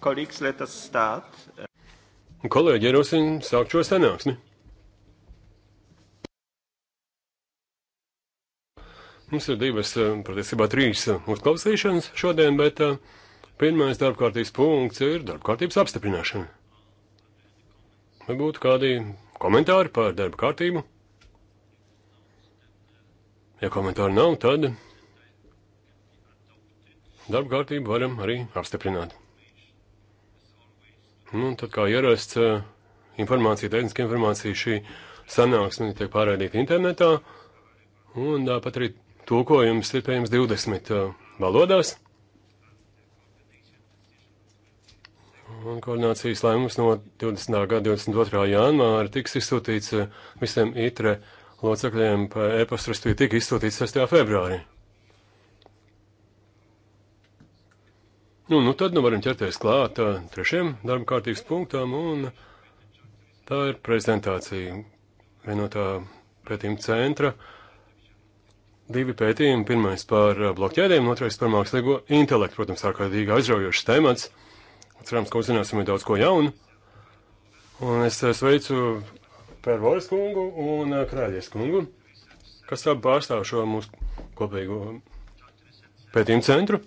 Colleagues, let us start. Kolēģi, ierosim sākt šo sanāksmi. Mums ir divas, eh, patiesībā trīs eh, uzklausīšanas šodien, bet eh, pirmais darbkārtības punkts ir darbkārtības apstiprināšana. Vai būtu kādi komentāri par darba kārtību? Ja komentāru nav, tad darba kārtību varam arī apstiprināt. Nu, un tad kā ierasts eh, informācija, tehniska informācija šī sanāksme tiek pārraidīta internetā, un tāpat eh, arī tulkojums ir pieejams 20 eh, valodās. Un koordinācijas lēmums no 20. gada 22. janvāra tiks izsūtīts visiem ITRE locekļiem pa e-pastu, tika izsūtīts 6. februārī. Nu, nu tad nu varam ķerties klāt trešiem darba kārtības punktam, un tā ir prezentācija vienotā pētījuma centra. Divi pētījumi, pirmais par blokķēdēm, otrais par mākslīgo intelektu, protams, ārkārtīgi aizraujošs temats. Cerams, ka uzzināsim daudz ko jaunu. Un es sveicu Pērvoras kungu un Krāļies kungu, kas abi pārstāv šo mūsu kopīgo pētījumu centru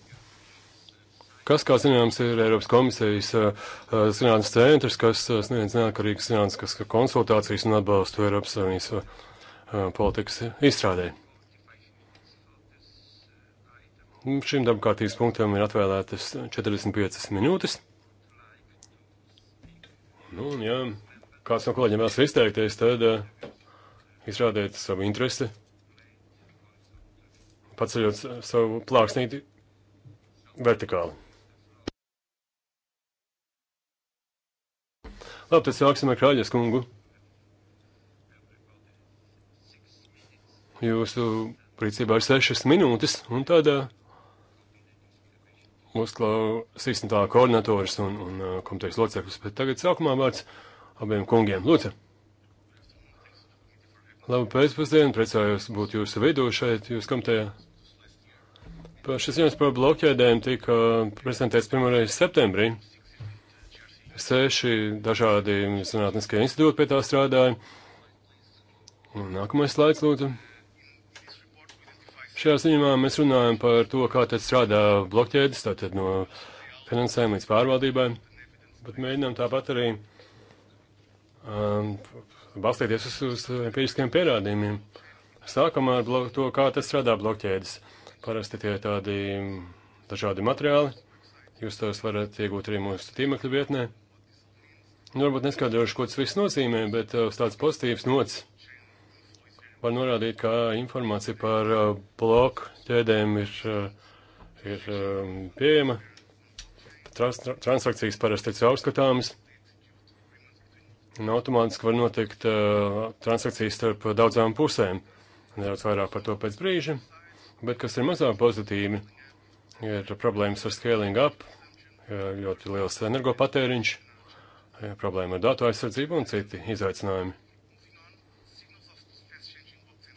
kas, kā zināms, ir Eiropas komisijas zinātnes centrs, kas sniedz neatkarīgas zinātniskas konsultācijas un atbalstu Eiropas Savienības politikas izstrādē. Šim darbkārtības punktam ir atvēlētas 45 minūtes. Nu, un, ja kāds no kolēģiem vēlas izteikties, tad uh, izrādiet savu interesi, paceļot savu plāksnīti vertikāli. Labi, tad sāksim ar Kraļas kungu. Jūsu rīcībā ir sešas minūtes, un tad uh, uzklausīsim tā koordinatorus un, un uh, komitejas locekļus. Bet tagad sākumā vārds abiem kungiem. Lūdzu! Labu pēcpusdienu, priecājos būt jūsu vidū šeit, jūs komitejā. Šis ziņas par blokķēdēm tika prezentēts 1. septembrī seši dažādi zinātniskie institūti pie tā strādāja. Un nākamais slaids, lūdzu. Šajā ziņā mēs runājam par to, kā tad strādā blokķēdes, tātad no finansējuma līdz pārvaldībai, bet mēģinām tāpat arī um, balstīties uz, uz empiriskiem pierādījumiem. Sākam ar blok, to, kā tas strādā blokķēdes. Parasti tie ir tādi dažādi materiāli. Jūs tos varat iegūt arī mūsu tīmekļa vietnē. Nu, varbūt neskaidrošu, ko tas viss nozīmē, bet uh, uz tāds pozitīvs nots var norādīt, ka informācija par uh, bloku ķēdēm ir, uh, ir um, pieejama. Trans, transakcijas parasti ir caurskatāmas. Un automātiski var notikt transakcijas starp daudzām pusēm. Nedaudz vairāk par to pēc brīža. Bet kas ir mazāk pozitīvi, ir problēmas ar scaling up, ļoti liels energopatēriņš problēma ar datu aizsardzību un citi izaicinājumi.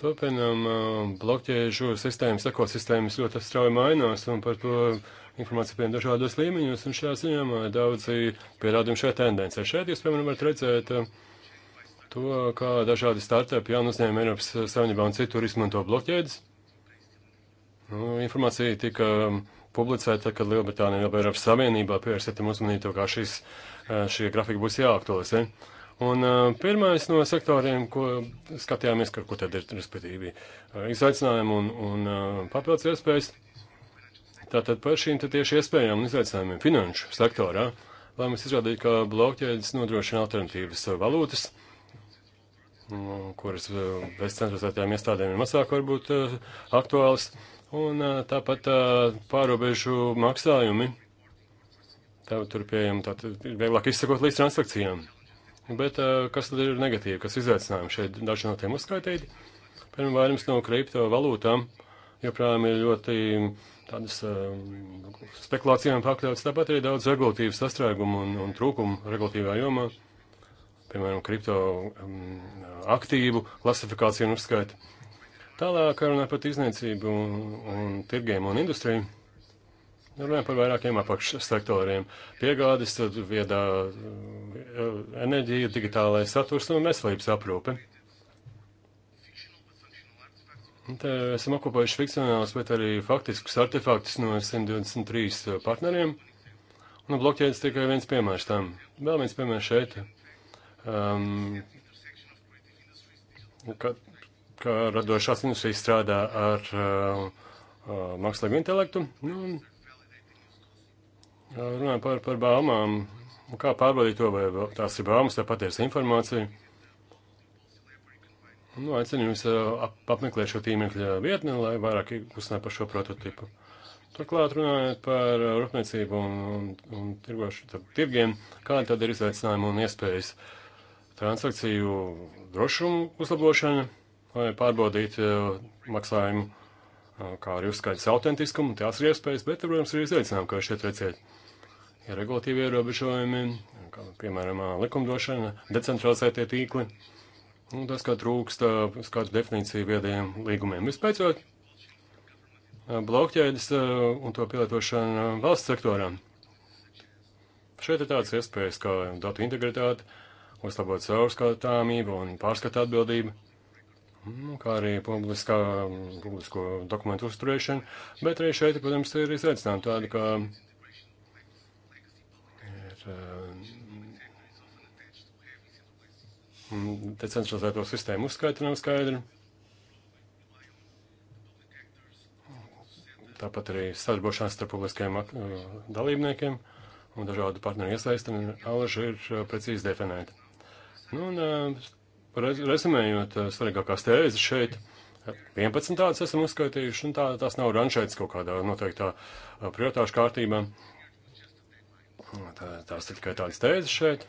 Turpinām um, blokķēžu sistēmas, ekosistēmas ļoti strauji mainās un par to informācija pieņem dažādos līmeņos un šajā ziņā daudzi pierādījumi šai tendencē. Šeit jūs, piemēram, varat redzēt um, to, kā dažādi startupi jaunu uzņēmumu Eiropas Savienībā un citur izmanto blokķēdes. Nu, informācija tika um, publicēta, kad Lielbritānija jau Eiropas Savienībā pievērsītam uzmanību to, kā šīs uh, Eh, šie grafiki būs jāaktualizē. Un eh, pirmais no sektoriem, ko skatījāmies, ka, ko tad ir, respektīvi, eh, izaicinājumi un, un papildus iespējas, tātad par šīm tieši iespējām un izaicinājumiem finanšu sektorā, lai mēs izrādītu, ka blokķēdes nodrošina alternatīvas valūtas, mm, kuras bez centralizētajām iestādēm ir mazāk varbūt aktuāls, un tāpat pārobežu maksājumi tev tur pieejama, tad ir vieglāk izsakot līdz transakcijām. Bet kas tad ir negatīvi, kas izaicinājumi šeit daži no tiem uzskaitīti? Pirmā vairums no kriptovalūtām joprojām ir ļoti tādas spekulācijām pakļauts, tāpat arī daudz regulatīvu sastrēgumu un, un trūkumu regulatīvā jomā, piemēram, kripto um, aktīvu klasifikāciju un uzskaitu. Tālāk runā par iznīcību un, un tirgiem un industriju. Nu, runājam par vairākiem apakšsektoriem - piegādes, viedā eh, enerģija, digitālais saturs un veselības aprūpe. Te esam apkopojuši fikcionālus, bet arī faktiskus artefaktus no 123 eh, partneriem. Nu, blokķēdes tikai viens piemērs tam. Vēl viens piemērs šeit. Um, ehm, kā, kā radošās industrijas strādā ar uh, eh, uh, mākslīgu intelektu. Nu, Runājot par, par bāmām, kā pārbaudīt to, vai tās ir bāmas, vai patiesa informācija. Nu, aicinu jums ap, apmeklēt šo tīmekļa vietni, lai vairāk uzzinātu par šo prototipu. Turklāt runājot par rūpniecību un, un, un tirgošu, tad, tirgiem, kādi tad ir izaicinājumi un iespējas transakciju drošumu uzlabošana, lai pārbaudītu maksājumu, kā arī uzskaits autentiskumu, tās ir iespējas, bet, protams, ir izaicinājumi, kā šeit redzēt ir regulatīvi ierobežojumi, kā, piemēram, likumdošana, decentralizētie tīkli. Un nu, tas, kā trūkst skaidru definīciju viedajiem līgumiem. Vispēcot, blokķēdes un to pielietošana valsts sektoram. Šeit ir tāds iespējas kā datu integritāte, uzlabot caurskatāmību un pārskata atbildību, nu, kā arī publiskā, publisko dokumentu uzturēšana, bet arī šeit, protams, ir izaicinājumi tādi, kā decentralizēto hm, sistēmu uzskaita nav skaidra. Tāpat arī sadarbošanās starp publiskajiem uh, dalībniekiem un dažādu partneru iesaisti un alaži ir uh, precīzi definēta. Nu, un, uh, resumējot svarīgākās tēzes šeit, 11 tādas esam uzskaitījuši, un tā, tās nav rančētas kaut kādā noteiktā prioritāšu kārtībā. Uh, Nu, tā, tās ir tikai tādas tēzes šeit.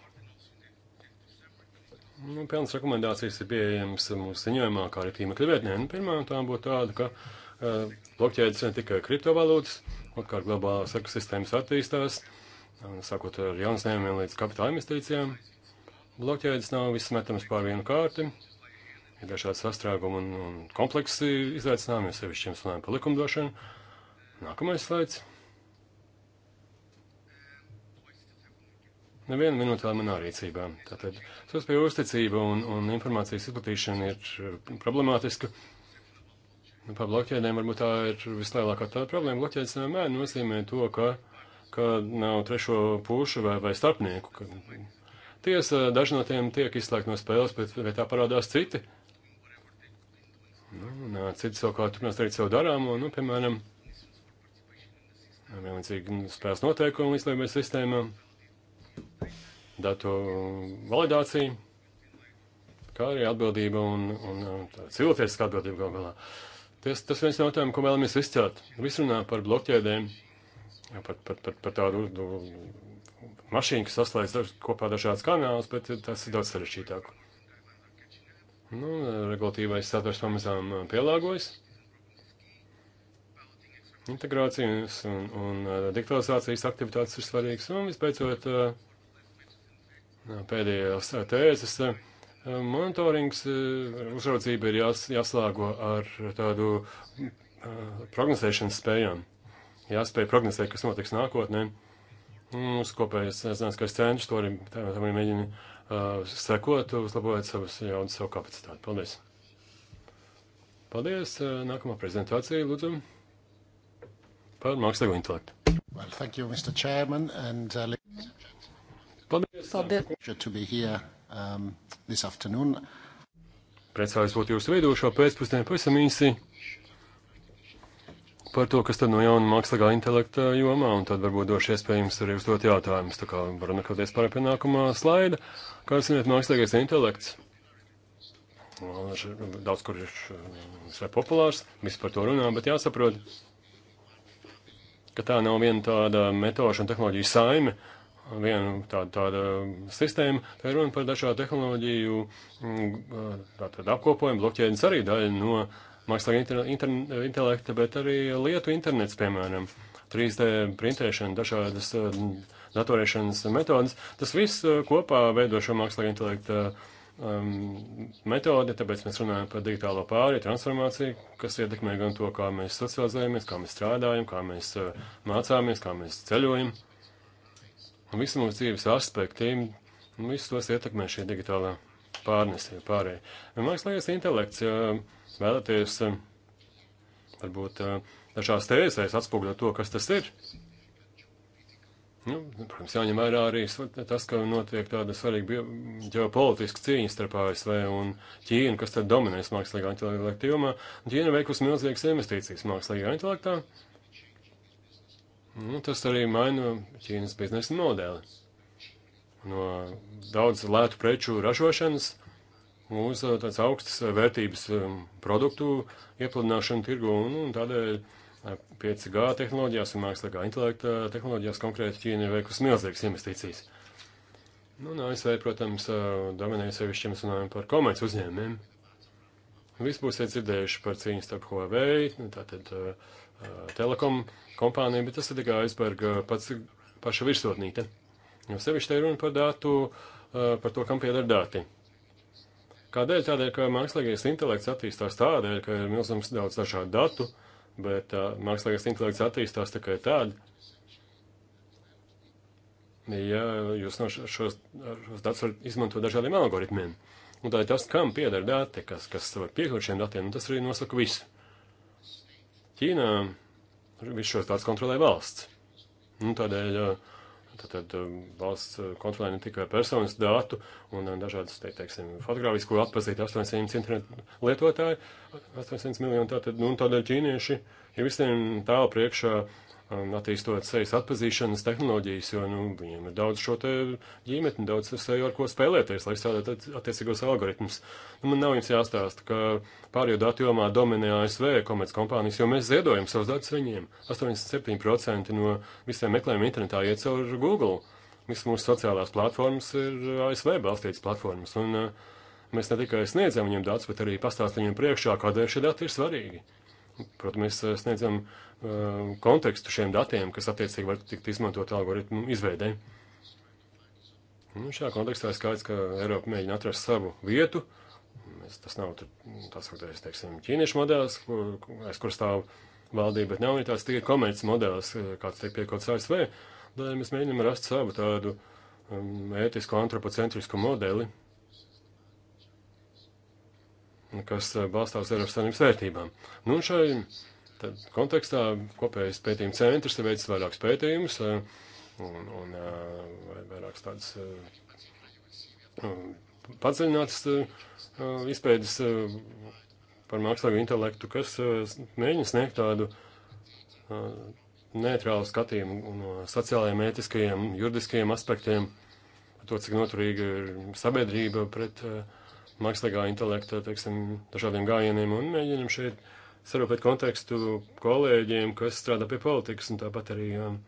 Nu, Pilnas rekomendācijas ir pieejamas mūsu ziņojumā, kā arī tīmekļa vietnē. Nu, pirmā tā būtu tāda, ka uh, blokķēdes ne tikai kriptovalūtas, otrkārt globālās ekosistēmas attīstās, uh, sākot ar jaunasnēmiem līdz kapitāla investīcijām. Blokķēdes nav viss metams pār vienu kārti. Ir dažādi sastrēgumi un, un kompleksi izaicinājumi, sevišķi runājam par likumdošanu. Nākamais slaids. Nevienu minūti vēl manā rīcībā. Tātad savstarpēja uzticība un, un informācijas izplatīšana ir uh, problemātiska. Nu, par blokķēdēm varbūt tā ir vislielākā tā problēma. Blokķēdes vienmēr nozīmē to, ka, ka nav trešo pušu vai, vai starpnieku. Ka, tiesa, daži no tiem tiek izslēgti no spēles, bet vai tā parādās citi? Nu, un, uh, citi savukārt turpinās darīt savu darāmo, nu, piemēram, vienlīdzīgi spēles noteikumu izslēgšanas sistēmām datu validāciju, kā arī atbildība un, un, un uh, cilvēciska atbildība gal galā. Tas, tas viens no jautājumiem, ko vēlamies izcelt. Viss runā par blokķēdēm, par, par, par, par tādu mašīnu, kas saslēdz daž, kopā dažādas kanālus, bet tas ir daudz sarežģītāk. Nu, regulatīvais saturs pamazām uh, pielāgojas integrācijas un, un uh, digitalizācijas aktivitātes ir svarīgas. Un visbeidzot, uh, uh, pēdējās tēzes, monitorings, uzraudzība ir jās, jāslāgo ar tādu prognozēšanas spējām. Jāspēj prognozēt, kas notiks nākotnē. Mūsu kopējais zinātniskais centrs to arī, tam arī mēģina uh, sekot, uzlabojot savus jaunas savu kapacitāti. Paldies! Paldies! Nākamā prezentācija, lūdzu par mākslīgo intelektu. Well, thank you, Mr. Chairman, and uh, Paldies. Paldies. to be here um, this afternoon. Priecājos būt jūsu vidū šo pēcpusdienu pavisam īsi par to, kas tad no jauna mākslīgā intelekta jomā, un tad varbūt došu iespēju jums arī uzdot jautājumus. Tā kā varu nekādies pār pienākumā slaida, kā ziniet, mākslīgais intelekts. Daudz kur ir populārs, viss par to runā, bet jāsaprot, ka tā nav viena tāda metožu un tehnoloģiju saime, viena tāda, tāda sistēma, tā ir runa par dažādu tehnoloģiju mm, tātad apkopojumu, blokķēdes arī daļa no mākslīgā intelekta, bet arī lietu internets, piemēram, 3D printēšana, dažādas mm, datorēšanas metodas. Tas viss eh, kopā veido šo mākslīgā intelekta uh, um, metode, tāpēc mēs runājam par digitālo pāri, transformāciju, kas ietekmē gan to, kā mēs socializējamies, kā mēs strādājam, kā mēs uh, mācāmies, kā mēs ceļojam. Un visi mūsu dzīves aspekti, un visus tos ietekmē šī digitālā pārnesība pārējai. Mākslīgais intelekts, ja vēlaties um, varbūt uh, dažās tēzēs atspoguļot to, kas tas ir, Nu, protams, jāņem vērā arī tas, ka notiek tāda svarīga ģeopolitiska cīņa starp ASV un Ķīnu, kas tad dominēs mākslīgā intelekta jomā. Ķīna veikus milzīgas investīcijas mākslīgā intelektā. Nu, tas arī maina Ķīnas biznesa modeli. No daudz lētu preču ražošanas uz uh, tāds augstas vērtības um, produktu iepludināšanu tirgu un, un tādēļ 5G tehnoloģijās un mākslīgā intelekta tehnoloģijās konkrēti Ķīna ir veikusi milzīgas investīcijas. Nu, un ASV, protams, dominē sevišķi, ja mēs runājam par komerc uzņēmumiem. Visi būsiet dzirdējuši par cīņu starp Huawei, tātad uh, telekom kompāniju, bet tas ir tikai aizberga pats paša virsotnīte. Jo sevišķi te ir runa par datu, uh, par to, kam pieder dati. Kādēļ? Tādēļ, ka mākslīgais intelekts attīstās tādēļ, ka ir milzams daudz dažādu datu, uh, bet uh, mākslīgais intelekts attīstās tikai tad, ja jūs no šos, šos datus varat izmantot dažādiem algoritmiem. Un tā ir tas, kam pieder dati, kas, kas var piekļūt šiem datiem, un tas arī nosaka visu. Ķīnā visus šos datus kontrolē valsts. Un tādēļ uh, Tad um, valsts uh, kontrolē ne tikai personas datu un um, dažādas, te, teiksim, fotogrāfijas, ko atpazīt 800 internetu lietotāji, 800 miljoni. Tātad, nu, tādēļ ķīnieši ir visiem tālu priekšā uh, attīstot sejas atpazīšanas tehnoloģijas, jo nu, viņiem ir daudz šo te ģimetni, daudz seju, ar ko spēlēties, lai izstrādātu attiecīgos algoritmus. Nu, man nav jums jāstāsta, ka pārējo datu jomā dominē ASV komets kompānijas, jo mēs ziedojam savus datus viņiem. 87% no visiem meklējumiem internetā iet caur Google. Visas mūsu sociālās platformas ir ASV balstītas platformas. Un, uh, Mēs ne tikai sniedzam viņiem datus, bet arī pastāstām viņiem priekšā, kādēļ šie dati ir svarīgi. Protams, mēs eh, sniedzam eh, kontekstu šiem datiem, kas attiecīgi var tikt izmantot algoritmu izveidē. Nu, šajā kontekstā ir skaidrs, ka Eiropa mēģina atrast savu vietu. Mēs, tas nav tas, ko mēs teiksim, ķīniešu modelis, kur, aiz kur stāv valdība, bet nav arī tāds tikai komerces modelis, eh, kāds tiek piekots ASV. Tādēļ mēs mēģinām rast savu tādu um, ētisku antropocentrisku modeli, kas eh, balstās Eiropas Savienības vērtībām. Nu, šai tad, kontekstā kopējais pētījuma centrs ir veicis vairākus pētījumus eh, un, un eh, vairākas tādas padziļinātas izpētes par mākslīgu intelektu, kas mēģina sniegt tādu neitrālu skatījumu no sociālajiem, ētiskajiem, juridiskajiem aspektiem, to, cik noturīga ir sabiedrība pret uh, mākslīgā intelekta, teiksim, dažādiem gājieniem un mēģinam šeit sarūpēt kontekstu kolēģiem, kas strādā pie politikas un tāpat arī um,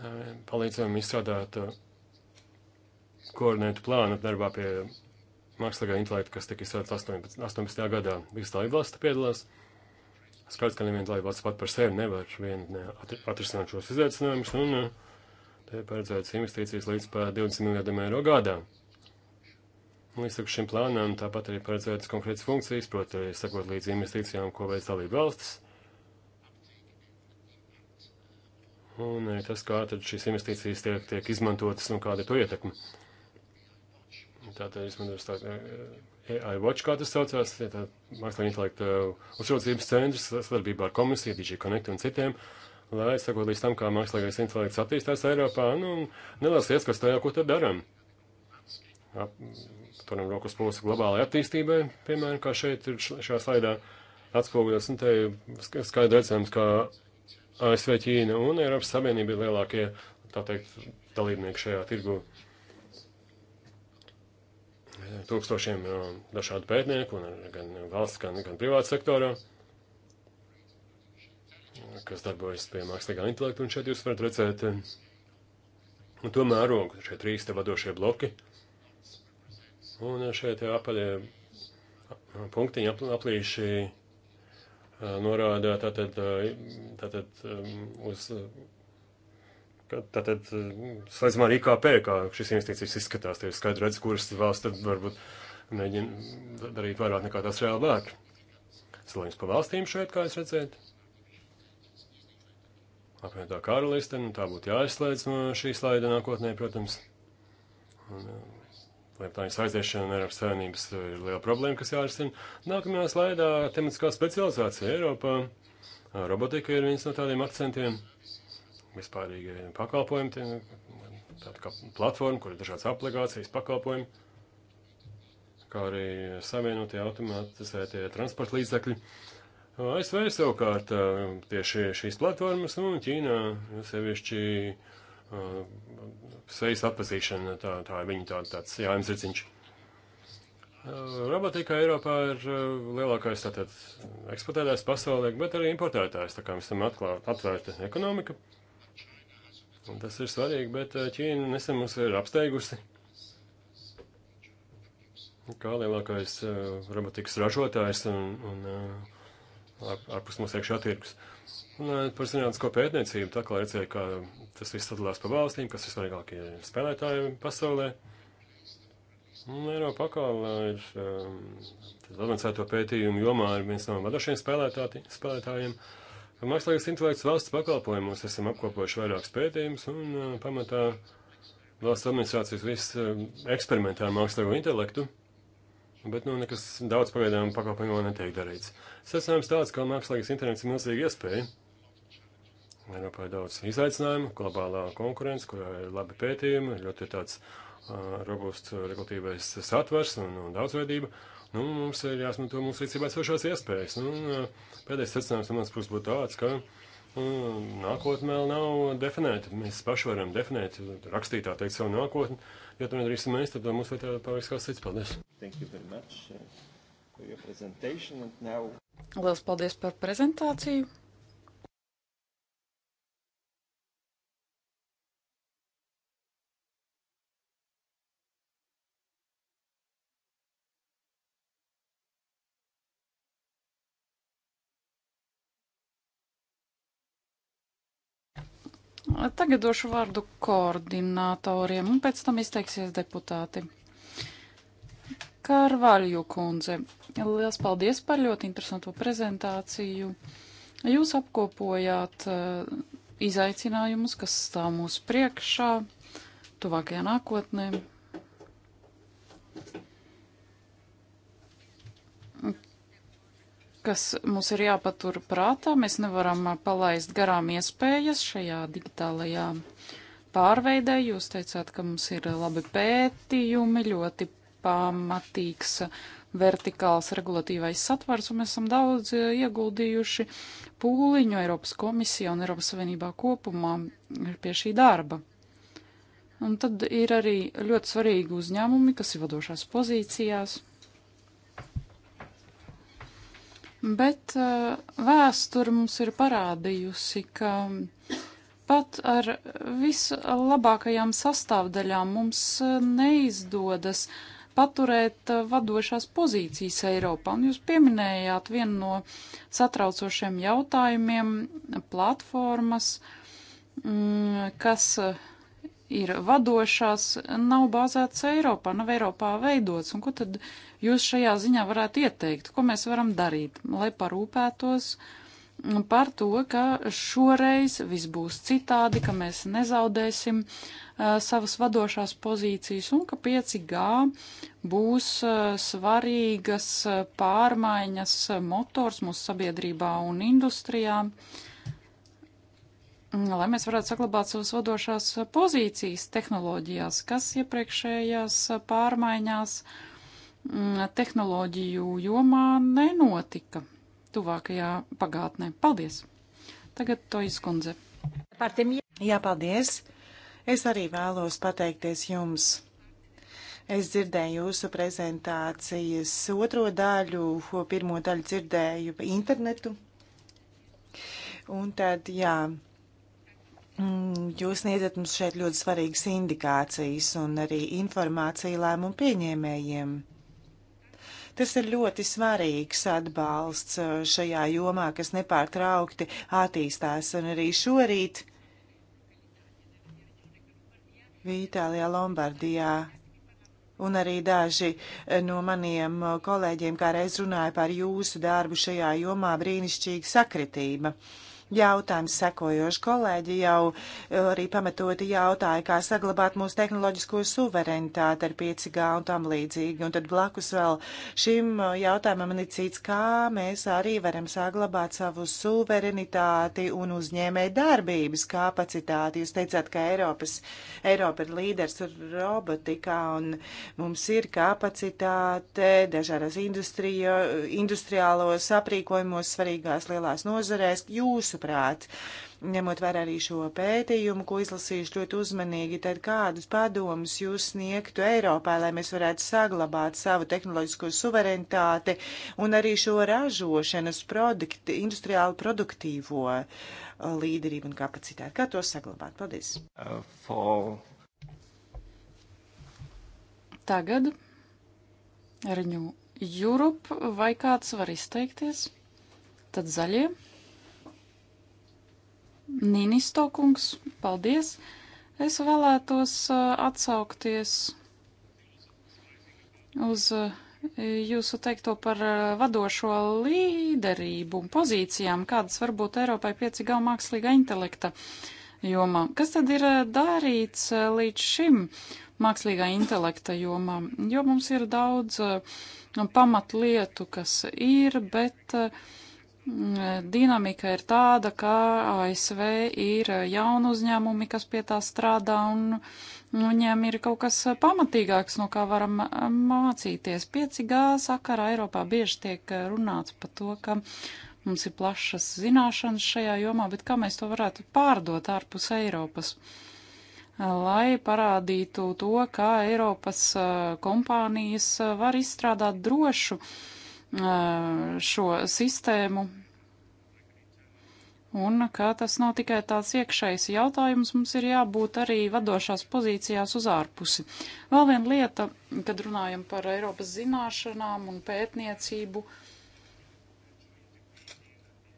uh, palīdzējām izstrādāt uh, koordinētu plānu darbā pie mākslīgā intelekta, kas tika izstrādāts 18, 18. gadā. Visas dalībvalstis piedalās. Skaidrs, ka neviena dalībvalsts pat par sevi nevar vien ne, atrisināt šos izaicinājumus, un uh, te paredzētas investīcijas līdz pat 20 miljardiem eiro gadā. Līdz šim plānam tāpat arī paredzētas konkrētas funkcijas, proti, sakot līdz investīcijām, ko veids dalību valstis. Un arī tas, kā tad šīs investīcijas tiek, tiek izmantotas un kāda ir to ietekme. Tātad izmantos tā eh, eh, AI Watch, kā tas saucās, ja tā mākslīga intelekta eh, uzraudzības centrs sadarbībā ar komisiju, DG Connect un citiem lai sakot līdz tam, kā mākslīgais intelekts attīstās Eiropā, nu, neliels ieskats tajā, ko tad darām turam rokas mūsu globālajai attīstībai, piemēram, kā šeit ir šajā slaidā atspoguļos, un te skaidri redzams, ka ASV, Ķīna un Eiropas Savienība ir lielākie, tā teikt, dalībnieki šajā tirgu. Tūkstošiem dažādu pētnieku, gan valsts, gan, gan privāta sektorā kas darbojas pie mākslīgā intelekta, un šeit jūs varat redzēt un to mērogu, šie trīs te vadošie bloki. Un šeit apaļie punktiņi aplīši norāda tātad, tātad uz tātad saistībā ar IKP, kā šis investīcijas izskatās, tie ir skaidri redz, kuras valsts tad varbūt mēģina darīt vairāk nekā tās reāli dāk. Salīdzinājums pa valstīm šeit, kā es redzētu. Apvienotā karaliste, nu tā būtu jāizslēdz no šī slaida nākotnē, protams. Un, Lietuvāņu aiziešana Eiropas Savienības eh, ir liela problēma, kas jārisina. Nākamajā slaidā tematiskā specializācija Eiropā. Eh, robotika ir viens no tādiem akcentiem. Vispārīgie pakalpojumi, tāda kā platforma, kur ir dažādas aplikācijas, pakalpojumi, kā arī savienotie automatizētie transporta līdzekļi. Eh, ASV savukārt tieši šīs platformas, un Ķīnā sevišķi sejas atpazīšana, tā, tā ir viņa tā, tāds jājums riciņš. Robotika Eiropā ir lielākais tātad eksportētājs pasaulē, bet arī importētājs, tā kā mēs tam atklāt, atvērta ekonomika. Un tas ir svarīgi, bet Ķīna nesen mums ir apsteigusi. Kā lielākais uh, robotikas ražotājs un, un uh, ārpus mūsu iekšā tirgus. Uh, Runājot par zinātnisko pētniecību, tā kā redzēja, ka tas viss sadalās pa valstīm, kas ir svarīgākie spēlētāji pasaulē. Un Eiropa atkal eh, ir um, avansēto pētījumu jomā ir viens no vadošiem spēlētājiem. Mākslīgais intelekts valsts pakalpojumos esam apkopojuši vairākus pētījumus un uh, pamatā valsts administrācijas viss uh, eksperimentē ar mākslīgo intelektu. Bet nu, nekas daudz pagaidām pakalpojumā netiek darīts. Secinājums tāds, ka mākslīgais internets ir milzīga iespēja Eiropā ir daudz izaicinājumu, globālā konkurence, kurā ir labi pētījumi, ļoti tāds uh, robusts regulatīvais satvers un, un daudzveidība. Nu, mums ir jāsmanto mūsu rīcībā esošās iespējas. Nu, uh, pēdējais secinājums no manas puses būtu tāds, ka uh, nākotnē vēl nav definēta. Mēs paši varam definēt, rakstīt tā teikt savu nākotni. Ja to nedarīsim mēs, tad mums lietā paveiks kāds cits. Paldies! Thank you very much uh, for your presentation and now... Liels paldies par prezentāciju! Tagad došu vārdu koordinatoriem, un pēc tam izteiksies deputāti. Karvaļu kundze, liels paldies par ļoti interesanto prezentāciju. Jūs apkopojāt eh, izaicinājumus, kas stāv mūsu priekšā tuvākajā nākotnē. kas mums ir jāpatur prātā. Mēs nevaram palaist garām iespējas šajā digitālajā pārveidē. Jūs teicāt, ka mums ir labi pētījumi, ļoti pamatīgs vertikāls regulatīvais satvars, un mēs esam daudz ieguldījuši pūliņu Eiropas komisijā un Eiropas Savienībā kopumā pie šī darba. Un tad ir arī ļoti svarīgi uzņēmumi, kas ir vadošās pozīcijās bet eh, vēsture mums ir parādījusi, ka pat ar vislabākajām sastāvdaļām mums eh, neizdodas paturēt eh, vadošās pozīcijas Eiropā. Un jūs pieminējāt vienu no satraucošiem jautājumiem - platformas, mm, kas ir vadošās, nav bāzēts Eiropā, nav Eiropā veidots. Un ko tad jūs šajā ziņā varētu ieteikt? Ko mēs varam darīt, lai parūpētos par to, ka šoreiz viss būs citādi, ka mēs nezaudēsim uh, savas vadošās pozīcijas un ka 5G būs uh, svarīgas pārmaiņas motors mūsu sabiedrībā un industrijām. Uh, Mm, lai mēs varētu saglabāt savas vadošās pozīcijas tehnoloģijās, kas iepriekšējās pārmaiņās mm, tehnoloģiju jomā nenotika tuvākajā pagātnē. Paldies! Tagad to izkundze. Jā, paldies! Es arī vēlos pateikties jums. Es dzirdēju jūsu prezentācijas otro daļu, ko pirmo daļu dzirdēju pa internetu. Un tad, jā, Mm, jūs sniedzat mums šeit ļoti svarīgas indikācijas un arī informāciju lēmumu pieņēmējiem. Tas ir ļoti svarīgs atbalsts uh, šajā jomā, kas nepārtraukti attīstās. Un arī šorīt bija Itālijā, Lombardijā. Un arī daži uh, no maniem uh, kolēģiem kā reiz runāja par jūsu darbu šajā jomā brīnišķīga sakritība. Uh, jautājums sekojoši. Kolēģi jau eh, arī pamatoti jautāja, kā saglabāt mūsu tehnoloģisko suverenitāti ar 5G un tam līdzīgi. Un tad blakus vēl šim eh, jautājumam man ir cits, kā mēs arī varam saglabāt savu suverenitāti un uzņēmē darbības kapacitāti. Jūs teicāt, ka Eiropas, Eiropa ir līders robotikā un mums ir kapacitāte dažādās industrija, industriālos aprīkojumos svarīgās lielās nozarēs. Jūsu jūsuprāt, ņemot vērā arī šo pētījumu, ko izlasījuši ļoti uzmanīgi, tad kādus padomus jūs sniegtu Eiropā, lai mēs varētu saglabāt savu tehnoloģisko suverenitāti un arī šo ražošanas produkti, industriālu produktīvo uh, līderību un kapacitāti? Kā to saglabāt? Paldies! Uh, for... Tagad Renew Europe vai kāds var izteikties? Tad zaļie. Ninisto kungs, paldies! Es vēlētos atsaukties uz jūsu teikto par vadošo līderību un pozīcijām, kādas varbūt Eiropai 5G mākslīgā intelekta jomā. Kas tad ir darīts līdz šim mākslīgā intelekta jomā? Jo mums ir daudz pamatlietu, kas ir, bet uh, Dinamika ir tāda, ka ASV ir jauni uzņēmumi, kas pie tā strādā, un viņiem ir kaut kas pamatīgāks, no kā varam mācīties. 5G sakarā Eiropā bieži tiek runāts par to, ka mums ir plašas zināšanas šajā jomā, bet kā mēs to varētu pārdot ārpus Eiropas? lai parādītu to, kā Eiropas kompānijas var izstrādāt drošu šo sistēmu Un kā tas nav tikai tāds iekšējs jautājums, mums ir jābūt arī vadošās pozīcijās uz ārpusi. Vēl viena lieta, kad runājam par Eiropas zināšanām un pētniecību,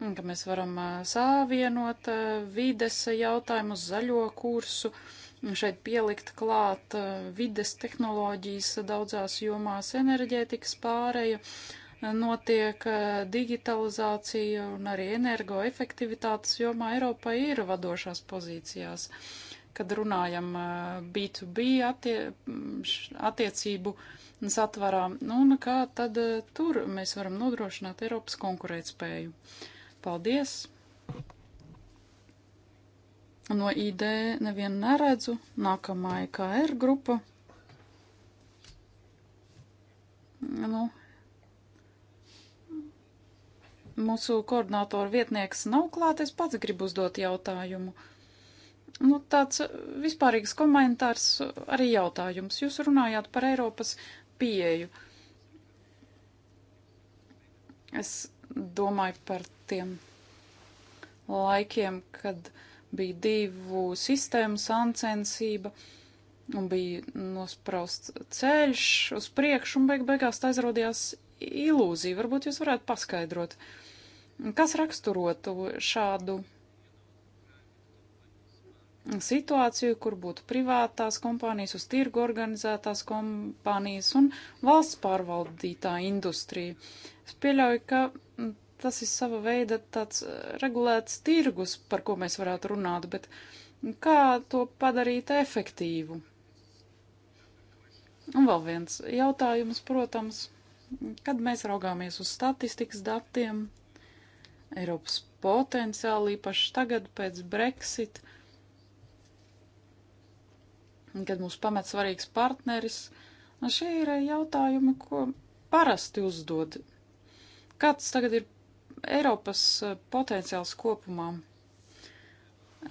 un ka mēs varam savienot vides jautājumu uz zaļo kursu, šeit pielikt klāt vides tehnoloģijas daudzās jomās enerģētikas pārēja notiek eh, digitalizācija un arī energoefektivitātes jomā Eiropa ir vadošās pozīcijās. Kad runājam B2B eh, attie, attiecību satvarā, un nu, nu kā tad eh, tur mēs varam nodrošināt Eiropas konkurētspēju. Paldies! No ID nevienu neredzu. Nākamā IKR grupa. Nu, mūsu koordinātora vietnieks nav klāt, es pats gribu uzdot jautājumu. Nu, tāds vispārīgs komentārs, arī jautājums. Jūs runājāt par Eiropas pieeju. Es domāju par tiem laikiem, kad bija divu sistēmu sancensība un bija nosprausts ceļš uz priekšu, un beig beigās tā aizrodījās ilūzija. Varbūt jūs varētu paskaidrot. Uh, Kas raksturotu šādu situāciju, kur būtu privātās kompānijas, uz tirgu organizētās kompānijas un valsts pārvaldītā industrija? Es pieļauju, ka mm, tas ir sava veida tāds regulēts tirgus, par ko mēs varētu runāt, bet kā to padarīt efektīvu? Un vēl viens jautājums, protams, kad mēs raugāmies uz statistikas datiem, Eiropas potenciāli, īpaši tagad pēc Brexit, kad mūs pamet svarīgs partneris. Šie ir jautājumi, ko parasti uzdod. Kāds tagad ir Eiropas eh, potenciāls kopumā?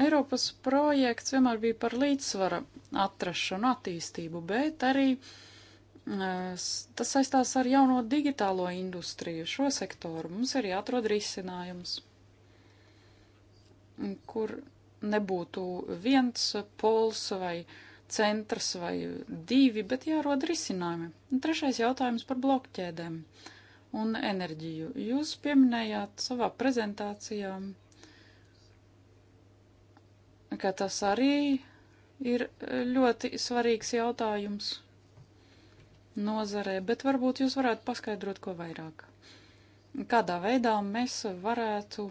Eiropas projekts vienmēr bija par līdzsvara atrašanu, attīstību, bet arī uh, Eh, tas saistās ar jauno digitālo industriju, šo sektoru. Mums ir jāatrod risinājums, kur nebūtu viens pols vai centrs vai divi, bet jārod risinājumi. Un trešais jautājums par blokķēdēm un enerģiju. Jūs pieminējāt savā prezentācijā, ka tas arī ir ļoti svarīgs jautājums nozarē, bet varbūt jūs varētu paskaidrot ko vairāk. Kādā veidā mēs varētu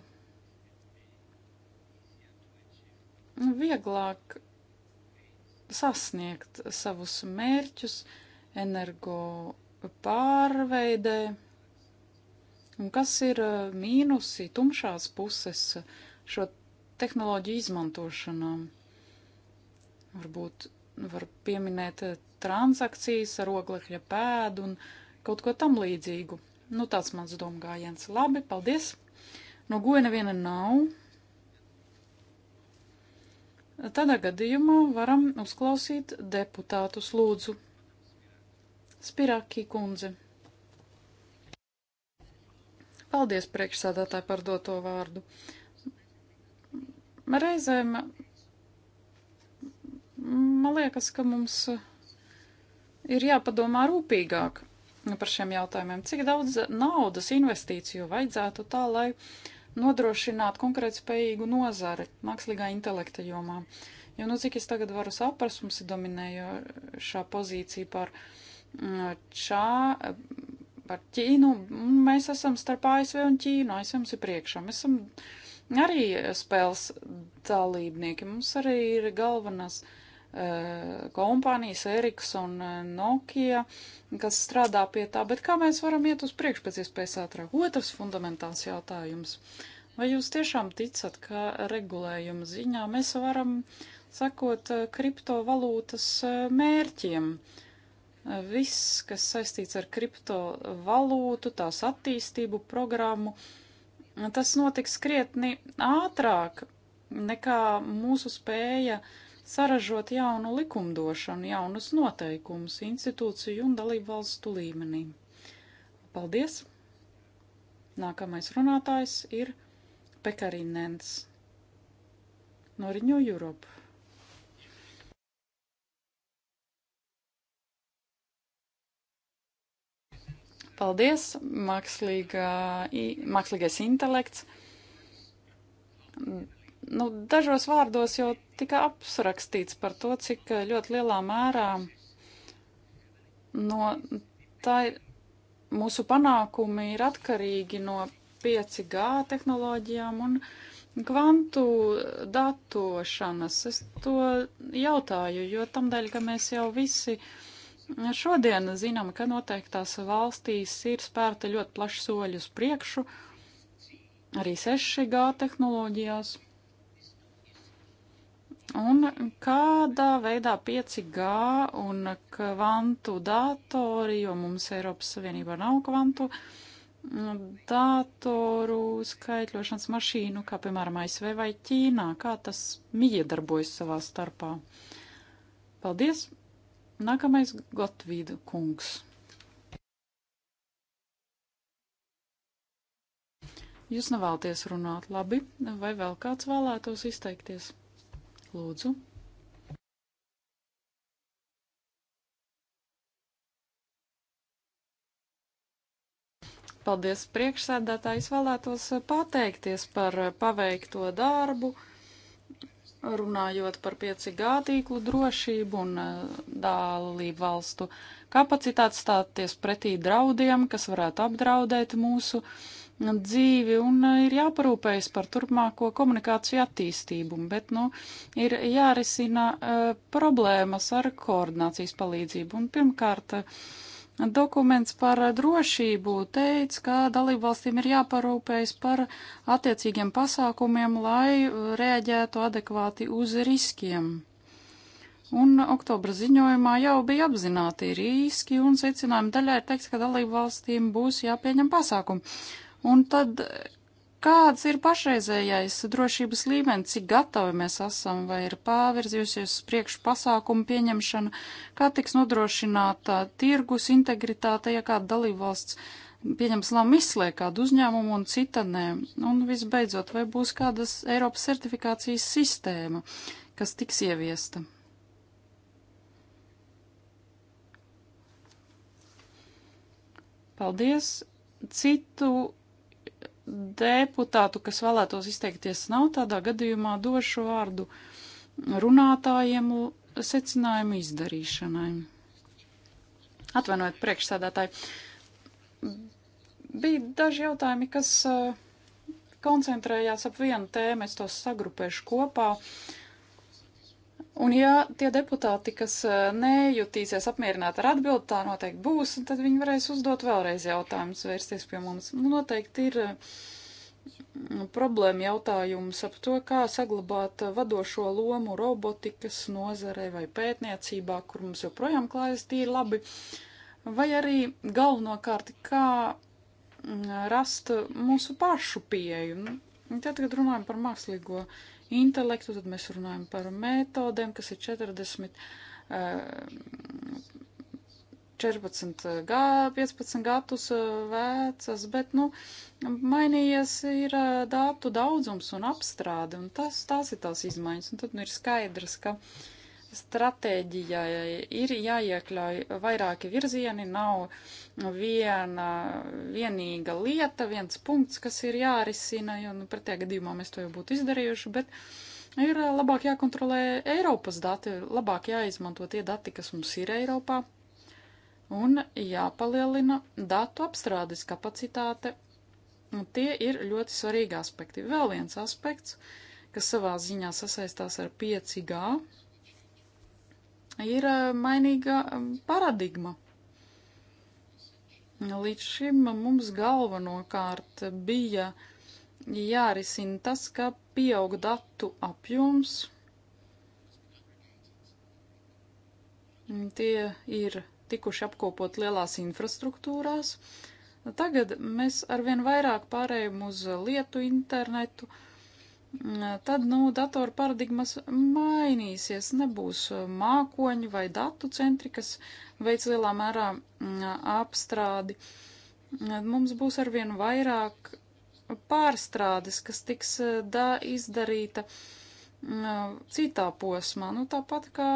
vieglāk sasniegt savus mērķus energo pārveidē, un kas ir eh, mīnusi tumšās puses šo tehnoloģiju izmantošanā. Varbūt var pieminēt eh, transakcijas ar oglekļa pēdu un kaut ko tam līdzīgu. Nu, tāds mans domgājiens. Labi, paldies. No goja neviena nav. Tādā gadījumā varam uzklausīt deputātus lūdzu. Spirākī kundze. Paldies priekšsādātāji par doto vārdu. Reizēm Man liekas, ka mums eh, ir jāpadomā rūpīgāk par šiem jautājumiem. Cik daudz naudas investīciju vajadzētu tā, lai nodrošinātu konkurētspējīgu nozari mākslīgā intelekta jomā? Jo, nu, cik es tagad varu saprast, mums ir dominējošā pozīcija par, čā, mm, eh, par Ķīnu. Mēs esam starp ASV un Ķīnu. ASV mums ir priekšā. Mēs esam arī spēles dalībnieki. Mums arī ir galvenās uh, Eh, kompānijas Eriks un eh, Nokia, kas strādā pie tā, bet kā mēs varam iet uz priekšu pēc iespējas ātrāk? Otrs fundamentāls jautājums. Vai jūs tiešām ticat, ka regulējuma ziņā mēs varam sakot eh, kriptovalūtas mērķiem? Viss, kas saistīts ar kriptovalūtu, tās attīstību programmu, tas notiks krietni ātrāk nekā mūsu spēja uh, saražot jaunu likumdošanu, jaunus noteikumus institūciju un dalību valstu līmenī. Paldies! Nākamais runātājs ir Pekarinens no Riņo Europe. Paldies, mākslīgā, mākslīgais intelekts. Nu, dažos vārdos jau tika apsrakstīts par to, cik eh, ļoti lielā mērā no tā mūsu panākumi ir atkarīgi no 5G tehnoloģijām un kvantu datošanas. Es to jautāju, jo tamdēļ, ka mēs jau visi šodien zinām, ka noteiktās valstīs ir spērta ļoti plaši soļi uz priekšu, arī 6G tehnoloģijās. Un kādā veidā 5G un kvantu datori, jo mums Eiropas Savienībā nav kvantu mm, datoru skaitļošanas mašīnu, kā piemēram ASV vai Ķīnā, kā tas miedarbojas savā starpā. Paldies! Nākamais Gotvīda kungs. Jūs nevēlaties runāt labi, vai vēl kāds vēlētos izteikties? Lūdzu. Paldies priekšsēdētāji, es vēlētos pateikties par paveikto darbu, runājot par 5G tīklu drošību un e, dālību valstu kapacitāti stāties pretī draudiem, kas varētu apdraudēt mūsu uh, Nu, dzīvi un uh, ir jāparūpējas par turpmāko komunikāciju attīstību, bet, nu, ir jārisina uh, problēmas ar koordinācijas palīdzību. Un pirmkārt, uh, dokuments par drošību teica, ka dalībvalstīm ir jāparūpējas par attiecīgiem pasākumiem, lai reaģētu adekvāti uz riskiem. Un oktobra ziņojumā jau bija apzināti riski un secinājumi daļai ir teikts, ka dalību valstīm būs jāpieņem pasākumi. Un tad kāds ir pašreizējais drošības līmenis, cik gatavi mēs esam, vai ir pārvirzījusies uz priekšu pasākumu pieņemšana, kā tiks nodrošināta tirgus integritāte, ja kāda dalībvalsts pieņems lēmumu izslēgt kādu uzņēmumu un cita nē. Un visbeidzot, vai būs kādas Eiropas certifikācijas sistēma, kas tiks ieviesta? Paldies! Citu deputātu, kas vēlētos izteikties, nav tādā gadījumā došu vārdu runātājiem secinājumu izdarīšanai. Atvainojiet, priekšsēdētāji. Bija daži jautājumi, kas eh, koncentrējās ap vienu tēmu, es tos sagrupēšu kopā. Uh, Un ja tie deputāti, kas eh, nejutīsies apmierināti ar atbildi, tā noteikti būs, un tad viņi varēs uzdot vēlreiz jautājumus, vērsties pie mums. Nu, noteikti ir mm, problēma jautājums ap to, kā saglabāt vadošo lomu robotikas nozarē vai pētniecībā, kur mums joprojām klājas tīri labi, vai arī galvenokārt, kā mm, rast mūsu pašu pieeju. Nu, tad, kad runājam par mākslīgo intelektu, tad mēs runājam par metodēm, kas ir 40, 14, 15 gadus eh, vecas, bet, nu, mainījies ir eh, datu daudzums un apstrāde, un tas, tās ir tās izmaiņas, un tad nu, ir skaidrs, ka uh, stratēģijai ir jāiekļauj vairāki virzieni, nav viena, vienīga lieta, viens punkts, kas ir jārisina, jo nu, pretējā gadījumā mēs to jau būtu izdarījuši, bet ir labāk jākontrolē Eiropas dati, labāk jāizmanto tie dati, kas mums ir Eiropā, un jāpalielina datu apstrādes kapacitāte. Un tie ir ļoti svarīgi aspekti. Vēl viens aspekts, kas savā ziņā sasaistās ar 5G ir eh, mainīga eh, paradigma. Līdz šim mums galvenokārt bija jārisina tas, ka pieaug datu apjoms. Tie ir tikuši apkopot lielās infrastruktūrās. Tagad mēs arvien vairāk pārējām uz lietu internetu, uh, tad, nu, datoru paradigmas mainīsies, nebūs uh, mākoņi vai datu centri, kas veic lielā mērā mm, apstrādi. Mums būs arvien vairāk pārstrādes, kas tiks uh, da, izdarīta mm, citā posmā. Nu, tāpat kā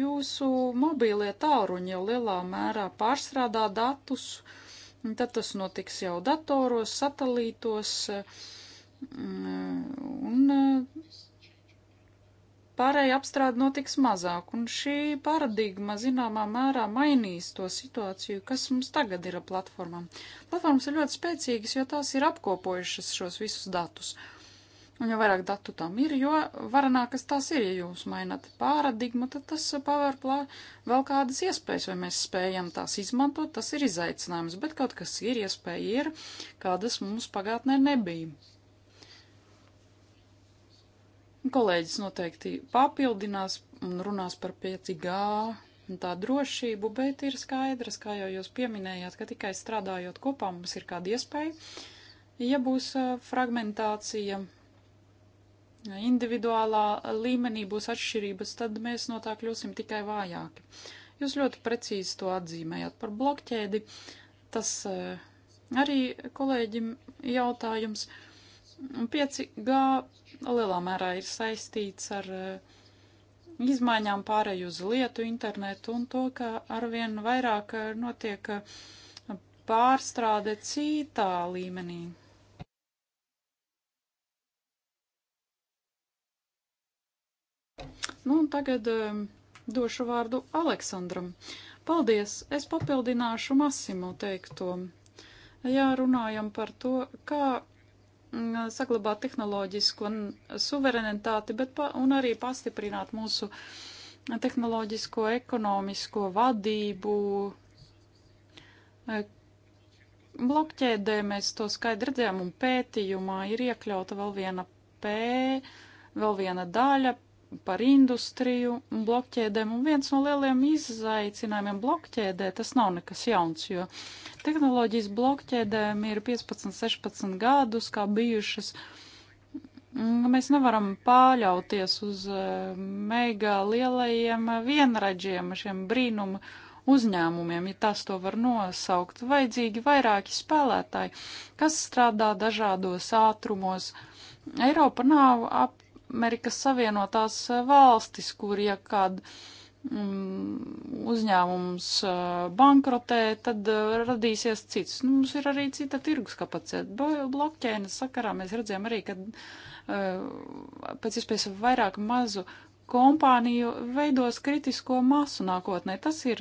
jūsu mobīlie tāruņi jau lielā mērā pārstrādā datus, tad tas notiks jau datoros, satelītos, uh, Mm, un eh, pārēja apstrāde notiks mazāk, un šī paradigma zināmā mērā mainīs to situāciju, kas mums tagad ir ar platformām. Platformas ir ļoti spēcīgas, jo tās ir apkopojušas šos visus datus. Un jo vairāk datu tam ir, jo varenākas tās ir. Ja jūs mainat paradigmu, tad tas pavēr plā, vēl kādas iespējas, vai mēs spējam tās izmantot, tas ir izaicinājums, bet kaut kas ir, iespēja ir, kādas mums pagātnē nebija. Kolēģis noteikti papildinās un runās par 5G un tā drošību, bet ir skaidrs, kā jau jūs pieminējāt, ka tikai strādājot kopā mums ir kāda iespēja. Ja būs fragmentācija individuālā līmenī, būs atšķirības, tad mēs no tā kļūsim tikai vājāki. Jūs ļoti precīzi to atzīmējat par blokķēdi. Tas arī kolēģim jautājums. 5G lielā mērā ir saistīts ar eh, izmaiņām pārēju uz lietu internetu un to, ka arvien vairāk eh, notiek eh, pārstrāde citā līmenī. Nu, un tagad došu vārdu Aleksandram. Paldies! Es papildināšu Masimu teikto. Jā, runājam par to, kā Mm, saglabāt tehnoloģisko suverenitāti, bet pa, un arī pastiprināt mūsu tehnoloģisko, ekonomisko vadību. E, Blokķēdē mēs to skaidri redzējām, un pētījumā ir iekļauta vēl viena P, vēl viena daļa par industriju un blokķēdēm. Un viens no lieliem izaicinājumiem blokķēdē tas nav nekas jauns, jo tehnoloģijas blokķēdēm ir 15, 16 gadus kā bijušas. Mm, mēs nevaram pāļauties uz e, mega lielajiem vienraģiem, šiem brīnumu uzņēmumiem, ja tas to var nosaukt. Vajadzīgi vairāki spēlētāji, kas strādā dažādos ātrumos. Eiropa nav ap Amerikas Savienotās eh, valstis, kur ja kād mm, uzņēmums eh, bankrotē, tad eh, radīsies cits. Nu, mums ir arī cita tirgus kapacitāte. Blokķēna sakarā mēs redzējām arī, ka pēc iespējas vairāk mazu kompāniju veidos kritisko masu nākotnē. Tas ir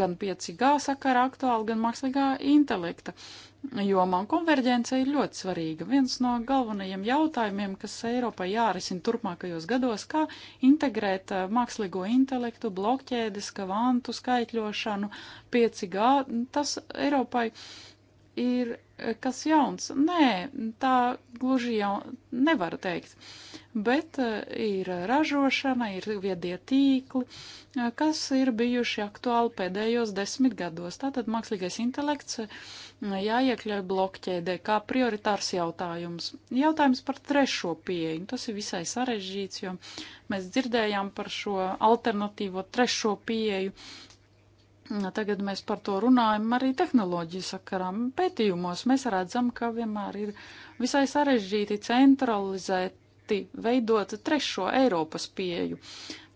gan 5G sakara aktuāli, gan mākslīgā intelekta jomā, un konverģence ir ļoti svarīga. Viens no galvenajiem jautājumiem, kas Eiropai jārisina turpmākajos gados, kā integrēt eh, mākslīgo intelektu, blokķēdes, kvantu skaitļošanu, 5G, tas Eiropai ir eh, kas jauns. Nē, tā gluži jau nevar teikt. Bet eh, ir ražošana, ir viedie tīkli, kas ir bijuši aktuāli pēdējos desmit gados. Tātad mākslīgais intelekts jāiekļauj blokķēdē kā prioritārs jautājums. Jautājums par trešo pieeju. Tas ir visai sarežģīts, jo mēs dzirdējām par šo alternatīvo trešo pieeju. Tagad mēs par to runājam arī tehnoloģiju sakarām pētījumos. Mēs redzam, ka vienmēr ir visai sarežģīti centralizēt proti veidot trešo Eiropas pieju.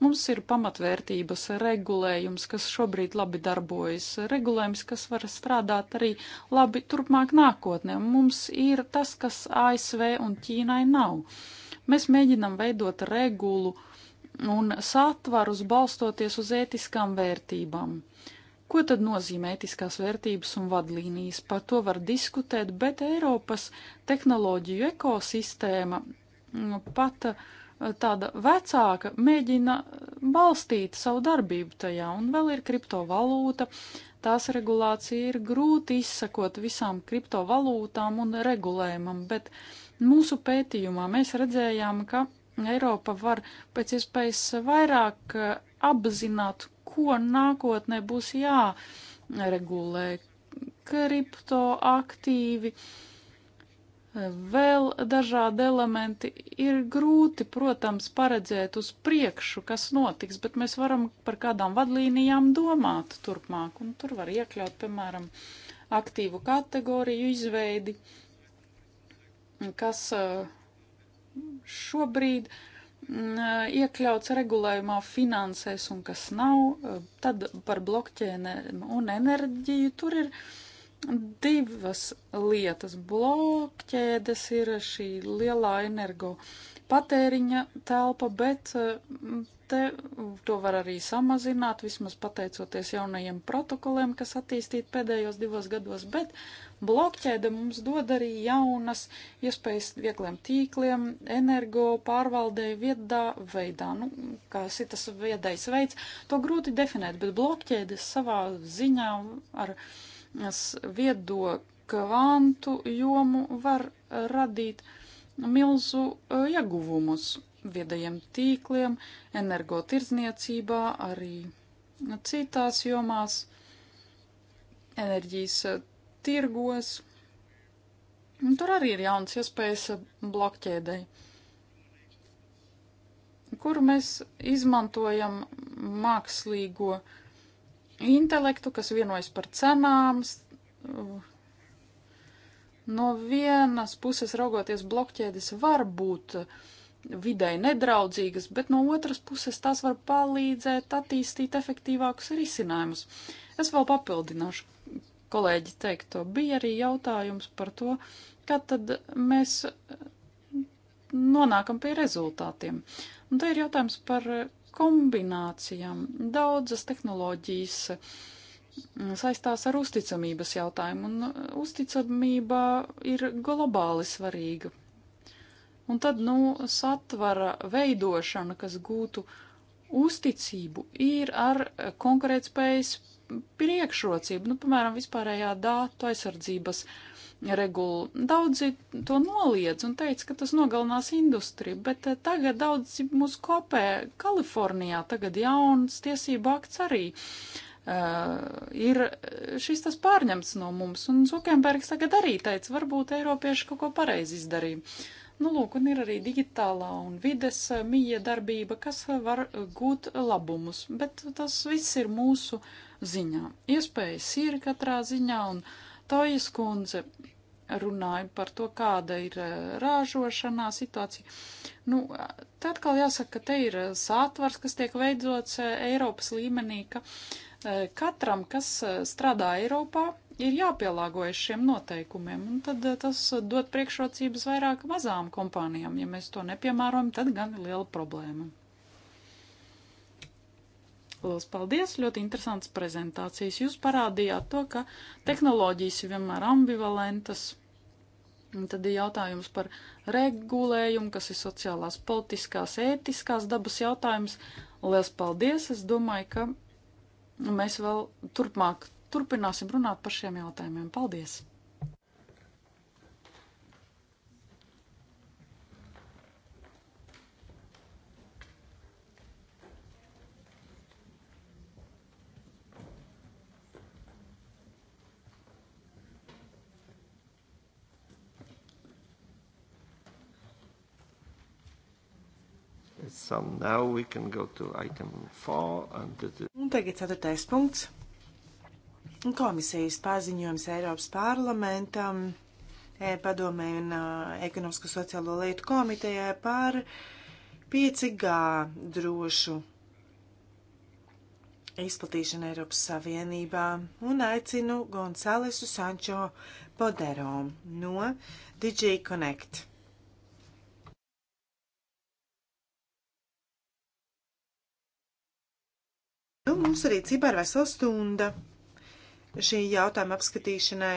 Mums ir pamatvērtības regulējums, kas šobrīd labi darbojas, regulējums, kas var strādāt arī labi turpmāk nākotnē. Mums ir tas, kas ASV un Ķīnai nav. Mēs mēģinam veidot regulu un satvarus balstoties uz ētiskām vērtībām. Ko tad nozīmē ētiskās vērtības un vadlīnijas? Par to var diskutēt, bet Eiropas tehnoloģiju ekosistēma Nu, pat eh, tāda vecāka mēģina balstīt savu darbību tajā, un vēl ir kriptovalūta. Tās regulācija ir grūti izsakot visām kriptovalūtām un regulējumam, bet mūsu pētījumā mēs redzējām, ka Eiropa var pēc iespējas vairāk eh, apzināt, ko nākotnē būs jāregulē kriptoaktīvi. aktīvi vēl dažādi elementi. Ir grūti, protams, paredzēt uz priekšu, kas notiks, bet mēs varam par kādām vadlīnijām domāt turpmāk, un tur var iekļaut, piemēram, aktīvu kategoriju izveidi, kas eh, šobrīd mm, iekļauts regulējumā finansēs un kas nav, eh, tad par blokķēnēm un enerģiju tur ir divas lietas. Blokķēdes ir šī lielā energo patēriņa telpa, bet mm, te to var arī samazināt, vismaz pateicoties jaunajiem protokoliem, kas attīstīti pēdējos divos gados, bet blokķēde mums dod arī jaunas iespējas viegliem tīkliem, energo pārvaldei viedā veidā, nu, kas ir tas viedais veids, to grūti definēt, bet blokķēdes savā ziņā ar. Uh, viedokvantu jomu var radīt milzu e, ieguvumus viedajiem tīkliem, energotirdzniecībā, arī citās jomās, enerģijas e, tirgos. Un tur arī ir jauns iespējas e, blokķēdei, kuru mēs izmantojam mākslīgo uh, intelektu, kas vienojas par cenām. Uh, no vienas puses raugoties blokķēdes var būt videi nedraudzīgas, bet no otras puses tās var palīdzēt attīstīt efektīvākus risinājumus. Es vēl papildināšu kolēģi teikto. Bija arī jautājums par to, kā tad mēs nonākam pie rezultātiem. Un te ir jautājums par kombinācijām. Daudzas tehnoloģijas mm, saistās ar uzticamības jautājumu, un uzticamība ir globāli svarīga. Un tad, nu, satvara veidošana, kas gūtu uzticību, ir ar konkurētspējas priekšrocību, nu, piemēram, vispārējā dātu aizsardzības uh, regulu. Daudzi to noliedz un teica, ka tas nogalinās industriju, bet eh, tagad daudzi mūs kopē. Kalifornijā tagad jauns tiesība akts arī uh, ir šis tas pārņemts no mums, un Zukenbergs tagad arī teica, varbūt Eiropieši kaut ko pareizi izdarīja. Nu, lūk, un ir arī digitālā un vides eh, mīja darbība, kas var gūt labumus, bet tas viss ir mūsu ziņā. Iespējas ir katrā ziņā, un uh, Tojas kundze runāja par to, kāda ir e, rāžošanā situācija. Nu, tad atkal jāsaka, ka te ir e, sātvars, kas tiek veidots e, Eiropas līmenī, ka katram, kas strādā Eiropā, ir jāpielāgojas šiem noteikumiem, un tad tas dod priekšrocības vairāk mazām kompānijām. Ja mēs to nepiemērojam, tad gan ir liela problēma. Lielas paldies! Ļoti interesants prezentācijas. Jūs parādījāt to, ka tehnoloģijas ir vienmēr ambivalentas. Un tad ir jautājums par regulējumu, kas ir sociālās, politiskās, ētiskās dabas jautājums. Lielas paldies! Es domāju, ka mēs vēl turpmāk turpināsim runāt par šiem jautājumiem. Paldies! So now we can go to item 4 and the... Un tagad ceturtais punkts. Komisijas paziņojums Eiropas parlamentam, e padomē un uh, ekonomisko sociālo lietu komitejai par 5G drošu izplatīšanu Eiropas Savienībā un aicinu Gonzalesu Sančo Podero no DJ Connect Nu, mums arī cipar vesela stunda šī jautājuma apskatīšanai.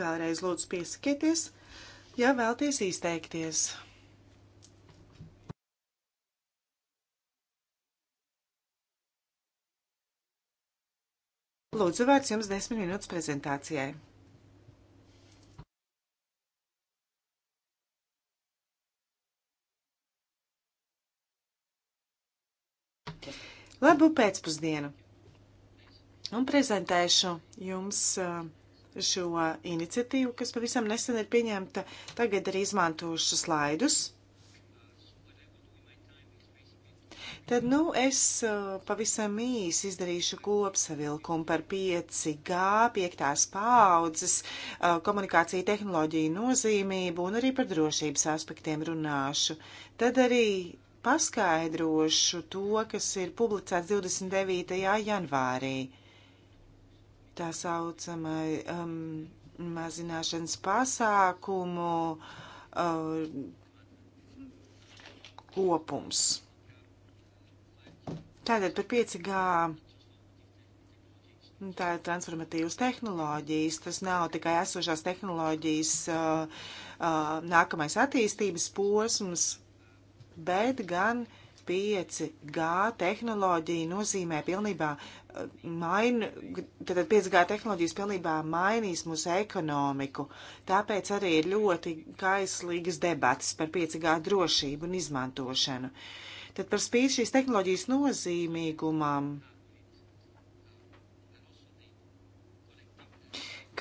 Vēlreiz lūdzu piesakieties, ja vēlties izteikties. Lūdzu, vārds jums desmit minūtes prezentācijai. Labu pēcpusdienu! Un prezentēšu jums eh, šo iniciatīvu, kas pavisam nesen ir pieņemta. Tagad arī izmantošu slaidus. Tad, nu, es eh, pavisam īsi izdarīšu kopsavilkumu par 5G, 5. paudzes eh, komunikāciju tehnoloģiju nozīmību un arī par drošības aspektiem runāšu. Tad arī paskaidrošu to, kas ir publicēts 29. janvārī. Tā saucamā um, mazināšanas pasākumu uh, kopums. Tātad par 5G nu, tā ir transformatīvas tehnoloģijas. Tas nav tikai esošās tehnoloģijas uh, uh, nākamais attīstības posms, bet gan 5G tehnoloģija nozīmē pilnībā eh, main, tātad 5G tehnoloģijas pilnībā mainīs mūsu ekonomiku. Tāpēc arī ir ļoti kaislīgas debatas par 5G drošību un izmantošanu. Tad par spīti šīs tehnoloģijas nozīmīgumam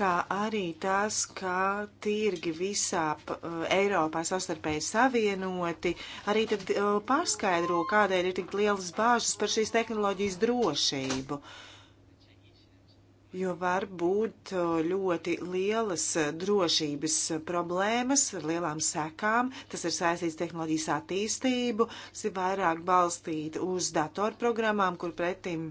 kā arī tas, ka tirgi visā uh, Eiropā sastarpēji savienoti, arī tad uh, paskaidro, kādēļ ir tik lielas bāžas par šīs tehnoloģijas drošību jo var būt uh, ļoti lielas drošības problēmas ar lielām sekām. Tas ir saistīts tehnoloģijas attīstību, tas ir vairāk balstīt uz datorprogrammām, kur pretim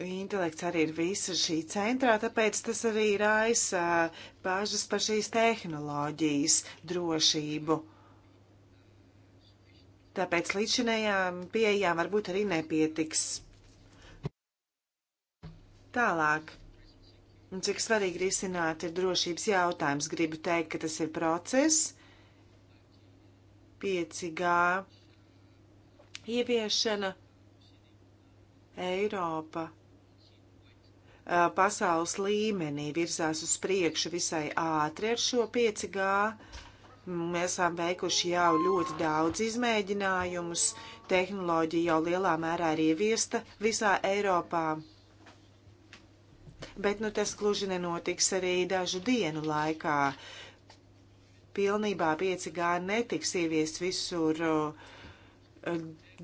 Intelekts arī ir visa šī centrā, tāpēc tas arī raisa bāžas par šīs tehnoloģijas drošību. Tāpēc līdzinējām pieejām varbūt arī nepietiks. Tālāk. Un cik svarīgi risināt ir drošības jautājums. Gribu teikt, ka tas ir process 5G ieviešana Eiropa pasaules līmenī virzās uz priekšu visai ātri ar šo 5G. Mēs esam veikuši jau ļoti daudz izmēģinājumus, tehnoloģija jau lielā mērā ir ieviesta visā Eiropā. Bet nu, tas gluži nenotiks arī dažu dienu laikā. Pilnībā 5G netiks ieviests visur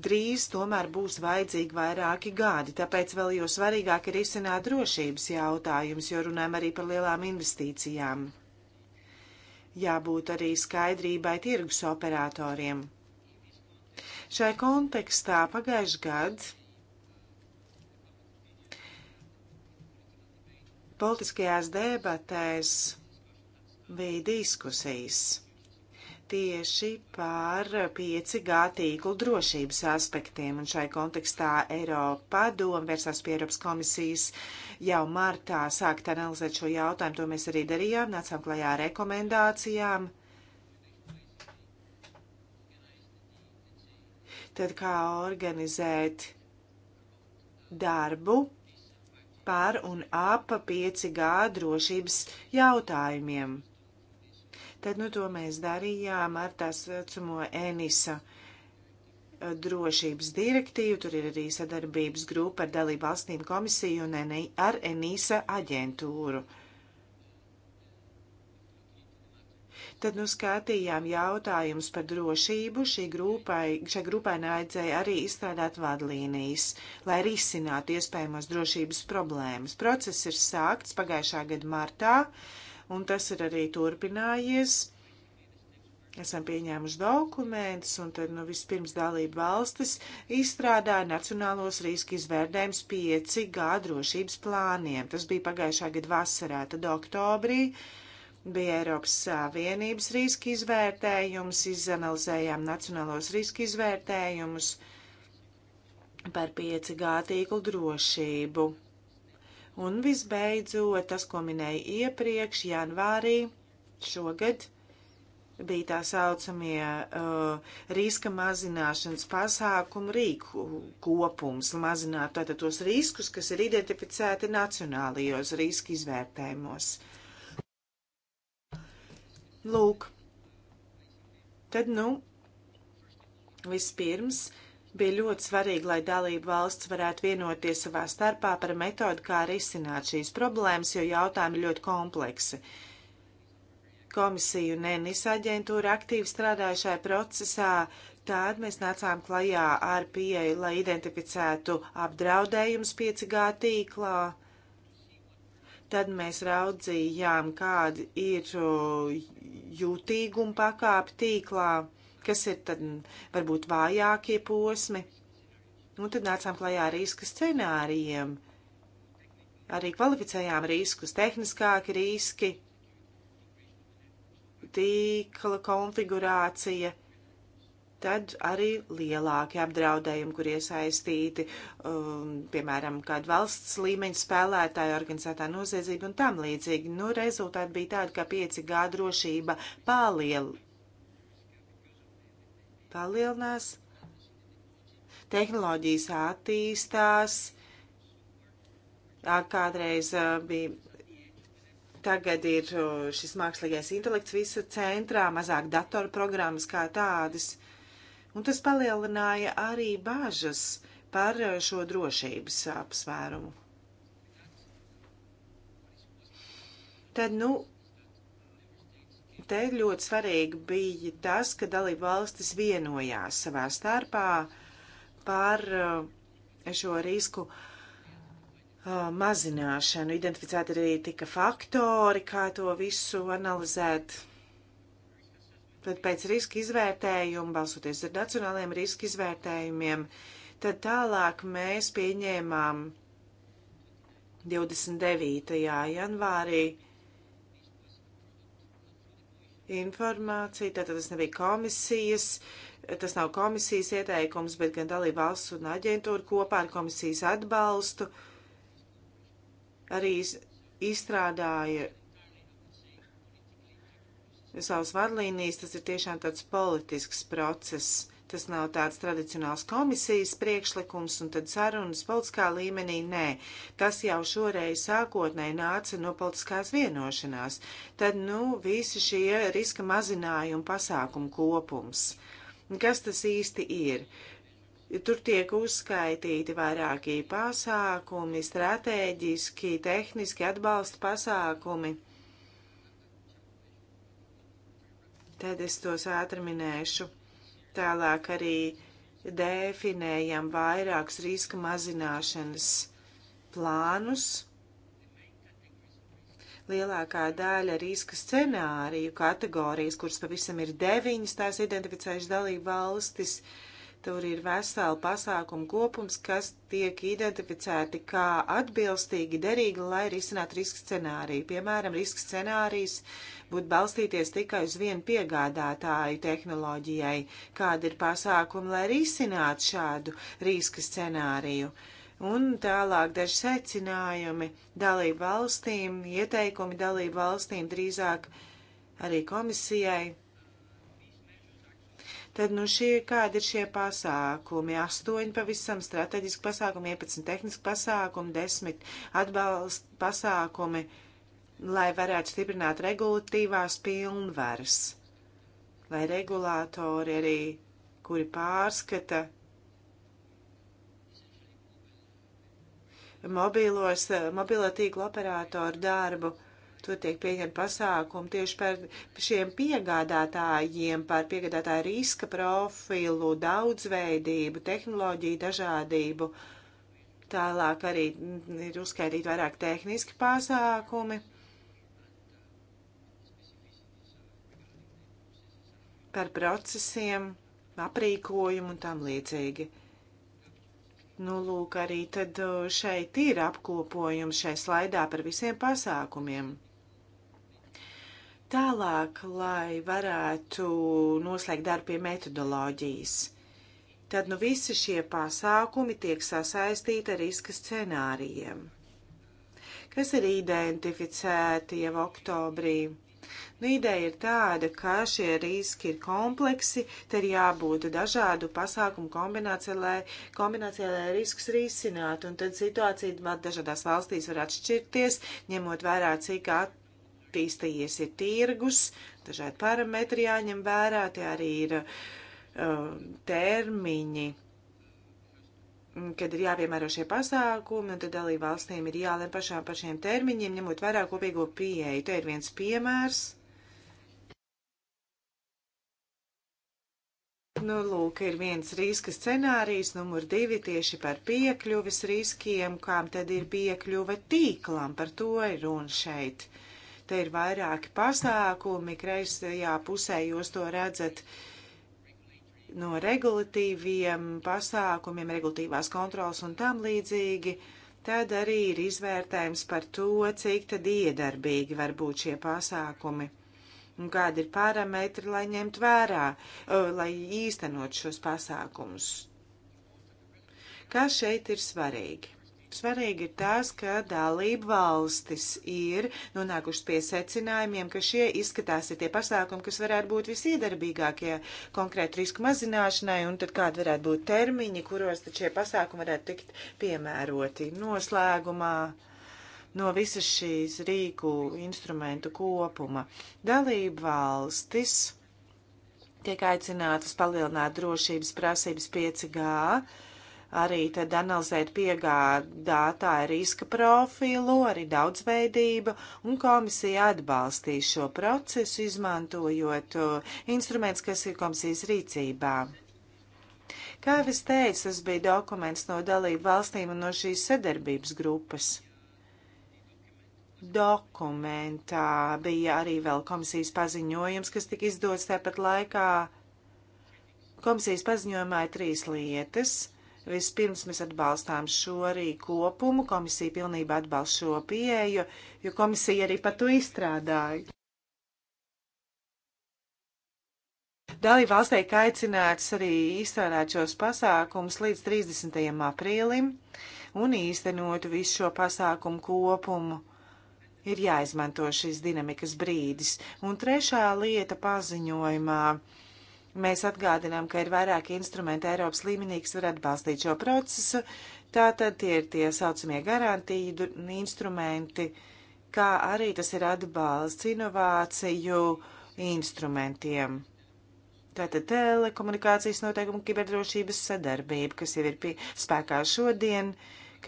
drīz tomēr būs vajadzīgi vairāki gadi, tāpēc vēl jo svarīgāk ir izsināt drošības jautājumus, jo runājam arī par lielām investīcijām. Jābūt arī skaidrībai tirgus operatoriem. Šai kontekstā pagājuši gads politiskajās debatēs bija diskusijas tieši par 5G tīklu drošības aspektiem, un šai kontekstā Eiropa doma vērsās pie Eiropas komisijas jau martā sākt analizēt šo jautājumu, to mēs arī darījām, nācām klajā rekomendācijām. Tad kā organizēt darbu par un ap 5G drošības jautājumiem. Tad, nu, to mēs darījām ar tās vecumo Enisa eh, drošības direktīvu, tur ir arī sadarbības grupa ar dalību valstīm komisiju un ar Enisa aģentūru. Tad nu skatījām jautājumus par drošību. Šī grupai, šai grupai nādzēja arī izstrādāt vadlīnijas, lai risinātu iespējamos drošības problēmas. Process ir sākts pagājušā gada martā. Uh, un tas ir arī turpinājies. Esam pieņēmuši dokumentus, un tad nu, vispirms dalība valstis izstrādāja Nacionālos riska izvērtējums 5G drošības plāniem. Tas bija pagājušā gada vasarā, tad oktobrī bija Eiropas Savienības riska izvērtējums, izanalizējām Nacionālos riska izvērtējumus par 5G tīklu drošību. Un visbeidzot, tas, ko minēju iepriekš, janvārī šogad bija tā saucamie uh, riska mazināšanas pasākumu rīku kopums, mazināt tātad tos riskus, kas ir identificēti nacionālajos riska izvērtējumos. Lūk, tad nu, vispirms uh, Bija ļoti svarīgi, lai dalību valsts varētu vienoties savā starpā par metodu, kā risināt šīs problēmas, jo jautājumi ir ļoti kompleksi. Komisija un NIS aģentūra aktīvi strādāja šajā procesā, tad mēs nācām klajā ar pieeju, lai identificētu apdraudējumus 5G tīklā. Tad mēs raudzījām, kāda ir uh, jūtīguma pakāpe tīklā kas ir tad varbūt vājākie posmi. Un nu, tad nācām klajā ar riska scenārijiem. Arī kvalificējām riskus, tehniskāki riski, tīkla konfigurācija, tad arī lielāki apdraudējumi, kur iesaistīti, um, piemēram, kāda valsts līmeņa spēlētāja organizētā noziedzība un tam līdzīgi. Nu, rezultāti bija tādi, ka 5G drošība palielināja palielinās, tehnoloģijas attīstās, kādreiz bija. Tagad ir šis mākslīgais intelekts visu centrā, mazāk datorprogrammas kā tādas, un tas palielināja arī bāžas par šo drošības apsvērumu. Tad, nu, te ļoti svarīgi bija tas, ka dalību valstis vienojās savā starpā par eh, šo risku eh, mazināšanu. Identificēti arī tika faktori, kā to visu analizēt. Tad pēc riska izvērtējuma, balsoties ar nacionāliem riska izvērtējumiem, tad tālāk mēs pieņēmām 29. janvārī informāciju. Tātad tas nebija komisijas, tas nav komisijas ieteikums, bet gan dalība valsts un aģentūra kopā ar komisijas atbalstu arī izstrādāja savas vadlīnijas. Tas ir tiešām tāds politisks process Tas nav tāds tradicionāls komisijas priekšlikums un tad sarunas politiskā līmenī, nē. Tas jau šoreiz sākotnēji nāca no politiskās vienošanās. Tad, nu, visi šie riska mazinājuma pasākumu kopums. Kas tas īsti ir? Tur tiek uzskaitīti vairākie pasākumi, stratēģiski, tehniski atbalsta pasākumi. Tad es tos ātri minēšu. Tālāk arī definējam vairākus riska mazināšanas plānus lielākā daļa riska scenāriju kategorijas, kuras pavisam ir deviņas, tās identificējuši dalību valstis, Tur ir vesela pasākuma kopums, kas tiek identificēti kā atbilstīgi, derīgi, lai risinātu riska scenāriju. Piemēram, riska scenārijs būtu balstīties tikai uz vienu piegādātāju tehnoloģijai, kāda ir pasākuma, lai risinātu šādu riska scenāriju. Un tālāk daži secinājumi dalību valstīm, ieteikumi dalību valstīm drīzāk arī komisijai Tad, nu, šie, kādi ir šie pasākumi? Astoņi pavisam strateģiski pasākumi, 11 tehniski pasākumi, 10 atbalsta pasākumi, lai varētu stiprināt regulatīvās pilnvaras, lai regulātori arī, kuri pārskata mobīlos, mobilo tīklu operātoru darbu, Tur tiek pieņemta pasākuma tieši par šiem piegādātājiem, par piegādātāju riska profilu, daudzveidību, tehnoloģiju dažādību. Tālāk arī ir uzskaitīti vairāk tehniski pasākumi. par procesiem, aprīkojumu un tam līdzīgi. Nu, lūk, arī tad uh, šeit ir apkopojums šai slaidā par visiem pasākumiem. Tālāk, lai varētu noslēgt darbu pie metodoloģijas, tad nu visi šie pasākumi tiek sasaistīti ar riska scenārijiem, kas ir identificēti jau oktobrī. Nu, ideja ir tāda, ka šie riski ir kompleksi, te ir jābūt dažādu pasākumu kombinācijai, lai, kombinācijai, lai risks risinātu, un tad situācija dažādās valstīs var atšķirties, ņemot vērā, cik at, attīstījies ir tirgus, dažādi parametri jāņem vērā, tie arī ir uh, termiņi, kad ir jāpiemēro šie pasākumi, un tad dalību valstīm ir jālem pašām par šiem termiņiem, ņemot vērā kopīgo pieeju. Te ir viens piemērs. Nu, lūk, ir viens riska scenārijs, numur divi tieši par piekļuvis riskiem, kām tad ir piekļuva tīklam, par to ir runa šeit. Uh, Te ir vairāki pasākumi, kreisajā pusē jūs to redzat no regulatīviem pasākumiem, regulatīvās kontrolas un tam līdzīgi. Tad arī ir izvērtējums par to, cik tad iedarbīgi var būt šie pasākumi un kādi ir parametri, lai ņemt vērā, lai īstenot šos pasākumus. Kas šeit ir svarīgi? Svarīgi ir tas, ka dalība valstis ir nonākušas pie secinājumiem, ka šie izskatās ir tie pasākumi, kas varētu būt visiedarbīgākie konkrēti risku mazināšanai, un tad kādi varētu būt termiņi, kuros tad šie pasākumi varētu tikt piemēroti noslēgumā no visas šīs rīku instrumentu kopuma. Dalība valstis tiek aicinātas palielināt drošības prasības 5G arī tad analizēt piegādātāja riska profilu, arī daudzveidību, un komisija atbalstīs šo procesu, izmantojot uh, instruments, kas ir komisijas rīcībā. Kā jau es teicu, tas bija dokuments no dalību valstīm un no šīs sadarbības grupas. Dokumentā bija arī vēl komisijas paziņojums, kas tika izdots tāpat laikā. Komisijas paziņojumā ir trīs lietas Vispirms mēs atbalstām šo arī kopumu, komisija pilnībā atbalsta šo pieeju, jo komisija arī par to izstrādāja. Dalība valstī aicināts arī izstrādāt šos pasākumus līdz 30. aprīlim un īstenot visu šo pasākumu kopumu. Ir jāizmanto šis dinamikas brīdis. Un trešā lieta paziņojumā Mēs atgādinām, ka ir vairāki instrumenti Eiropas līmenī, kas var atbalstīt šo procesu. Tātad tie ir tie saucamie garantiju instrumenti, kā arī tas ir atbalsts inovāciju instrumentiem. Tātad telekomunikācijas noteikumu kiberdrošības sadarbība, kas jau ir pie, spēkā šodien,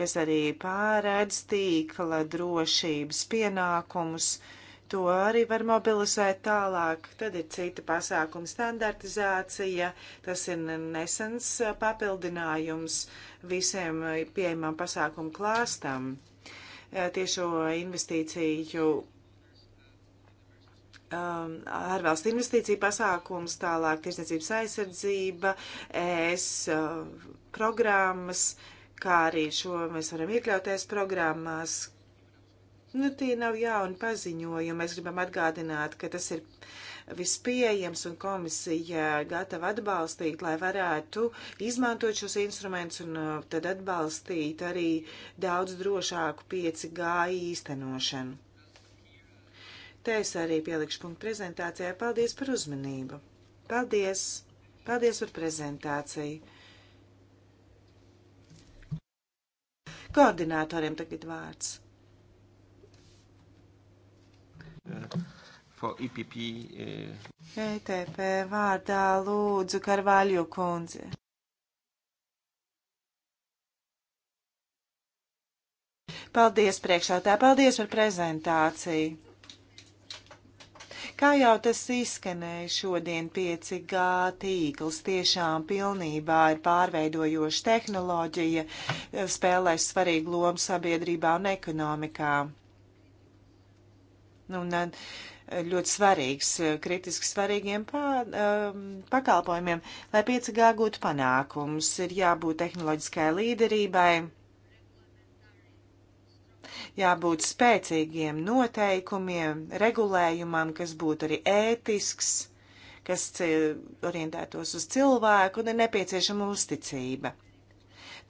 kas arī pārēdz tīkla drošības pienākumus. Uh, to arī var mobilizēt tālāk. Tad ir cita pasākuma standartizācija, tas ir nesens papildinājums visiem pieejamam pasākumu klāstam. Tiešo investīciju, um, ārvalstu investīciju pasākums, tālāk tirsniecības aizsardzība, ES uh, programmas, kā arī šo mēs varam iekļauties programmās, Nu, tie nav jauni paziņojumi. Mēs gribam atgādināt, ka tas ir vispieejams un komisija gatava atbalstīt, lai varētu izmantot šos instrumentus un uh, tad atbalstīt arī daudz drošāku 5G īstenošanu. Te es arī pielikšu punktu prezentācijai. Paldies par uzmanību. Paldies! Paldies par prezentāciju. Koordinātoriem tagad vārds for EPP. ETP uh, e vārdā lūdzu Karvaļo kundze. Paldies priekšētā, paldies par prezentāciju. Kā jau tas izskanēja šodien, 5G tīkls tiešām pilnībā ir pārveidojoša tehnoloģija, spēlēs svarīgu lomu sabiedrībā un ekonomikā. Nu, un, eh, ļoti svarīgs, eh, kritiski svarīgiem pa, um, pakalpojumiem, lai 5G gūtu panākums, ir jābūt tehnoloģiskai līderībai, jābūt spēcīgiem noteikumiem, regulējumam, kas būtu arī ētisks, kas orientētos uz cilvēku, un ir nepieciešama uzticība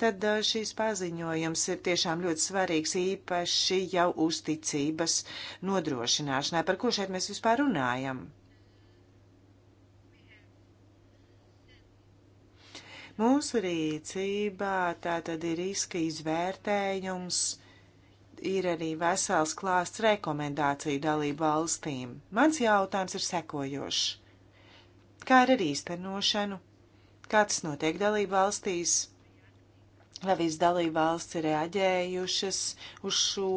tad šīs paziņojums ir tiešām ļoti svarīgs, īpaši jau uzticības nodrošināšanai. Par ko šeit mēs vispār runājam? Mūsu rīcībā tā tad ir riska izvērtējums, ir arī vesels klāsts rekomendāciju dalību valstīm. Mans jautājums ir sekojošs. Kā ir ar īstenošanu? Kā tas notiek dalību valstīs? vai visas dalībvalsts ir reaģējušas uz šo.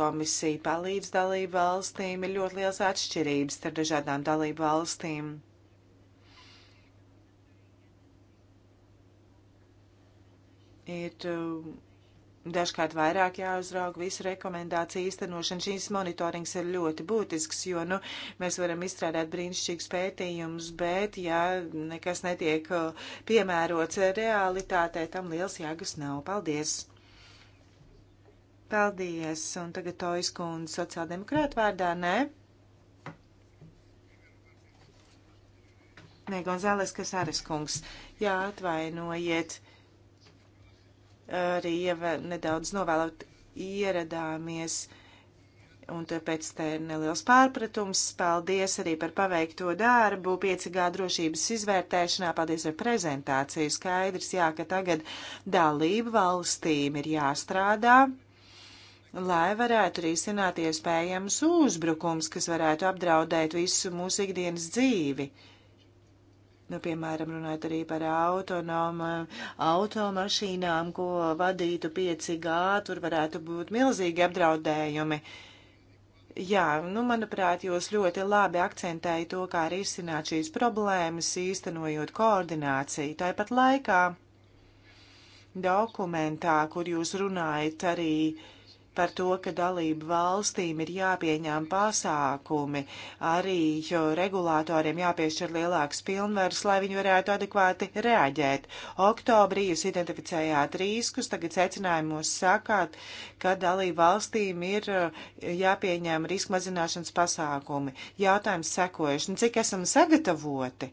Komisija palīdz dalību valstīm, ir ļoti liels atšķirības starp dažādām dalību valstīm. Ir Dažkārt vairāk jāuzrauga visu rekomendāciju īstenošana. Šīs monitorings ir ļoti būtisks, jo nu, mēs varam izstrādāt brīnišķīgus pētījumus, bet ja nekas netiek piemērots realitātē, tam liels jēgas nav. Paldies! Paldies! Un tagad to izkundze sociāldemokrāta vārdā, nē? Nē, Gonzāles Kasāres kungs, jā, atvainojiet arī ieva, nedaudz novēlot ieradāmies. Un tāpēc te ir neliels pārpratums. Paldies arī par paveikto darbu 5G drošības izvērtēšanā. Paldies par prezentāciju. Skaidrs, jā, ka tagad dalību valstīm ir jāstrādā, lai varētu risināties spējams uzbrukums, kas varētu apdraudēt visu mūsu ikdienas dzīvi. Nu, piemēram, runājot arī par autonomām automašīnām, ko vadītu 5G, tur varētu būt milzīgi apdraudējumi. Jā, nu, manuprāt, jūs ļoti labi akcentēja to, kā arī izsināt šīs problēmas, īstenojot koordināciju. Tāpat laikā dokumentā, kur jūs runājat arī uh, par to, ka dalību valstīm ir jāpieņem pasākumi, arī regulātoriem jāpiešķir lielāks pilnvars, lai viņi varētu adekvāti reaģēt. Oktobrī jūs identificējāt riskus, tagad secinājumos sakāt, ka dalību valstīm ir eh, jāpieņem riska mazināšanas pasākumi. Jautājums sekojuši, nu, cik esam sagatavoti?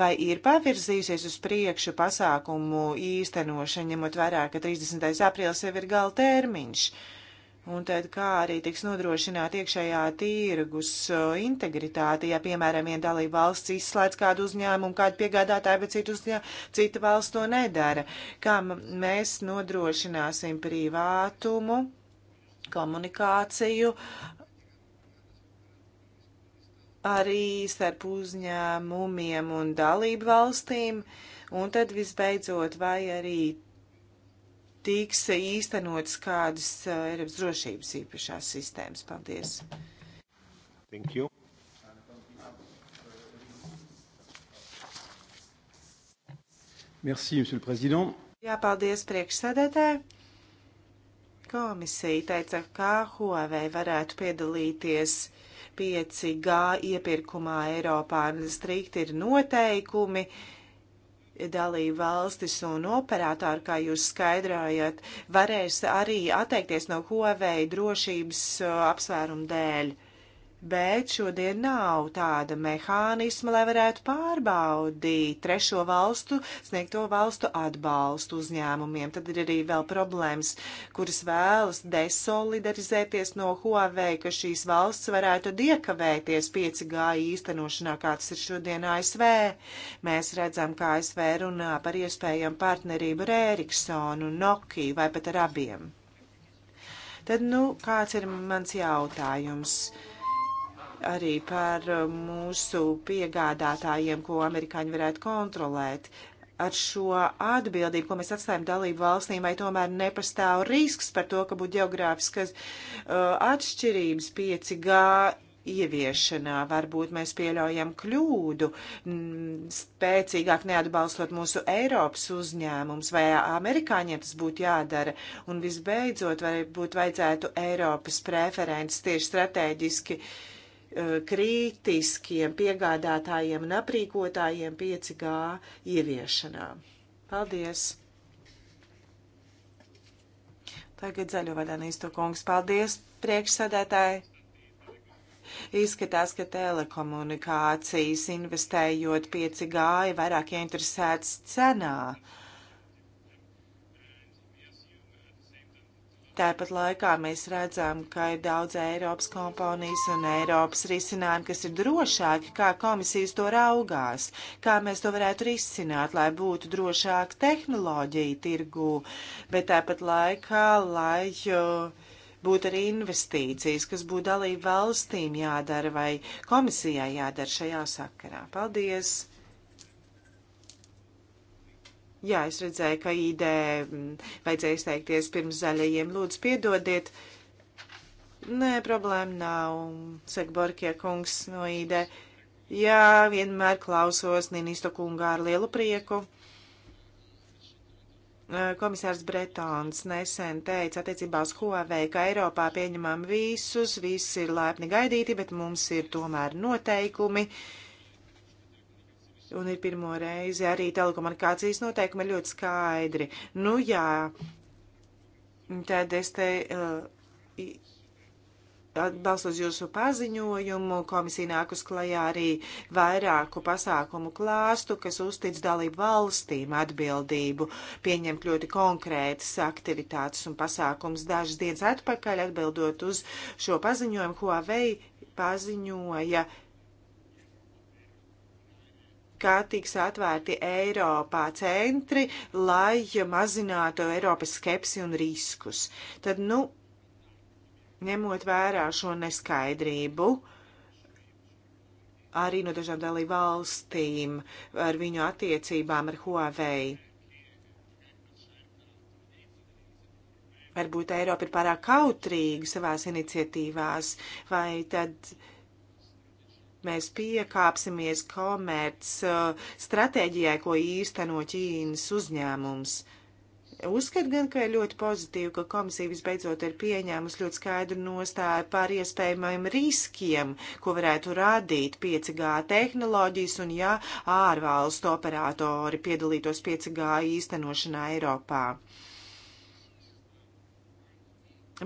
vai ir pavirzījusies uz priekšu pasākumu īstenošana, ņemot vērā, ka 30. aprīlis jau ir gala termiņš. Uh, Un tad kā arī tiks nodrošināta iekšējā tirgus integritāte, ja, piemēram, viena dalība valsts izslēdz kādu uzņēmumu, kādu piegādātāju, bet citu uzņēmumu, cita valsts to nedara. Kā mēs nodrošināsim privātumu, komunikāciju, arī starp uzņēmumiem un dalību valstīm, un tad visbeidzot vai arī tiks īstenotas kādas Eiropas drošības īpašās sistēmas. Paldies! Thank you. Merci, monsieur le président. Jā, paldies priekšsēdētāji. Komisija teica, ka Huawei varētu piedalīties 5G iepirkumā Eiropā. Strikti ir noteikumi. Uh, dalību valstis un operātori, kā jūs skaidrojat, varēs arī atteikties no Huawei drošības uh, apsvērumu dēļ bet šodien nav tāda mehānisma, lai varētu pārbaudīt trešo valstu, sniegto valstu atbalstu uzņēmumiem. Tad ir arī vēl problēmas, kuras vēlas desolidarizēties no Huawei, ka šīs valsts varētu diekavēties 5G īstenošanā, kāds ir šodien ASV. Mēs redzam, kā ASV runā par iespējamu partnerību ar Eriksonu, Nokiju vai pat ar abiem. Tad, nu, kāds ir mans jautājums? Uh, arī par uh, mūsu piegādātājiem, ko amerikāņi varētu kontrolēt. Ar šo atbildību, ko mēs atstājam dalību valstīm, vai tomēr nepastāv risks par to, ka būtu geogrāfiskas uh, atšķirības 5G ieviešanā. Varbūt mēs pieļaujam kļūdu, spēcīgāk neatbalstot mūsu Eiropas uzņēmums, vai amerikāņiem tas būtu jādara. Un visbeidzot, varbūt vajadzētu Eiropas preferences tieši strateģiski uh, Eh, kritiskiem piegādātājiem un aprīkotājiem 5G ieviešanā. Paldies! Tagad zaļo vadānīsto kungs. Paldies, priekšsādētāji! Izskatās, ka telekomunikācijas investējot 5G ir vairāk ieinteresēts cenā. Uh, Tāpat laikā mēs redzam, ka ir daudz Eiropas komponijas un Eiropas risinājumi, kas ir drošāki, kā komisijas to raugās, kā mēs to varētu risināt, lai būtu drošāka tehnoloģija tirgū, bet tāpat laikā, lai būtu arī investīcijas, kas būtu dalību valstīm jādara vai komisijai jādara šajā sakarā. Paldies! Jā, es redzēju, ka ID mm, vajadzēja izteikties pirms zaļajiem. Lūdzu, piedodiet. Nē, problēma nav, saka Borkie kungs no ID. Jā, vienmēr klausos Ninisto kungā ar lielu prieku. Komisārs Bretons nesen teica attiecībā uz Huawei, ka Eiropā pieņemam visus, visi ir laipni gaidīti, bet mums ir tomēr noteikumi. Uh, Un ir pirmo reizi arī telekomunikācijas noteikumi ir ļoti skaidri. Nu jā, tad es te. Uh, Balstot jūsu paziņojumu, komisija nāk uz klajā arī vairāku pasākumu klāstu, kas uztic dalību valstīm atbildību pieņemt ļoti konkrētas aktivitātes un pasākums. Dažas dienas atpakaļ atbildot uz šo paziņojumu, Huawei paziņoja kā tiks atvērti Eiropā centri, lai mazinātu Eiropas skepsi un riskus. Tad, nu, ņemot vērā šo neskaidrību, arī no dažām dalību valstīm ar viņu attiecībām ar Huawei. Varbūt Eiropa ir pārāk kautrīga savās iniciatīvās, vai tad uh, mēs piekāpsimies komerc uh, stratēģijai, ko īsteno Ķīnas uzņēmums. Uzskat gan, ka ir ļoti pozitīvi, ka komisija visbeidzot ir pieņēmusi ļoti skaidru nostāju par iespējamajiem riskiem, ko varētu radīt 5G tehnoloģijas un ja ārvalstu operatori piedalītos 5G īstenošanā Eiropā.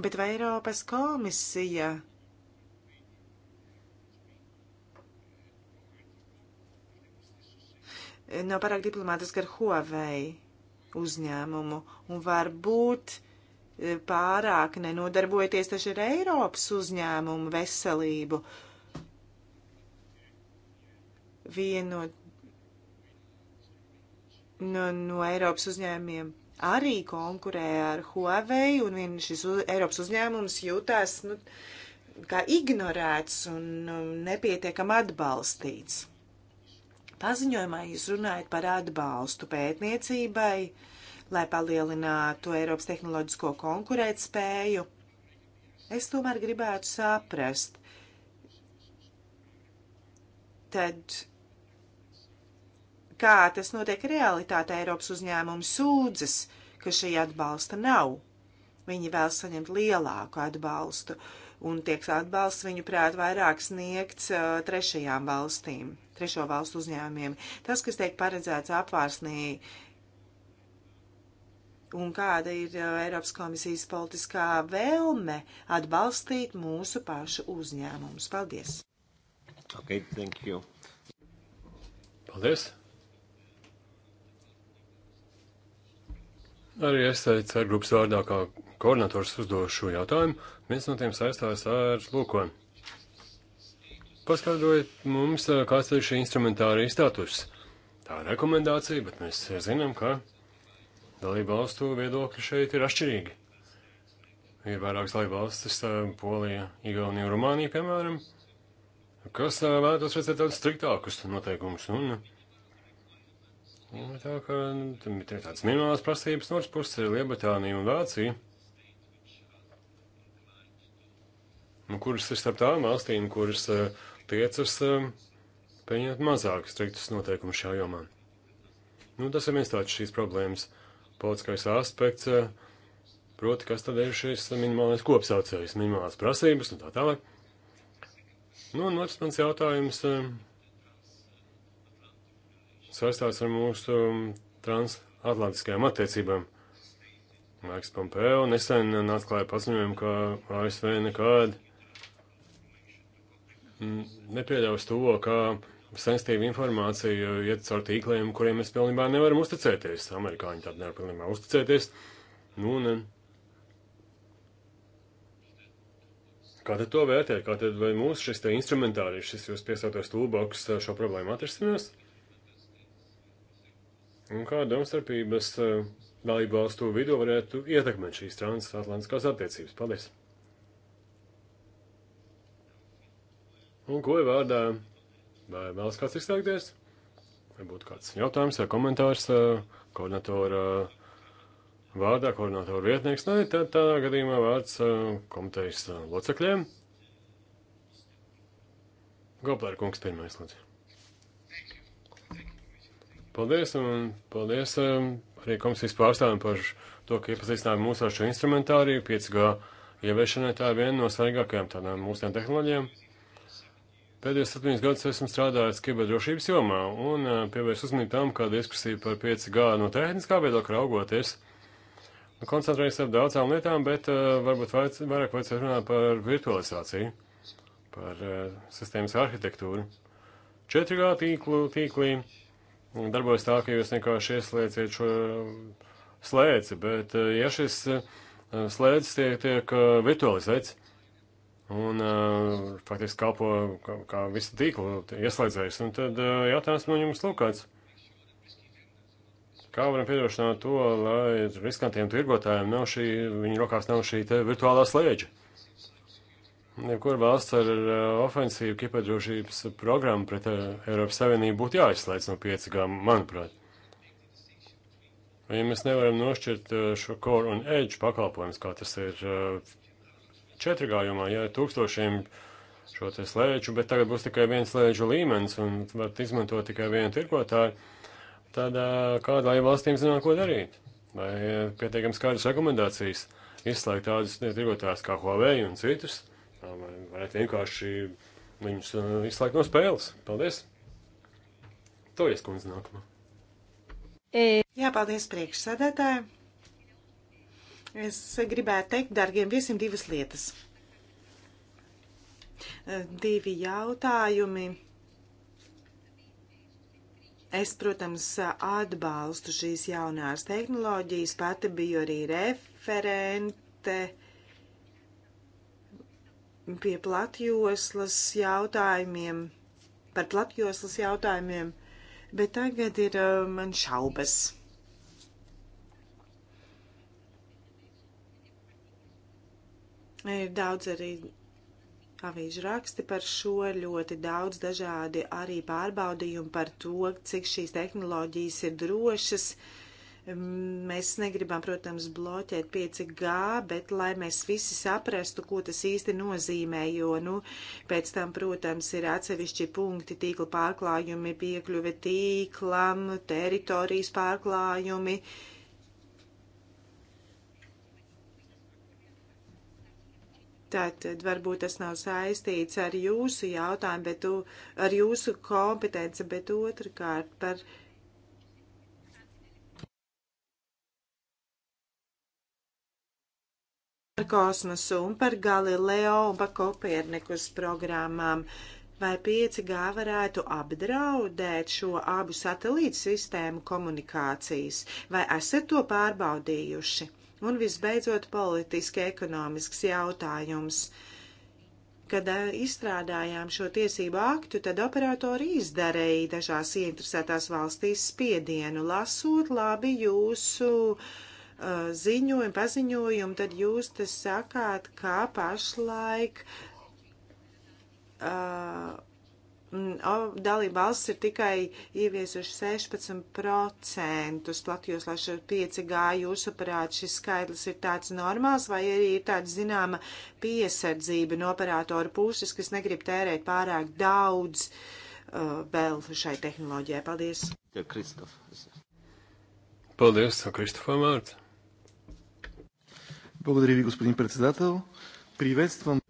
Bet vai Eiropas komisija nav pārāk diplomātiski ar Huawei uzņēmumu un varbūt e, pārāk nenodarbojoties taču ar Eiropas uzņēmumu veselību. Vieno no, no Eiropas uzņēmumiem arī konkurē ar Huawei, un vien šis uz, Eiropas uzņēmums jūtās nu, kā ignorēts un nu, nepietiekam atbalstīts. Paziņojumā jūs runājat par atbalstu pētniecībai, lai palielinātu Eiropas tehnoloģisko konkurētspēju. Es tomēr gribētu saprast, tad kā tas notiek realitāte Eiropas uzņēmumu sūdzas, ka šī atbalsta nav. Viņi vēl saņemt lielāku atbalstu, un tiek atbalsts viņu prāt vairāk sniegts uh, trešajām valstīm trešo valstu uzņēmumiem. Tas, kas tiek paredzēts apvārsnī un kāda ir uh, Eiropas komisijas politiskā vēlme atbalstīt mūsu pašu uzņēmumus. Paldies! Ok, thank you. Paldies! Arī es teicu ar grupas vārdā, kā koordinators uzdošu šo jautājumu. Viens no tiem saistās ar lūkojumu paskaidrojiet mums, kāds ir šī instrumentārija status. Tā ir rekomendācija, bet mēs zinām, ka dalība valstu viedokļi šeit ir atšķirīgi. Ir vairākas dalība valstis, Polija, Igaunija, Rumānija, piemēram, kas vēlētos redzēt tādus striktākus noteikumus. Un, un tā kā nu, tam ir tādas minimālās prasības, no otras puses ir Liebatānija un Vācija. Nu, kuras ir starp tām valstīm, kuras uh, tiecas um, pieņemt mazāk striktus noteikumus šajā jomā. Nu, tas ir viens tāds šīs problēmas politiskais aspekts, uh, proti, kas tad ir šis minimālais kopsaucējs, minimālās prasības un tā tālāk. Nu, un otrs mans jautājums um, saistās ar mūsu um, transatlantiskajām attiecībām. Maiks Pompeo nesen atklāja paziņojumu, ka ASV nekādi nepieļaus to, ka sensitīva informācija iet caur tīkliem, kuriem mēs pilnībā nevaram uzticēties. Amerikāņi tad nevar pilnībā uzticēties. Nu, ne. Eh, kā tad to vērtēt? Kā tad vai mūsu šis te instrumentārijs, šis jūs piesautais tūlboks eh, šo problēmu atrisinās? Un kā domstarpības eh, dalību valstu vidū varētu ietekmēt šīs transatlantiskās attiecības? Paldies! Un ko ir vārdā? Vai vēlas kāds izteikties? Vai būtu kāds jautājums vai komentārs eh, koordinatora eh, vārdā, koordinatora vietnieks? Nē, nu, tad tā, tā gadījumā vārds eh, komitejas locekļiem. Goplēra kungs pirmais, lūdzu. Paldies, un paldies arī komisijas pārstāvjiem par to, ka iepazīstināja mūs ar šo instrumentāriju. 5G ieviešanai tā ir viena no svarīgākajām tādām mūsdienu tehnoloģijām. Pēdējos septiņus gadus esmu strādājis kiberdrošības jomā un eh, pievērst uzmanību tam, kā diskusija par 5G no tehniskā viedokļa raugoties. Nu, koncentrējas ar daudzām lietām, bet uh, varbūt vajadz, vairāk vajadzētu runāt par virtualizāciju, par uh, sistēmas arhitektūru. 4G tīklu, tīklī darbojas tā, ka jūs vienkārši ieslēdziet šo slēdzi, bet uh, ja šis uh, slēdzis tiek, tiek uh, virtualizēts, un uh, faktiski kalpo kā, kā visu tīklu ieslēdzējs. Un tad uh, jautājums no jums lūkāts. Kā varam piedrošināt to, lai riskantiem tirgotājiem nav šī, viņu rokās nav šī te virtuālā slēdža? Jebkur valsts ar uh, ofensīvu kiberdrošības programmu pret uh, Eiropas Savienību būtu jāizslēdz no 5G, manuprāt. Ja mēs nevaram nošķirt šo core un edge pakalpojumus, kā tas ir uh, 4 gājumā, ja tūkstošiem šo te slēdžu, bet tagad būs tikai viens slēdžu līmenis un varat izmantot tikai vienu tirkotāju, tad kādai valstīm zināt, ko darīt? Vai pietiekams kādas rekomendācijas izslēgt tādus tirgotājus kā Huawei un citus, vai varētu vienkārši viņus izslēgt no spēles? Paldies! To ieskundz nākamā. Jā, paldies priekšsēdētājiem! Es gribētu teikt, dārgiem viesiem, divas lietas. Eh, divi jautājumi. Es, protams, atbalstu šīs jaunās tehnoloģijas. Pati biju arī referente pie platjoslas jautājumiem, par platjoslas jautājumiem, bet tagad ir eh, man šaubas Ir daudz arī avīžu raksti par šo, ļoti daudz dažādi arī pārbaudījumi par to, cik šīs tehnoloģijas ir drošas. Mēs negribam, protams, bloķēt 5G, bet lai mēs visi saprastu, ko tas īsti nozīmē, jo, nu, pēc tam, protams, ir atsevišķi punkti, tīkla pārklājumi, piekļuve tīklam, teritorijas pārklājumi, uh, Tātad varbūt tas nav saistīts ar jūsu jautājumu, bet tu, ar jūsu kompetenci, bet otrkārt par. Par kosmosu un par Galileo un par Kopernikus programmām. Vai 5G varētu apdraudēt šo abu satelītu sistēmu komunikācijas? Vai esat to pārbaudījuši? Un visbeidzot, politiski ekonomisks jautājums. Kad izstrādājām šo tiesību aktu, tad operatori izdarīja dažās ieinteresētās valstīs spiedienu, lasot labi jūsu uh, ziņojumu, paziņojumu, tad jūs tas sakāt, kā pašlaik uh, Mm, dalība valsts ir tikai ieviesuši 16% platjoslašu 5G. Jūsuprāt, šis skaidrs ir tāds normāls vai arī ir tāda zināma piesardzība no operātoru puses, kas negrib tērēt pārāk daudz uh, vēl šai tehnoloģijai? Paldies! Ja, Kristof. Paldies, Kristofa Mārta! Благодаря ви, господин председател. Приветствам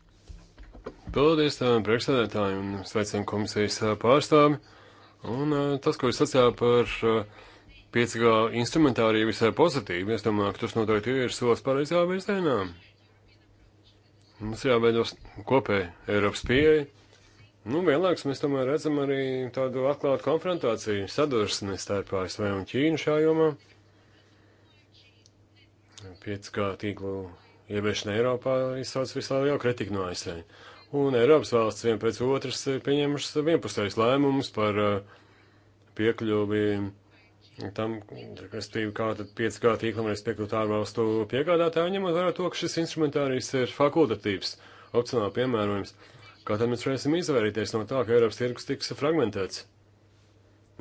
Paldies tām priekšsēdētājiem un sveicam komisijas pārstāvi. Un tas, ko jūs sacījāt par 5G instrumentāriju visai pozitīvi, es domāju, ka tas noteikti ir solis pareizajā virzienā. Mums jāveido kopēji Eiropas pieeja. Nu, vienlaiks mēs tomēr redzam arī tādu atklātu konfrontāciju, sadursmi starp ASV un Ķīnu šā jomā. 5G tīklu ieviešana Eiropā izsauc visā jau kritiku no ASV un Eiropas valsts vien pēc otras ir pieņemušas vienpusējas lēmumus par uh, piekļuvi tam, respektīvi, kā tad 5G tīklam varēs piekļūt ārvalstu piegādātāju, ņemot vērā to, ka šis instrumentārijs ir fakultatīvs, opcionāli piemērojams. Kā tad mēs varēsim izvairīties no tā, ka Eiropas tirgus tiks fragmentēts?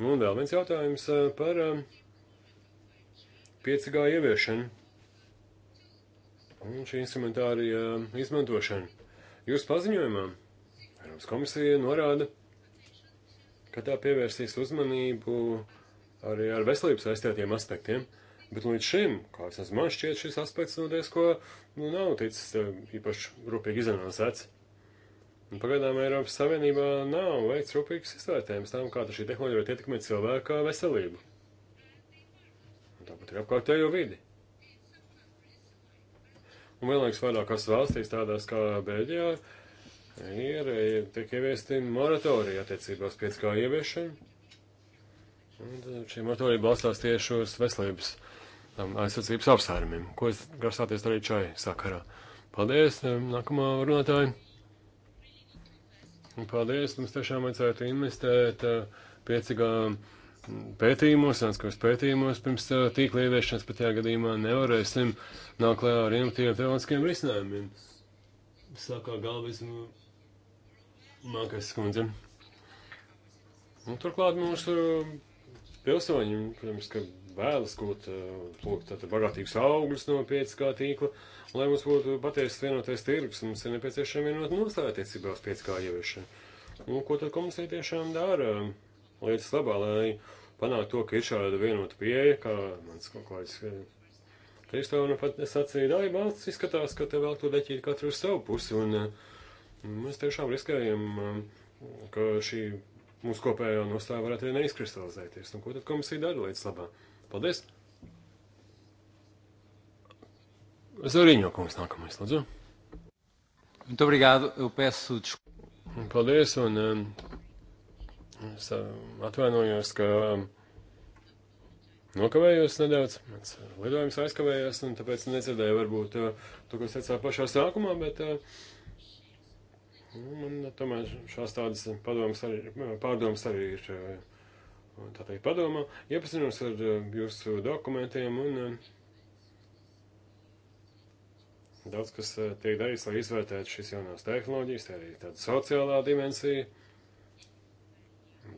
Nu, un vēl viens jautājums uh, par 5G um, ieviešanu un šī instrumentārija uh, izmantošanu. Jūsu paziņojumā Eiropas komisija norāda, ka tā pievērsīs uzmanību arī ar veselības aizstātiem aspektiem. Bet līdz šim, kā es esmu, man šķiet šis aspekts no nu, diezko nu, nav ticis eh, īpaši rūpīgi izanalizēts. Un pagaidām Eiropas Savienībā nav veikts rūpīgs izvērtējums tam, kā šī tehnoloģija var ietekmēt cilvēka veselību. Un tāpat ir apkārtējo vidi. Un vienlaiks vairākās valstīs, tādās kā Beļģijā, ir, ir tiek ieviesti moratorija attiecībās 5G ieviešanu. Un šī moratorija balstās tieši uz veselības um, aizsardzības apsvērumiem. Ko es grasāties darīt šai sakarā? Paldies, um, nākamā runātāja. Paldies, mums tiešām vajadzētu investēt uh, 5G pētījumos, sānskos pētījumos, pirms uh, tīkla ieviešanas pat tajā gadījumā nevarēsim nāk klājā ar inovatīviem teoloģiskiem risinājumiem. Sākā galvismu mākais skundze. Un nu, turklāt mūsu pilsoņi, protams, ka vēlas gūt uh, tātad bagātīgus augļus no 5G tīkla, lai mums būtu patiesas vienotais tirgus, mums ir nepieciešama vienota nostāja attiecībā uz 5G ieviešanu. Un nu, ko tad komisija tiešām dara? lietas labā, lai panāktu to, ka ir šāda vienota pieeja, kā mans kaut kāds Kristofam pat sacīja, daļa valsts izskatās, ka te vēl to deķīt katru uz savu pusi, un eh, mēs tiešām riskējam, eh, ka šī mūsu kopējā nostāja varētu arī neizkristalizēties. Nu, ko tad komisija dara lietas labā? Paldies! Zariņo kungs nākamais, lūdzu. Muito obrigado, eu peço desculpa. Paldies, un um, Es um, atvainojos, ka um, nokavējos nedaudz, mans uh, lidojums aizkavējās, un tāpēc nedzirdēju varbūt uh, to, ko secā pašā sākumā, bet uh, nu, man tomēr šās tādas padomas arī, pārdomas arī ir, tā teikt, padomā. Iepazinos ar jūsu dokumentiem un daudz, kas tiek darīts, lai izvērtētu šīs jaunās tehnoloģijas, tā arī tāda sociālā dimensija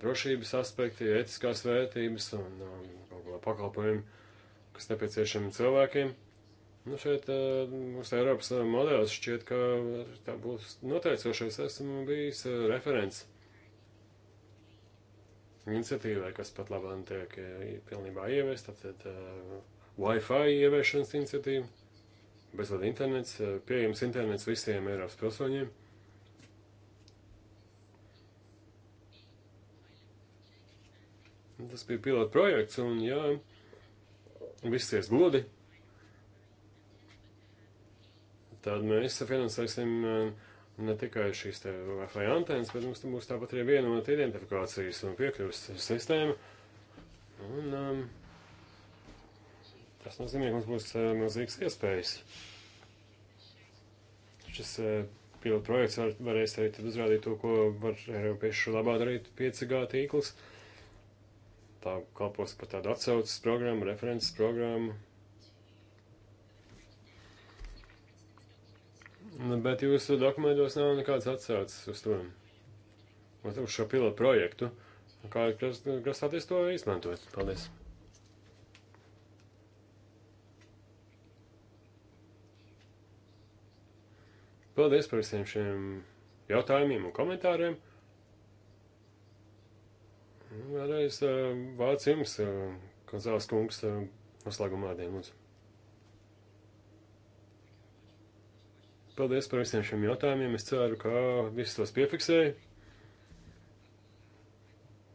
drošības aspekti, etiskās vērtības un galvā um, pakalpojumi, kas nepieciešami cilvēkiem. Nu, šeit uh, mums Eiropas uh, modelis šķiet, ka tā būs noteicošais. Esmu bijis uh, referents iniciatīvai, kas pat labāk tiek pilnībā ieviest, tātad uh, Wi-Fi ieviešanas iniciatīva, bezvada internets, pieejams internets visiem Eiropas pilsoņiem. Tas bija pilota projekts, un jā, viss ies gludi. Tad mēs finansēsim eh, ne tikai šīs te Wi-Fi antenas, bet mums būs tāpat arī vienota identifikācijas un piekļuves sistēma. Un, um, tas nozīmē, ka mums būs uh, milzīgas iespējas. Šis uh, pilota projekts var, varēs arī uzrādīt to, ko var Eiropiešu labā darīt 5G tīkls. Uh, tā kalpos par tādu atsaucas programmu, references programmu. Nu, bet jūsu dokumentos nav nekādas atsaucas uz to. Uz šo pilotu projektu. Kā jūs grasāties to izmantot? Paldies! Paldies par visiem šiem jautājumiem un komentāriem. Vēlreiz eh, vārds jums, Kozāls eh, kungs, eh, noslēguma vārdiem lūdzu. Paldies par visiem šiem jautājumiem. Es ceru, ka visus tos piefiksēju.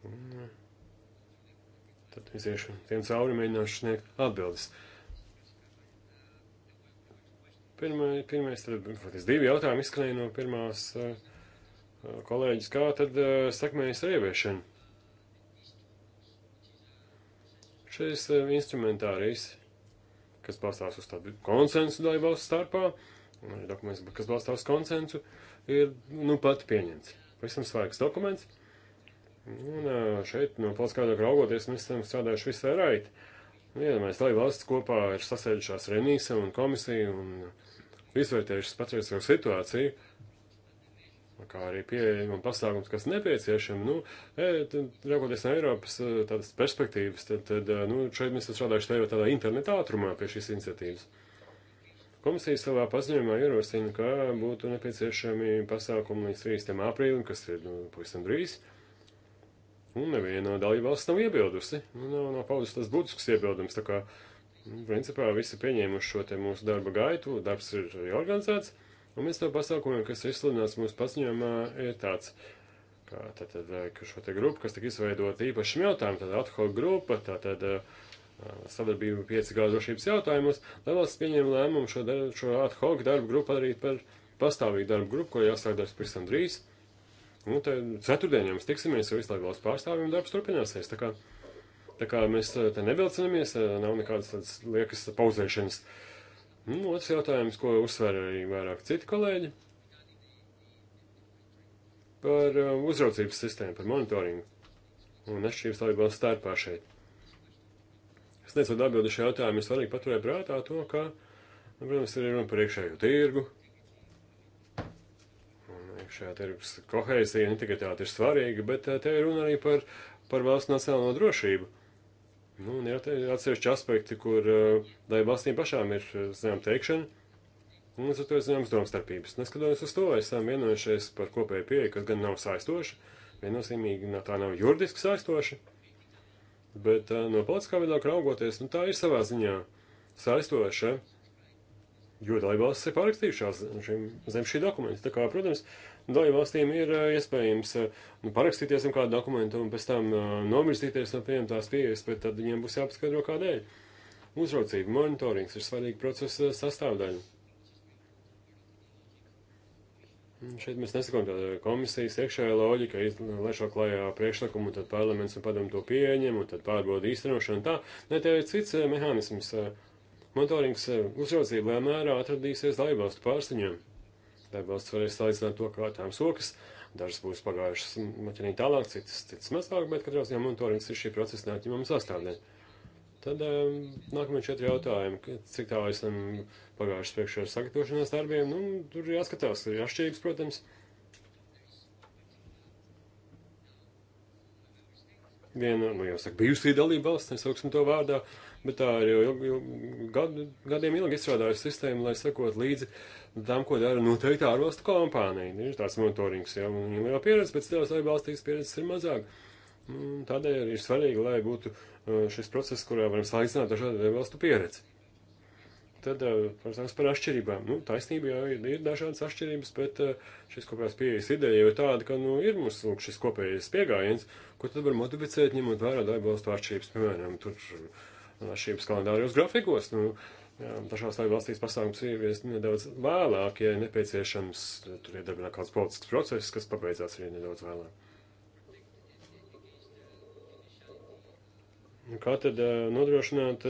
Un tad iziešu tiem cauri, mēģināšu sniegt atbildes. Pirmai, pirmais, tad, faktiski divi jautājumi izskanēja no pirmās kolēģis, kā tad sekmējas ieviešana? Šis eh, instrumentārijs, kas balstās uz tādu konsensu dalībvalstu starpā, un ir dokuments, kas balstās uz konsensu, ir nu pat pieņemts. Pavisam svaigs dokuments. Un eh, šeit no plaskādāk raugoties, mēs esam strādājuši visai raiti. Vienmēr dalībvalsts kopā ir sasēdušās Renīsa un komisija un izvērtējušas patreizējo situāciju kā arī pieejama pasākums, kas nepieciešama. Nu, e, Raugoties no Eiropas e, tādas perspektīvas, tad, tad e, nu, šeit mēs strādājuši tajā tādā interneta ātrumā pie šīs iniciatīvas. Komisija savā paziņojumā ierosina, ka būtu nepieciešami pasākumi līdz 30. aprīlim, kas ir nu, pavisam drīz. Un neviena no dalībvalsts nav iebildusi. Nu, nav, nav paudus tas būtisks iebildums. Tā kā, nu, principā, visi pieņēmuši šo te mūsu darba gaitu, darbs ir arī organizēts. Un viens no pasākumiem, kas izsludināts mūsu paziņojumā, ir tāds, ka, tātad, ka šo te grupu, kas tika izveidota īpašam jautājumam, tad ad hoc grupa, tātad sadarbība 5G drošības jautājumos, lielās pieņēma lēmumu šo, darb, šo ad hoc darbu grupu padarīt par pastāvīgu darbu grupu, ko jāsāk darbs pavisam drīz. Un tad ceturtdien jums tiksimies ar vislabākos pārstāvjiem, darbs turpināsies. Tā kā, tā kā mēs te nevilcinamies, nav nekādas tādas liekas pauzēšanas. Uh, Un nu, otrs jautājums, ko uzsver arī vairāk citi kolēģi, par uh, uzraudzības sistēmu, par monitoringu un nešķības dalībvalsts starpā šeit. Sniedzot atbildi šajā jautājumā, ir svarīgi paturēt prātā to, ka, nu, protams, ir runa par iekšējo tirgu. Un iekšējā tirgus kohēzija un integritāte ir svarīga, bet uh, te ir runa arī par, par valsts nacionālo drošību. Nu, un ir atsevišķi aspekti, kur eh, daļai valstīm pašām ir, eh, zinām, teikšana, un līdz ar to ir zināmas domstarpības. Neskatoties uz to, esam vienojušies par kopēju pieeju, kas gan nav saistoša, viennozīmīgi nu, tā nav juridiski saistoša, bet eh, no politiskā viedokļa raugoties, nu, tā ir savā ziņā saistoša, jo daļai valsts ir parakstījušās zem šī dokumenta. Tā kā, protams, uh, dalībvalstīm ir eh, iespējams eh, nu, parakstīties ar kādu dokumentu un pēc tam eh, nomirzīties no pieņemtās pieejas, bet tad viņiem būs jāpaskaidro kādēļ. Uzraucība, monitorings ir svarīga procesa sastāvdaļa. Šeit mēs nesakām tādā komisijas iekšējā loģika, lai šo klājā priekšlikumu, tad parlaments un padomu to pieņem, un tad pārbauda īstenošanu tā. Nē, tie ir cits mehānisms. Monitorings uzraudzība lēmērā atradīsies dalībvalstu pārsiņām. Dalībvalsts varēs salīdzināt to, kā tām sokas. Dažas būs pagājušas maķinīt tālāk, citas, citas mazāk, bet katrā ziņā monitorings ir šī procesa neatņemama sastāvdaļa. Tad um, nākamie četri jautājumi, cik tālu esam pagājuši priekšā ar sagatavošanās darbiem. Nu, tur ir jāskatās, ir atšķirības, protams. Viena, nu, jau saka, bijusī dalība valsts, nesauksim to vārdā, bet tā ir jau, jau, jau gadu, gadiem ilgi izstrādājusi sistēmu, lai sekot līdzi uh, tam, ko dara noteikti ārvalstu kompānija. Nu, ir tāds monitorings, jau viņam ir pieredze, bet citās valstīs pieredzes ir mazāk. Nu, un tādēļ ir svarīgi, lai būtu uh, šis process, kurā varam salīdzināt dažādu valstu pieredzi. Tad, uh, protams, par atšķirībām. Nu, taisnība jau ir, ir dažādas atšķirības, bet uh, šis kopējās pieejas ideja jau ir tāda, ka, nu, ir mums, lūk, šis kopējais piegājiens, ko tad var modificēt, ņemot vērā dalībvalstu atšķirības, piemēram, tur atšķirības kalendārijos grafikos. Nu, dažās lai valstīs pasākums ieviest nedaudz vēlāk, ja nepieciešams, tur iedarbināt kāds politisks process, kas pabeidzās arī nedaudz vēlāk. Kā tad nodrošināt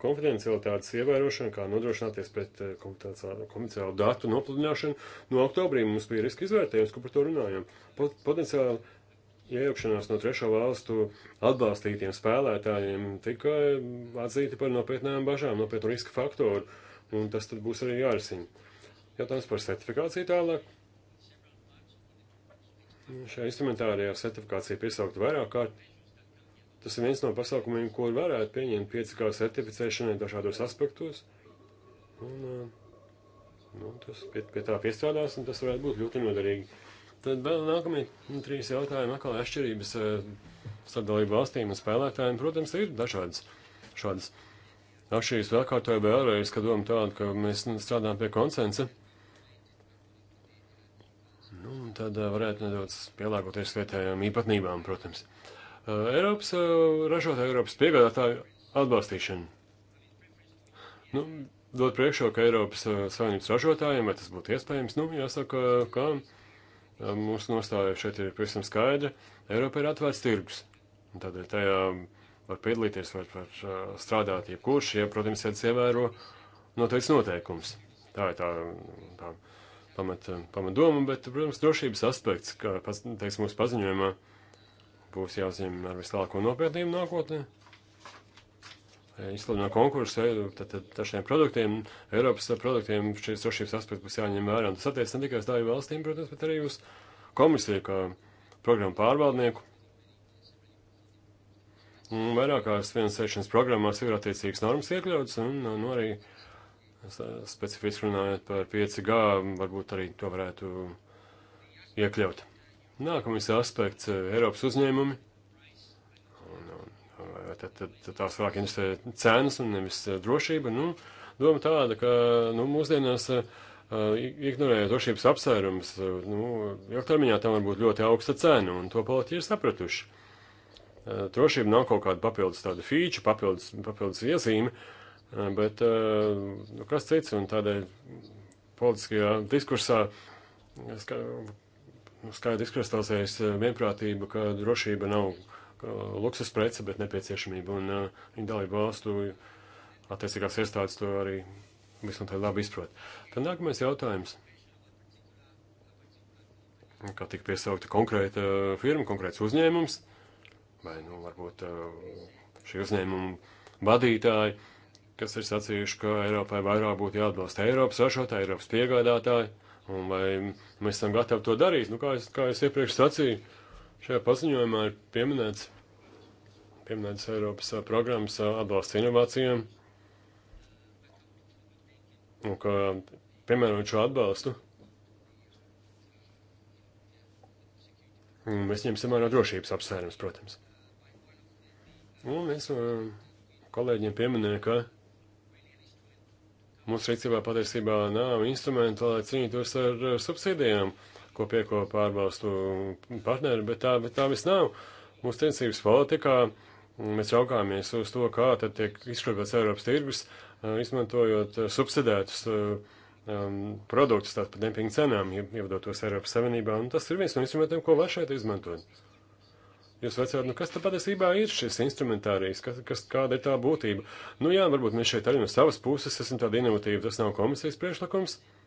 konfidencialitātes ievērošanu, kā nodrošināties pret komerciālu datu nopludināšanu? No oktobrī mums bija riska izvērtējums, kur par to runājām. Potenciāli iejaukšanās no trešo valstu atbalstītiem spēlētājiem tika atzīti par nopietnām bažām, nopietnu riska faktoru, un tas tad būs arī jārisina. Jautājums par certifikāciju tālāk. Šajā instrumentārijā certifikācija piesaukt vairāk kārt. Tas ir viens no pasākumiem, ko varētu pieņemt 5K certificēšanai dažādos aspektos. Un, eh, nu, tas pie, pie tā piestrādās, un tas varētu būt ļoti noderīgi. Tad vēl nākamie trīs jautājumi atkal atšķirības eh, starp dalību valstīm un spēlētājiem, protams, ir dažādas šādas. Atšķirības vēl kārtoja vēlreiz, ka doma tāda, ka mēs strādājam pie konsensa. Nu, tad eh, varētu nedaudz pielāgoties vietējām īpatnībām, protams. Eh, Eiropas ražotāju, Eiropas piegādātāju atbalstīšana. Nu, dot priekšroku Eiropas Savienības ražotājiem, vai tas būtu iespējams? Nu, jāsaka, ka. Kā Mūsu nostāja šeit ir pavisam skaidra. Eiropa ir atvērts tirgus. Tādēļ tajā var piedalīties, var, var strādāt jebkurš, ja, protams, ja ievēro noteikts noteikums. Tā ir tā, tā pamata pamat doma, bet, protams, drošības aspekts, kā, teiks, mūsu paziņojumā būs jāzīm ar vislielāko nopietnību nākotnē izsludinā konkursu šiem produktiem, Eiropas produktiem šīs drošības aspekts būs jāņem vērā. Un tas attiecas ne tikai uz dalību valstīm, protams, bet arī uz komisiju, kā programmu pārvaldnieku. Un vairākās finansēšanas programmās ir attiecīgas normas iekļautas, un, un arī specifiski runājot par 5G, varbūt arī to varētu iekļaut. Nākamais aspekts - Eiropas uzņēmumi tad, tad, tad tās vairāk interesē cenas un nevis eh, drošība. Nu, doma tāda, ka nu, mūsdienās eh, eh, ignorējot drošības apsvērumus, nu, ilgtermiņā tam var būt ļoti augsta cena, un to politiķi ir sapratuši. Drošība nav kaut kāda papildus tāda fīča, papildus, papildus iezīme, bet nu, kas cits, un tādēļ politiskajā diskursā nu, skaidri izkristalizējas vienprātība, ka drošība nav luksus prece, bet nepieciešamība. Un uh, viņa dalība valstu attiecīgās iestādes to arī visnotaļ labi izprot. Tad nākamais jautājums. Kā tika piesaukta konkrēta firma, konkrēts uzņēmums, vai nu, varbūt uh, šī uzņēmuma vadītāji, kas ir sacījuši, ka Eiropai vairāk būtu jāatbalsta Eiropas ražotāji, Eiropas piegādātāji, un vai mēs esam gatavi to darīt. Nu, kā, es, kā es iepriekš sacīju, uh, Šajā paziņojumā ir pieminēts, pieminēts Eiropas programmas atbalsta inovācijām, un ka piemērot šo atbalstu, un mēs ņemsim vērā drošības apsvērums, protams. Un es kolēģiem pieminēju, ka Mūsu rīcībā patiesībā nav instrumenti, lai cīnītos ar subsīdijām ko piekopa pārbalstu partneri, bet tā, bet tā viss nav. Mūsu tiesības politikā mēs raugāmies uz to, kā tad tiek izkropļots Eiropas tirgus, eh, izmantojot eh, subsidētus eh, um, produktus tātad par dempingu cenām, ievadot tos Eiropas Savienībā, un tas ir viens no instrumentiem, ko var šeit izmantot. Jūs vecāt, nu kas tad patiesībā ir šis instrumentārijs, kas, kas, kāda ir tā būtība? Nu jā, varbūt mēs šeit arī no savas puses esam tādi inovatīvi, tas nav komisijas priešlikums. Uh,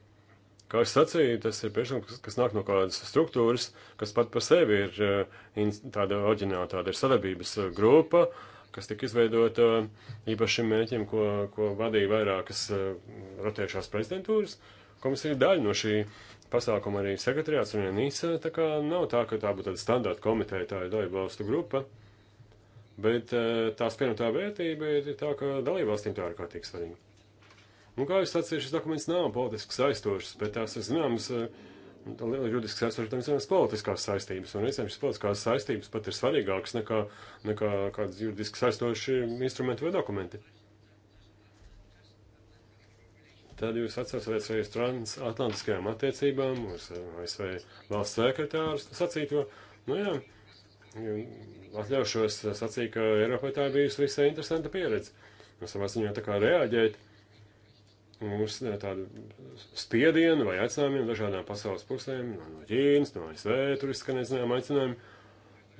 Kā es sacīju, tas ir priekšlikums, kas, kas nāk no kādas struktūras, kas pat par sevi ir eh, tāda oriģināla, tāda ir sadarbības eh, grupa, kas tika izveidota eh, īpašiem mērķiem, ko, ko vadīja vairākas rotējušās prezidentūras. Komisija ir daļa no šī pasākuma arī sekretariāts un nīca, tā kā nav tā, ka tā būtu tāda standarta komiteja, tā ir dalībvalstu grupa, bet tās pieņemtā vērtība ir tā, ka dalībvalstīm tā ir ārkārtīgi svarīga. Un, nu, kā jūs sacījāt, šis dokuments nav politiski saistošs, bet tās ir zināmas eh, juridiski saistošas, tās ir zināmas politiskās saistības. Un reizēm šīs politiskās saistības pat ir svarīgākas nekā, nekā kādas juridiski saistoši instrumenti vai dokumenti. Tad jūs atceraties arī uz transatlantiskajām attiecībām, uz eh, ASV valsts sekretārus sacīto. Nu, jā, atļaušos sacīt, ka Eiropai tā bijusi visai interesanta pieredze. Un nu, savā ziņā tā kā reaģēt uz tādu spiedienu vai aicinājumiem dažādām pasaules pusēm, no, no Ķīnas, no ASV, tur izskan aicinājumi, aicinājumi.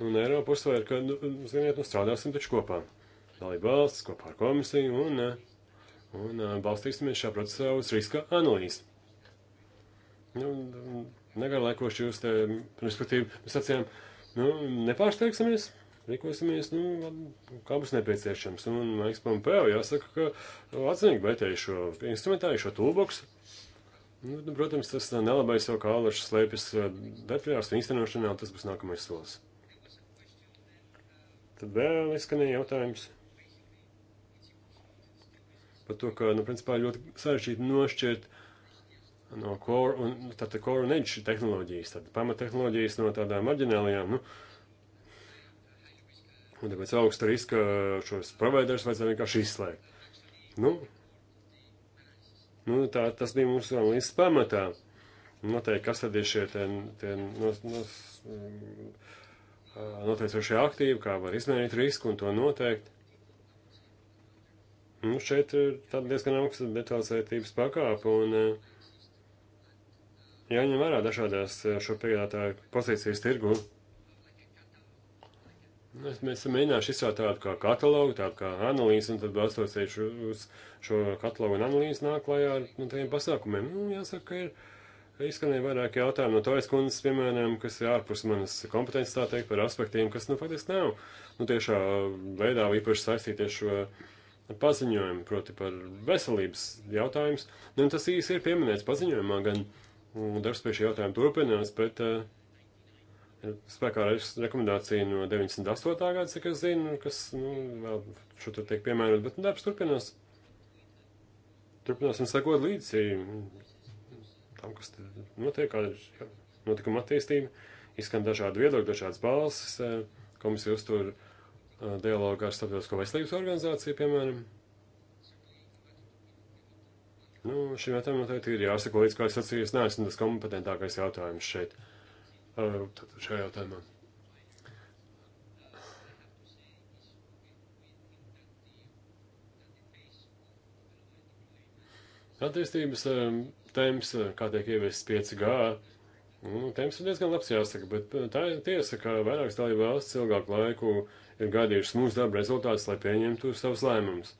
Un Eiropa uzsver, ka, nu, ziniet, nu strādāsim taču kopā. Dalība valsts kopā ar komisiju un, un balstīsimies šā procesā uz riska analīzi. Nu, negarlaikoši jūs te, respektīvi, mēs sacījām, nu, nepārsteigsimies rīkosimies, nu, kā būs nepieciešams. Un ekspompēju jāsaka, ka nu, atzinīgi vērtēju šo instrumentāju, šo tūlboksu. Nu, nu, protams, tas nelabais jau kā alašs slēpjas eh, detaļās un īstenošanā, un tas būs nākamais solis. Tad vēl izskanēja jautājums par to, ka, nu, principā ļoti sarežģīti nošķirt no core un, tātad core un edge tehnoloģijas, tātad pamat tehnoloģijas no tādām marģinālajām, nu, uh, Un tāpēc augsta riska šos providerus vajadzēja vienkārši izslēgt. Nu, nu tā, tas bija mūsu analīzes pamatā. Noteikti, kas tad ir šie tie, tie nos, nos, noteicošie aktīvi, kā var izmērīt risku un to noteikt. Nu, šeit ir tāda diezgan augsta detalizētības pakāpe un jāņem vērā dažādās šo piegādātāju pozīcijas tirgu. Mēs, nu, mēs esam mēģinājuši izsākt tādu kā katalogu, tādu kā analīzi, un tad balstoties uz šo katalogu un analīzi nāk klajā ar nu, tiem pasākumiem. Nu, jāsaka, ka ir izskanēja vairāk jautājumu no tojas kundzes, piemēram, kas ir ārpus manas kompetences, tā teikt, par aspektiem, kas, nu, faktiski nav, nu, tiešā veidā īpaši saistīties šo paziņojumu, proti par veselības jautājumus. Nu, tas īsi ir pieminēts paziņojumā, gan mm, darbs pie šī jautājuma turpinās, bet. Uh, spēkā rekomendācija no 98. gada, cik es zinu, kas nu, vēl šo tur tiek piemērot, bet nu, darbs turpinās. Turpināsim sekot līdzi tam, kas notiek, kāda ir notikuma attīstība. Izskan dažādi viedokļi, dažādas balsis. Komisija uztur dialogu ar Starptautisko veselības organizāciju, piemēram. Nu, šim jautājumam noteikti ir jāsako līdz, kā es sacīju, es neesmu tas kompetentākais jautājums šeit. Uh, šajā jautājumā. Attīstības temps, kā tiek ieviests 5G, nu, temps ir diezgan labs jāsaka, bet eh, tā ir tiesa, ka vairākas dalība valsts ilgāku laiku ir gaidījušas mūsu darba rezultātus, lai pieņemtu savus lēmumus.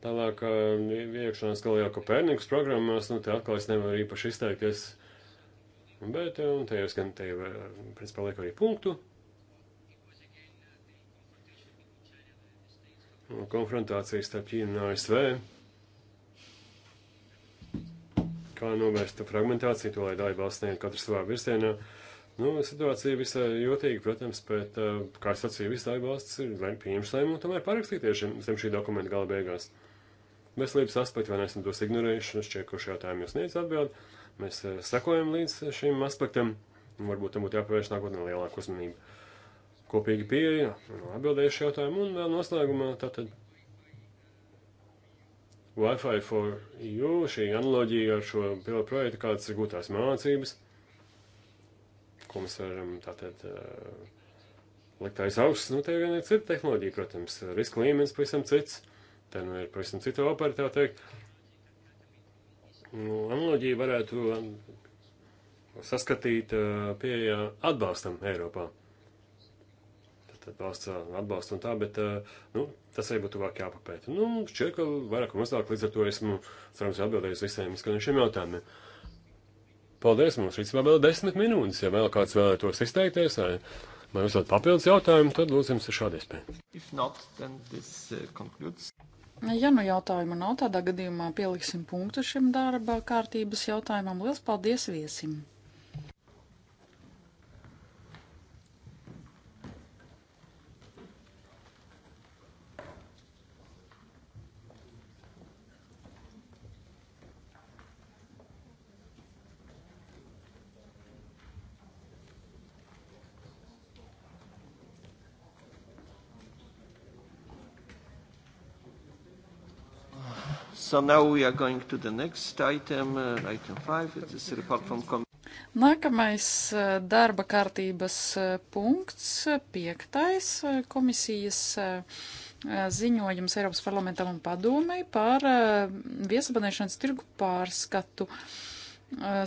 Tālāk, iekšanās galā jau Kopernikas programmās, nu, te atkal es nevaru īpaši izteikties Bet eh, te jau skan, te jau, principā, liek arī punktu. Konfrontācija starp Ķīnu un ASV. Kā novērst fragmentāciju, to lai dalībvalsts sniedz katrs savā virzienā. Nu, situācija visai jūtīga, protams, bet, eh, kā es sacīju, visas dalībvalsts ir pieņemšas lēmumu tomēr parakstīties zem šī dokumenta gala beigās. Veselības aspekti, vai neesam tos ignorējuši, šķiet, ka šajā tēmā jūs sniedz atbildi. Mēs eh, sekojam līdz šim aspektam, un varbūt tam būtu jāpievērš nākotnē lielāku uzmanību. Kopīgi pieeja, atbildējuši jautājumu, un vēl noslēgumā tātad Wi-Fi for EU, šī analoģija ar šo pilotu projektu, kādas ir gūtās mācības, ko mēs varam tātad eh, likt aiz augstas, nu te gan ir cita tehnoloģija, protams, riska līmenis pavisam cits, te nu ir pavisam cita opera, tā teikt, Nu, analoģija varētu saskatīt pieejā atbalstam Eiropā. Tad valsts atbalsta un tā, bet nu, tas arī būtu tuvāk jāpapēta. Nu, šķiet, ka vairāk un mazāk līdz ar to esmu, cerams, atbildējis visiem izskanējušiem jautājumiem. Paldies, mums rīcībā vēl desmit minūtes. Ja vēl kāds vēlētos izteikties, vai man uzdot papildus jautājumu, tad lūdzu jums ir šādi iespēja. Ja nu jautājumu nav, tādā gadījumā pieliksim punktu šim darba kārtības jautājumam. Lielas paldies viesim! So now we are going to the next item, uh, item 5, it is report from committee. Nākamais uh, darba kārtības uh, punkts, uh, piektais komisijas ziņojums Eiropas parlamentam un padomei par viesabonēšanas tirgu pārskatu.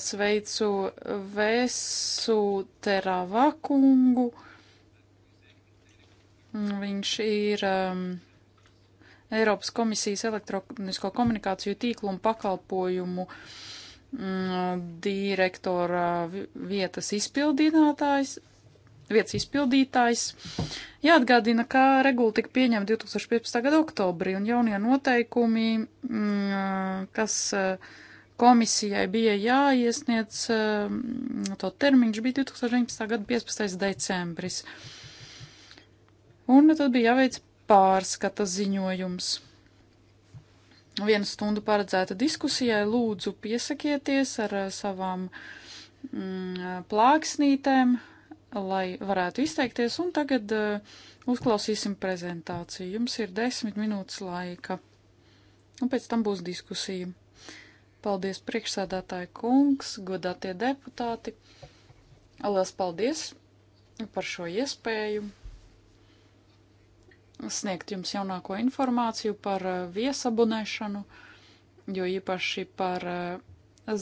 Sveicu Vēsu Teravakungu. Mm, viņš ir um, Eiropas komisijas elektronisko komunikāciju tīklu un pakalpojumu mm, direktora vietas izpildītājs. Vietas izpildītājs. Jāatgādina, ka regula tika pieņemta 2015. gada oktobrī un jaunie noteikumi, mm, kas eh, komisijai bija jāiesniedz, mm, to termiņš bija 2019. gada 15. decembris. Un tad bija jāveic pārskata ziņojums. Vienu stundu paredzēta diskusijai, lūdzu piesakieties ar eh, savām mm, plāksnītēm, lai varētu izteikties, un tagad uh, uzklausīsim prezentāciju. Jums ir desmit minūtes laika, un pēc tam būs diskusija. Paldies, priekšsēdētāji kungs, godātie deputāti! Lielas paldies par šo iespēju! sniegt jums jaunāko informāciju par eh, viesabunēšanu, jo īpaši par eh,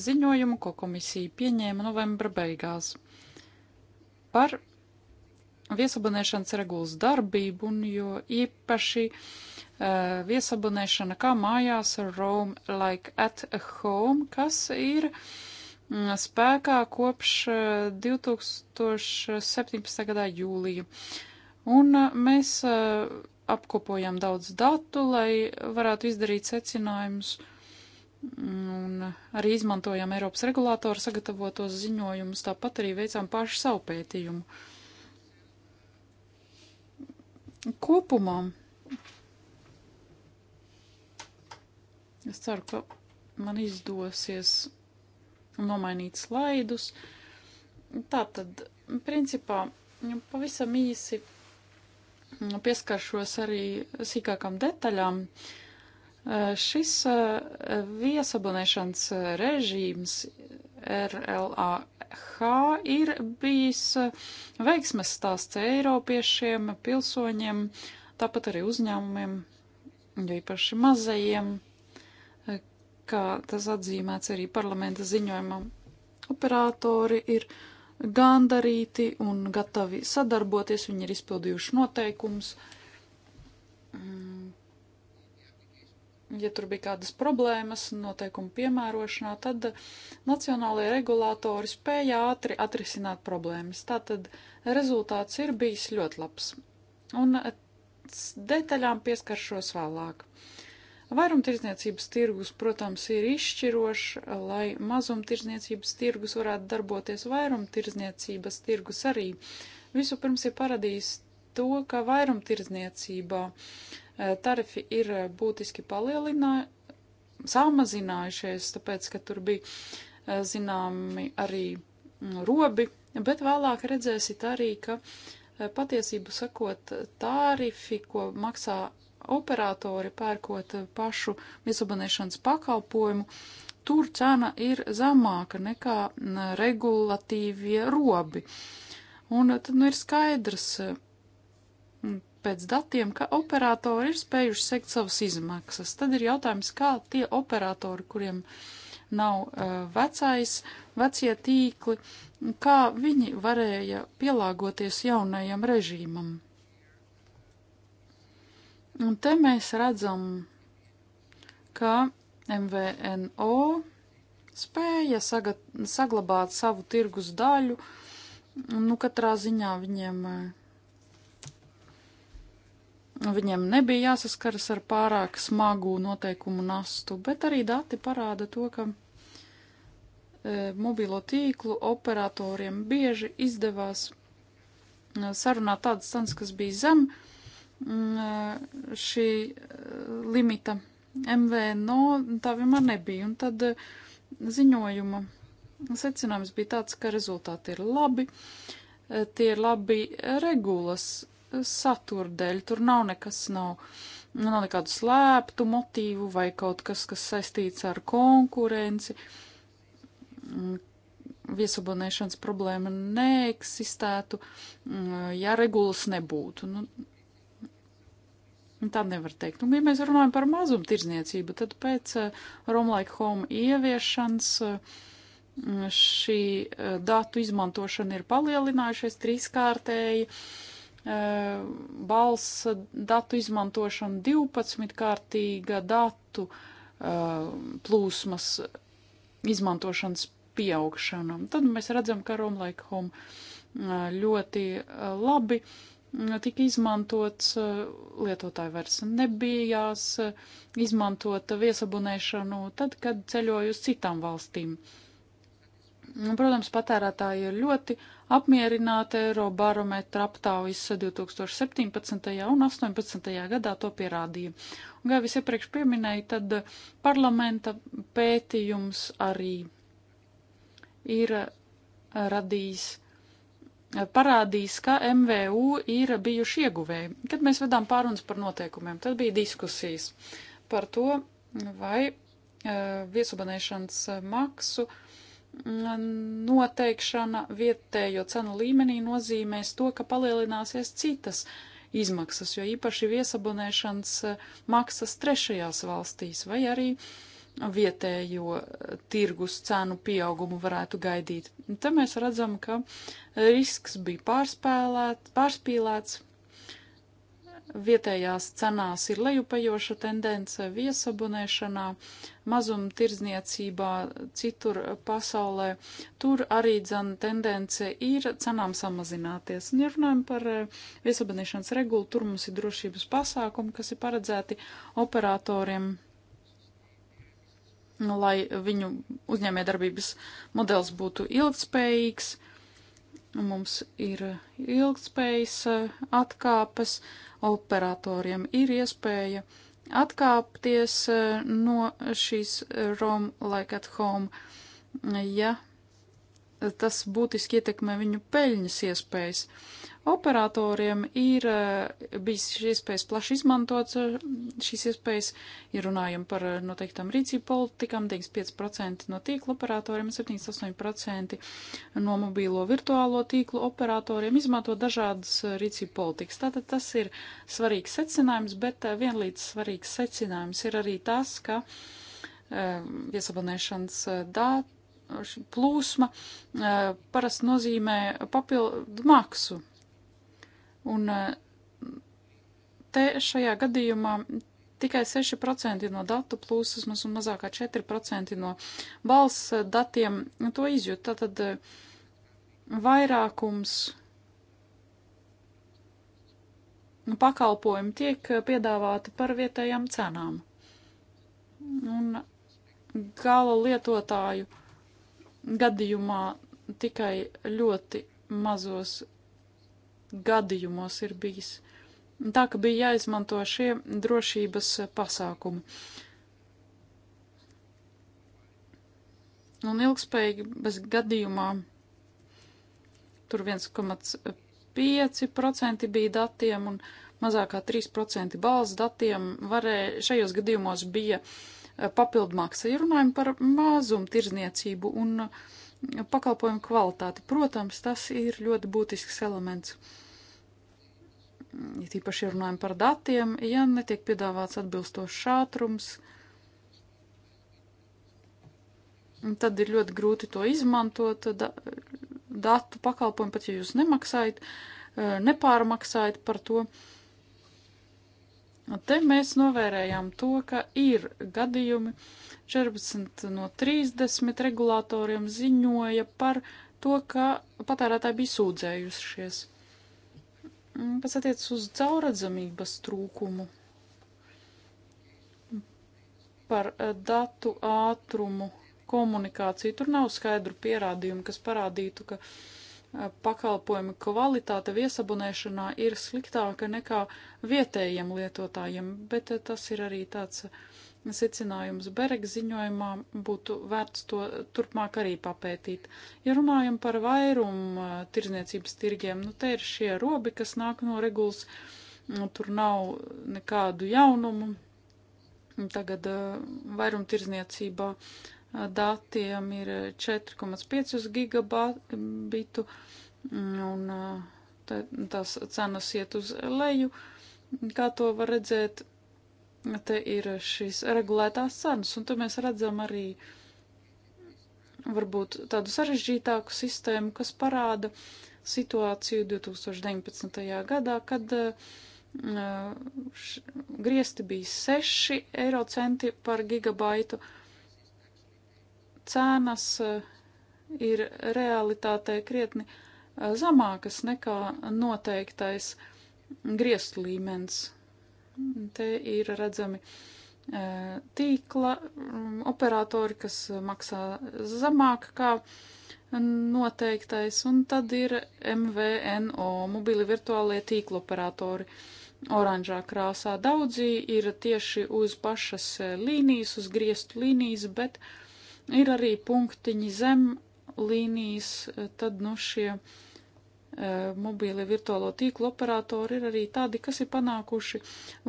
ziņojumu, ko komisija pieņēma novembra beigās par viesabunēšanas regulas darbību un jo īpaši uh, eh, viesabunēšana kā mājās roam like at home, kas ir mm, spēkā kopš uh, 2017. gadā jūlija. Un uh, mēs uh, apkopojam daudz datu, lai varētu izdarīt secinājumus un arī izmantojam Eiropas regulātoru sagatavotos ziņojumus, tāpat arī veicām pašu savu pētījumu. Kopumā es ceru, ka man izdosies nomainīt slaidus. Tātad, principā, pavisam īsi pieskaršos arī sīkākām detaļām. Šis viesabonēšanas režīms RLAH ir bijis veiksmes stāsts Eiropiešiem, pilsoņiem, tāpat arī uzņēmumiem, jo īpaši mazajiem, kā tas atzīmēts arī parlamenta ziņojumam. Operatori ir uh, gandarīti un gatavi sadarboties, viņi ir izpildījuši noteikumus. Mm. Ja tur bija kādas problēmas noteikumu piemērošanā, tad nacionālajie regulātori spēja ātri atrisināt problēmas. Tātad rezultāts ir bijis ļoti labs. Un detaļām pieskaršos vēlāk. Uh, Vairumtirdzniecības tirgus, protams, ir izšķirošs, lai mazumtirdzniecības tirgus varētu darboties. Vairumtirdzniecības tirgus arī vispirms ir paradījis to, ka vairumtirdzniecībā e, tarifi ir būtiski palielinājušies, samazinājušies, tāpēc, ka tur bija e, zināmi arī robi, bet vēlāk redzēsit arī, ka e, patiesību sakot, tarifi, ko maksā operatori pērkot eh, pašu viesobanēšanas pakalpojumu, tur cena ir zemāka nekā mm, regulatīvie robi. Un eh, tad nu ir skaidrs eh, mm, pēc datiem, ka operatori ir spējuši sekt savas izmaksas. Tad ir jautājums, kā tie operatori, kuriem nav uh, vecais, vecie tīkli, kā viņi varēja pielāgoties jaunajam režīmam. Un te mēs redzam, ka MVNO spēja sagat, saglabāt savu tirgus daļu, nu katrā ziņā viņiem, eh, viņiem nebija jāsaskaras ar pārāk smagu noteikumu nastu, bet arī dati parāda to, ka e, mobilo tīklu operatoriem bieži izdevās eh, sarunāt tādas cenas, kas bija zem, uh, Mm, e, šī e, limita MVNO tā vienmēr nebija. Un tad e, ziņojuma secinājums bija tāds, ka rezultāti ir labi, tie ir labi regulas satura dēļ, tur nav nekas nav. Nav nekādu slēptu motīvu vai kaut kas, kas saistīts ar konkurenci. Mm, viesabonēšanas problēma neeksistētu, mm, ja regulas nebūtu. Nu, Un nu, tā nevar teikt. Un, ja mēs runājam par mazumtirdzniecību, tad pēc eh, Romlaika Home ieviešanas eh, šī eh, datu izmantošana ir palielinājušies trīskārtēji, balss datu izmantošana 12 kārtīga datu plūsmas izmantošanas pieaugšana. Tad mēs redzam, ka Romlaika Home ļoti labi tika izmantots, eh, lietotāji vairs nebijās eh, izmantot viesabunēšanu tad, kad ceļoju uz citām valstīm. Protams, patērētāji ir ļoti apmierināti Eirobarometra aptaujas 2017. un 2018. gadā to pierādīja. Un, kā jau es iepriekš pieminēju, tad parlamenta pētījums arī ir radījis parādīs, ka MVU ir bijuši ieguvēji. Kad mēs vedām pārunas par noteikumiem, tad bija diskusijas par to, vai e, viesubanēšanas maksu noteikšana vietējo cenu līmenī nozīmēs to, ka palielināsies citas izmaksas, jo īpaši viesabonēšanas maksas trešajās valstīs vai arī uh, vietējo eh, tirgus cenu pieaugumu varētu gaidīt. Un te mēs redzam, ka risks bija pārspēlēt, pārspīlēts, vietējās cenās ir lejupejoša tendence viesabunēšanā, mazumtirdzniecībā, citur pasaulē. Tur arī dzen tendence ir cenām samazināties. Un, ja runājam par eh, viesabunēšanas regulu, tur mums ir drošības pasākumi, kas ir paredzēti operatoriem Nu, lai viņu uzņēmējdarbības modelis būtu ilgspējīgs. Mums ir ilgspējas eh, atkāpes, operatoriem ir iespēja atkāpties eh, no šīs Rome like at home, ja tas būtiski ietekmē viņu peļņas iespējas. Operatoriem ir eh, bijis šīs iespējas plaši izmantots, eh, šīs iespējas, ja runājam par eh, noteiktām rīcību politikām, 95% no tīkla operatoriem, 78% no mobīlo virtuālo tīklu operatoriem izmanto dažādas rīcību politikas. Tātad tas ir svarīgs secinājums, bet vienlīdz svarīgs secinājums ir arī tas, ka viesabonēšanas dati plūsma parasti nozīmē papildu maksu. Un te šajā gadījumā tikai 6% no datu plūsmas maz un mazākā 4% no balss datiem to izjūt. Tātad vairākums pakalpojumi tiek piedāvāti par vietējām cenām. Un gala lietotāju gadījumā tikai ļoti mazos gadījumos ir bijis. Tā ka bija jāizmanto šie drošības pasākumi. Un ilgspējīgi bez gadījumā tur 1,5% bija datiem un mazākā 3% balss datiem varēja, šajos gadījumos bija uh, papildmaksa. Ja runājam par mazumtirdzniecību un pakalpojumu kvalitāti, protams, tas ir ļoti būtisks elements. Ja tīpaši ja runājam par datiem, ja netiek piedāvāts atbilstošs ātrums, tad ir ļoti grūti to izmantot, da, eh, datu pakalpojumu, pat ja jūs nemaksājat, eh, nepārmaksājat par to. Uh, Te mēs novērējām to, ka ir gadījumi 14 no 30 regulātoriem ziņoja par to, ka patērētāji bija sūdzējušies. Mm, kas attiec uz cauradzamības trūkumu par eh, datu ātrumu komunikāciju, tur nav skaidru pierādījumu, kas parādītu, ka Eh, pakalpojuma kvalitāte viesabunēšanā ir sliktāka nekā vietējiem lietotājiem, bet eh, tas ir arī tāds eh, secinājums Bereg ziņojumā, būtu vērts to turpmāk arī papētīt. Ja runājam par vairumu tirzniecības tirgiem, nu te ir šie robi, kas nāk no regulas, nu, tur nav nekādu jaunumu. Tagad vairum tirzniecībā uh, datiem ir 4,5 gigabitu, un uh, tās cenas iet uz leju. Kā to var redzēt, te ir šīs regulētās cenas, un te mēs redzam arī varbūt tādu sarežģītāku sistēmu, kas parāda situāciju 2019. gadā, kad uh, š, griesti bija 6 eiro centi par gigabaitu, uh, cenas eh, ir realitātē krietni eh, zemākas nekā noteiktais griestu līmenis. Te ir redzami eh, tīkla mm, operatori, kas maksā zemāk kā noteiktais, un tad ir MVNO, mobili virtuālie tīkla operatori. Oranžā krāsā daudzi ir tieši uz pašas līnijas, uz griestu līnijas, bet uh, Ir arī punktiņi zem līnijas, eh, tad nu šie eh, mobīlie virtuālo tīklu operatori ir arī tādi, kas ir panākuši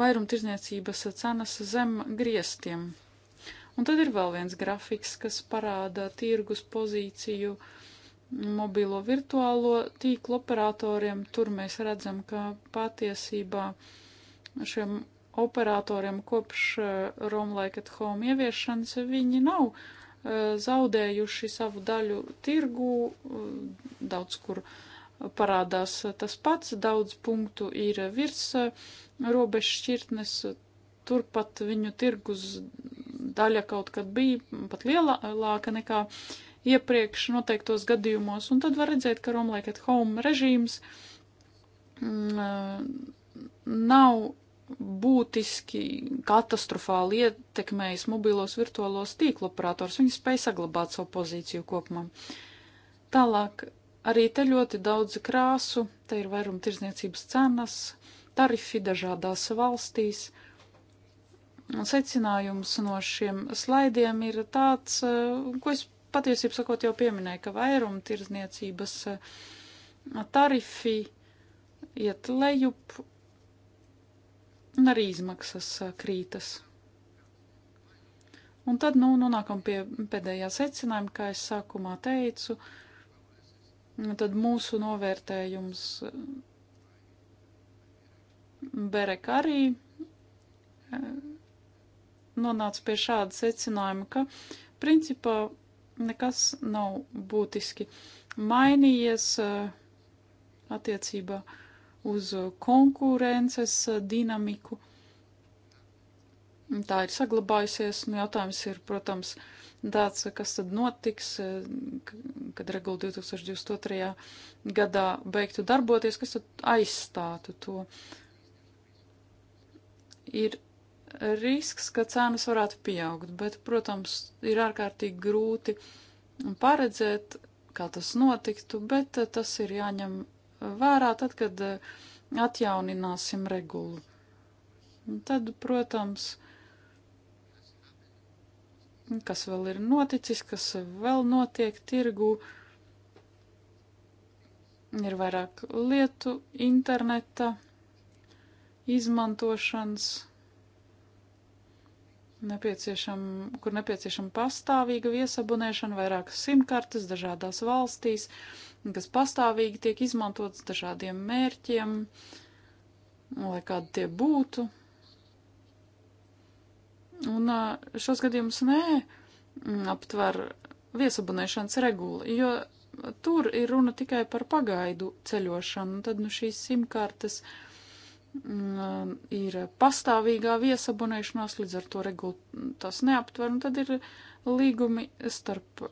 vairumtirdzniecības cenas zem griestiem. Un tad ir vēl viens grafiks, kas parāda tirgus pozīciju mobīlo virtuālo tīklu operatoriem. Tur mēs redzam, ka patiesībā šiem operatoriem kopš eh, Roam Like at Home ieviešanas viņi nav Eh, zaudējuši savu daļu tirgu, eh, daudz kur parādās tas pats, daudz punktu ir virs eh, robežas šķirtnes, turpat viņu tirgus daļa kaut kad bija pat lielāka nekā iepriekš noteiktos gadījumos, un tad var redzēt, ka Romlēk at home režīms m, mm, nav būtiski katastrofāli ietekmējis mobilos virtuālos tīklu operators. Viņi spēja saglabāt savu pozīciju kopumā. Tālāk arī te ļoti daudz krāsu, te ir vairuma tirzniecības cenas, tarifi dažādās valstīs. Un secinājums no šiem slaidiem ir tāds, eh, ko es patiesību sakot jau pieminēju, ka vairuma tirzniecības eh, tarifi iet lejup un arī izmaksas krītas. Un tad nu, nonākam pie pēdējā secinājuma, kā es sākumā teicu, tad mūsu novērtējums Berek arī nonāca pie šāda secinājuma, ka principā nekas nav būtiski mainījies attiecībā uh, uz konkurences dinamiku. Tā ir saglabājusies, un nu, jautājums ir, protams, tāds, kas tad notiks, kad regula 2022. gadā beigtu darboties, kas tad aizstātu to. Ir risks, ka cenas varētu pieaugt, bet, protams, ir ārkārtīgi grūti paredzēt, kā tas notiktu, bet tas ir jāņem vērā tad, kad eh, atjaunināsim regulu. Un tad, protams, kas vēl ir noticis, kas vēl notiek tirgu, ir vairāk lietu, interneta izmantošanas, nepieciešam, kur nepieciešama pastāvīga viesabunēšana, vairākas simkartes dažādās valstīs, kas pastāvīgi tiek izmantotas dažādiem mērķiem, lai kādi tie būtu. Un šos gadījumus nē, mm, aptver viesabunēšanas regula, jo tur ir runa tikai par pagaidu ceļošanu, un tad nu šīs simkartes mm, ir pastāvīgā viesabunēšanās, līdz ar to regula tas neaptver, un tad ir līgumi starp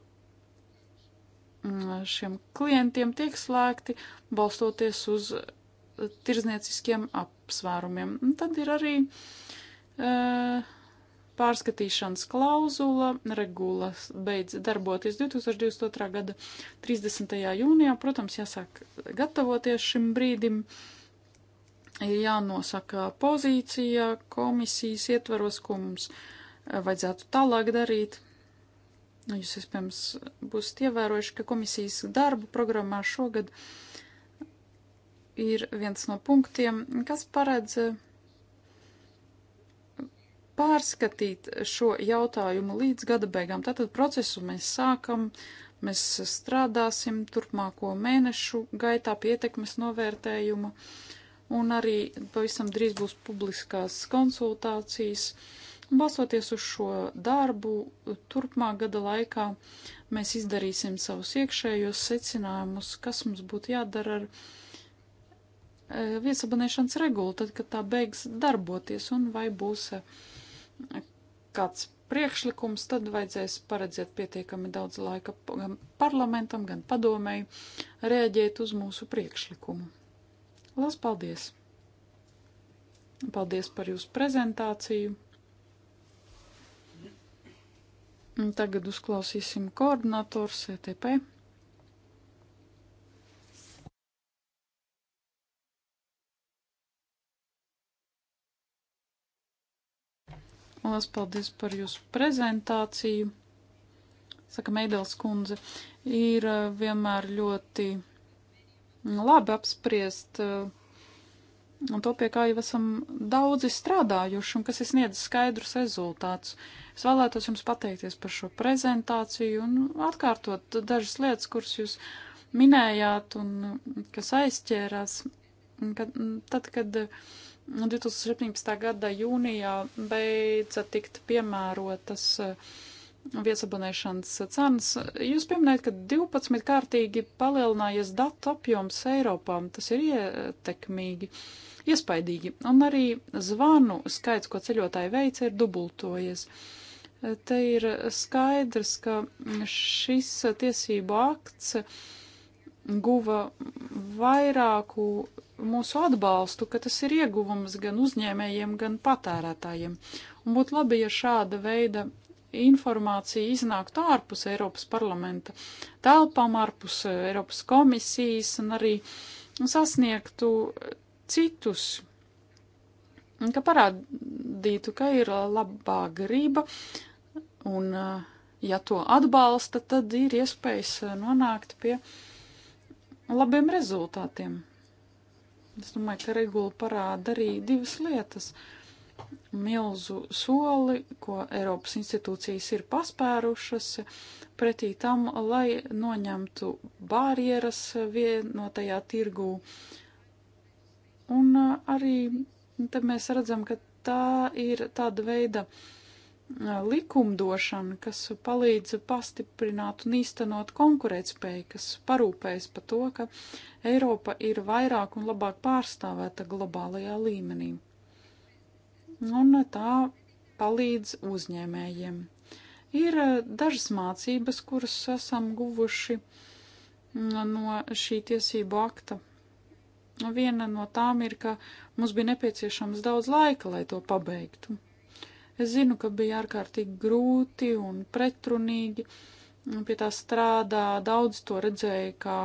Mm, šiem klientiem tiek slēgti balstoties uz eh, tirznieciskiem apsvērumiem. Un tad ir arī e, pārskatīšanas klauzula, regula beidz darboties 2022. gada 30. jūnijā. Protams, jāsāk gatavoties šim brīdim. Ir jānosaka pozīcija komisijas ietvaros, ko mums eh, vajadzētu tālāk darīt. Jūs, iespējams, būsiet ievērojuši, ka komisijas darbu programmā šogad ir viens no punktiem, kas paredz pārskatīt šo jautājumu līdz gada beigām. Tātad procesu mēs sākam, mēs strādāsim turpmāko mēnešu gaitā pie ietekmes novērtējuma, un arī pavisam drīz būs publiskās konsultācijas. Uh, Balsoties uz šo darbu, turpmāk gada laikā mēs izdarīsim savus iekšējos secinājumus, kas mums būtu jādara ar e, viesabanēšanas regulu, tad, kad tā beigs darboties, un vai būs e, kāds priekšlikums, tad vajadzēs paredzēt pietiekami daudz laika gan parlamentam, gan padomēji reaģēt uz mūsu priekšlikumu. Lielas paldies! Paldies par jūsu prezentāciju! Tagad uzklausīsim koordinators ETP. Lielas paldies par jūsu prezentāciju. Saka Meidels kundze, ir eh, vienmēr ļoti labi apspriest eh, to, pie kā jau esam daudzi strādājuši un kas sniedz skaidrus rezultātus. Es vēlētos jums pateikties par šo prezentāciju un atkārtot dažas lietas, kuras jūs minējāt un kas aizķērās. Kad, tad, kad 2017. Nu, gada jūnijā beidza tikt piemērotas uh, viesabonēšanas cenas, jūs pieminējat, ka 12 kārtīgi palielinājies datu apjoms Eiropā. Tas ir ietekmīgi iespaidīgi, un arī zvanu skaits, ko ceļotāji veica, ir dubultojies te ir skaidrs, ka šis tiesību akts guva vairāku mūsu atbalstu, ka tas ir ieguvums gan uzņēmējiem, gan patērētājiem. Un būtu labi, ja šāda veida informācija iznāktu ārpus Eiropas parlamenta telpām, ārpus Eiropas komisijas un arī sasniegtu citus ka parādītu, ka ir labā grība un, eh, ja to atbalsta, tad ir iespējas eh, nonākt pie labiem rezultātiem. Es domāju, ka regula parāda arī divas lietas. Milzu soli, ko Eiropas institūcijas ir paspērušas pretī tam, lai noņemtu barjeras vienotajā tirgū. Un eh, arī Nu, tad mēs redzam, ka tā ir tāda veida likumdošana, kas palīdz pastiprināt un īstenot konkurētspēju, kas parūpējas par to, ka Eiropa ir vairāk un labāk pārstāvēta globālajā līmenī. Un tā palīdz uzņēmējiem. Ir dažas mācības, kuras esam guvuši no šī tiesību akta Viena no tām ir, ka mums bija nepieciešams daudz laika, lai to pabeigtu. Es zinu, ka bija ārkārtīgi grūti un pretrunīgi pie tā strādā, daudz to redzēja kā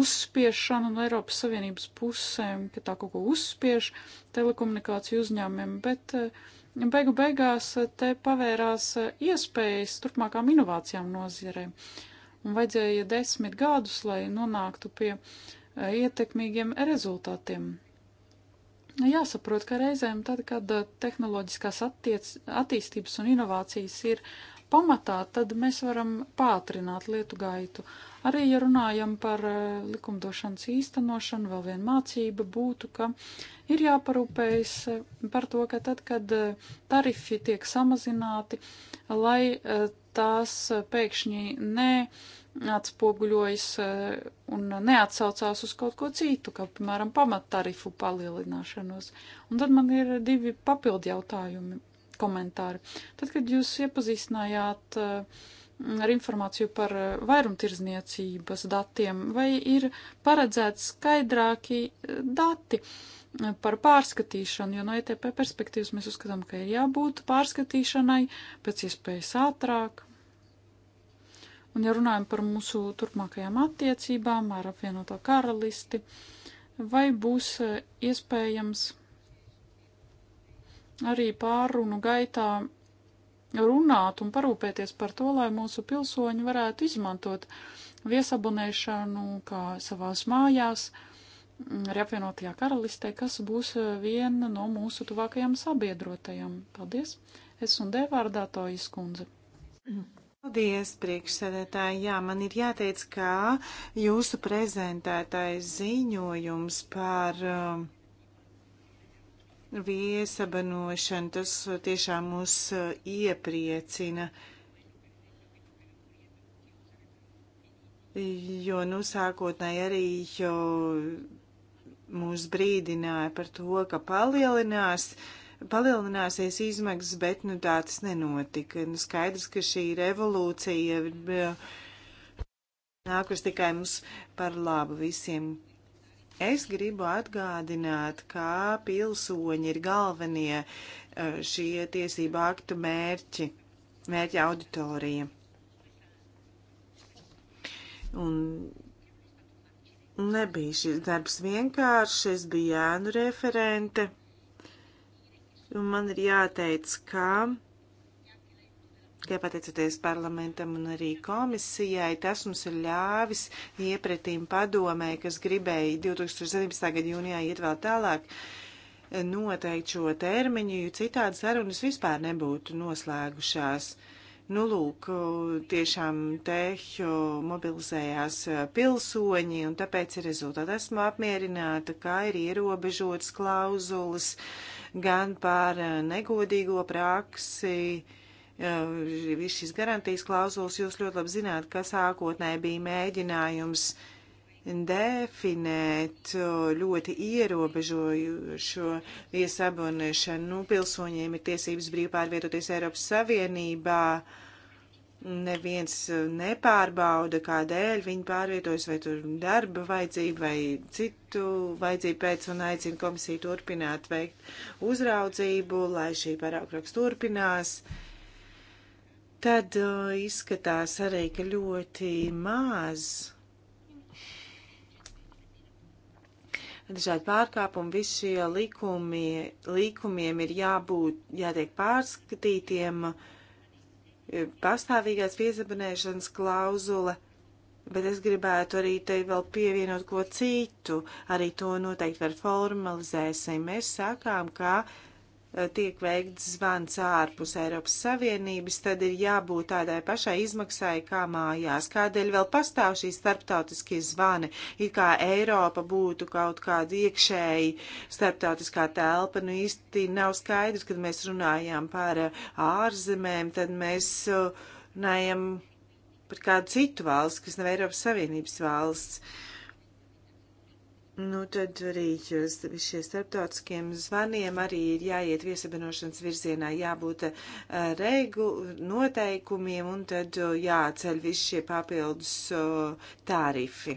uzspiešanu no Eiropas Savienības pusēm, ka tā kaut ko uzspiež telekomunikāciju uzņēmumiem, bet eh, beigu beigās eh, te pavērās eh, iespējas turpmākām inovācijām nozierē. Un vajadzēja desmit gadus, lai nonāktu pie uh, ietekmīgiem rezultātiem. Jāsaprot, ka reizēm tad, kad uh, tehnoloģiskās attiec, attīstības un inovācijas ir pamatā, tad mēs varam pātrināt lietu gaitu. Arī, ja runājam par uh, likumdošanas īstenošanu, vēl viena mācība būtu, ka ir jāparūpējas uh, par to, ka tad, kad tarifi tiek samazināti, lai tās pēkšņi ne atspoguļojas eh, un neatsaucās uz kaut ko citu, kā piemēram pamattarifu palielināšanos. Un tad man ir divi papildi jautājumi, komentāri. Tad, kad jūs iepazīstinājāt eh, ar informāciju par eh, vairumtirzniecības datiem, vai ir paredzēts skaidrāki dati par pārskatīšanu, jo no ETP perspektīvas mēs uzskatām, ka ir jābūt pārskatīšanai pēc iespējas ātrāk Un, ja runājam par mūsu turpmākajām attiecībām ar apvienoto karalisti, vai būs eh, iespējams arī pārrunu gaitā runāt un parūpēties par to, lai mūsu pilsoņi varētu izmantot viesabonēšanu kā savās mājās, mm, arī apvienotajā karalistē, kas būs eh, viena no mūsu tuvākajām sabiedrotajām. Paldies! Es un D vārdā to izkundze. Mm. Paldies, priekšsēdētāji. Jā, man ir jāteic, ka jūsu prezentētais ziņojums par uh, viesabanošanu, tas tiešām mūs uh, iepriecina. Jo, nu, sākotnēji arī jau mūs brīdināja par to, ka palielinās uh, palielināsies izmaksas, bet nu, tā tas nenotika. Nu, skaidrs, ka šī revolūcija ir eh, nākus tikai mums par labu visiem. Es gribu atgādināt, kā pilsoņi ir galvenie eh, šie tiesību aktu mērķi, mērķa auditorija. Un nebija šis darbs vienkāršs, es biju ēnu referente. Un man ir jāteic, ka, kā pateicoties parlamentam un arī komisijai, tas mums ir ļāvis iepretīm padomē, kas gribēja 2017. gada jūnijā iet vēl tālāk, noteikt šo termiņu, jo citādi sarunas vispār nebūtu noslēgušās. Nu, lūk, tiešām tehju mobilizējās eh, pilsoņi, un tāpēc ir rezultāti. Esmu apmierināta, kā ir ierobežotas klauzulas. Uh, gan par eh, negodīgo praksi. Eh, viss šis garantijas klauzulas jūs ļoti labi zināt, ka sākotnēji bija mēģinājums definēt eh, ļoti ierobežojušo viesabonēšanu. Nu, pilsoņiem ir tiesības brīvi pārvietoties Eiropas Savienībā. Uh, neviens eh, nepārbauda, kādēļ viņi pārvietojas, vai tur darba vajadzība vai citu vajadzību pēc, un aicina komisiju turpināt veikt uzraudzību, lai šī paraugraksts turpinās. Tad uh, izskatās arī, ka ļoti maz dažādi pārkāpumi, visi šie likumi, likumiem ir jābūt, jātiek pārskatītiem. Uh, pastāvīgās viesabunēšanas klauzula, bet es gribētu arī te vēl pievienot ko citu, arī to noteikti var formalizēsim. Mēs sakām, ka tiek veikts zvans ārpus Eiropas Savienības, tad ir jābūt tādai pašai izmaksai kā mājās. Kādēļ vēl pastāv šī starptautiskie zvani? It kā Eiropa būtu kaut kāda iekšēji starptautiskā telpa, nu īsti nav skaidrs, kad mēs runājām par ārzemēm, tad mēs runājam par kādu citu valsts, kas nav Eiropas Savienības valsts. Uh, Nu, tad arī šie starptautiskiem zvaniem arī ir jāiet viesabinošanas virzienā, jābūt eh, regu noteikumiem un tad eh, jāceļ visi šie papildus eh, tarifi.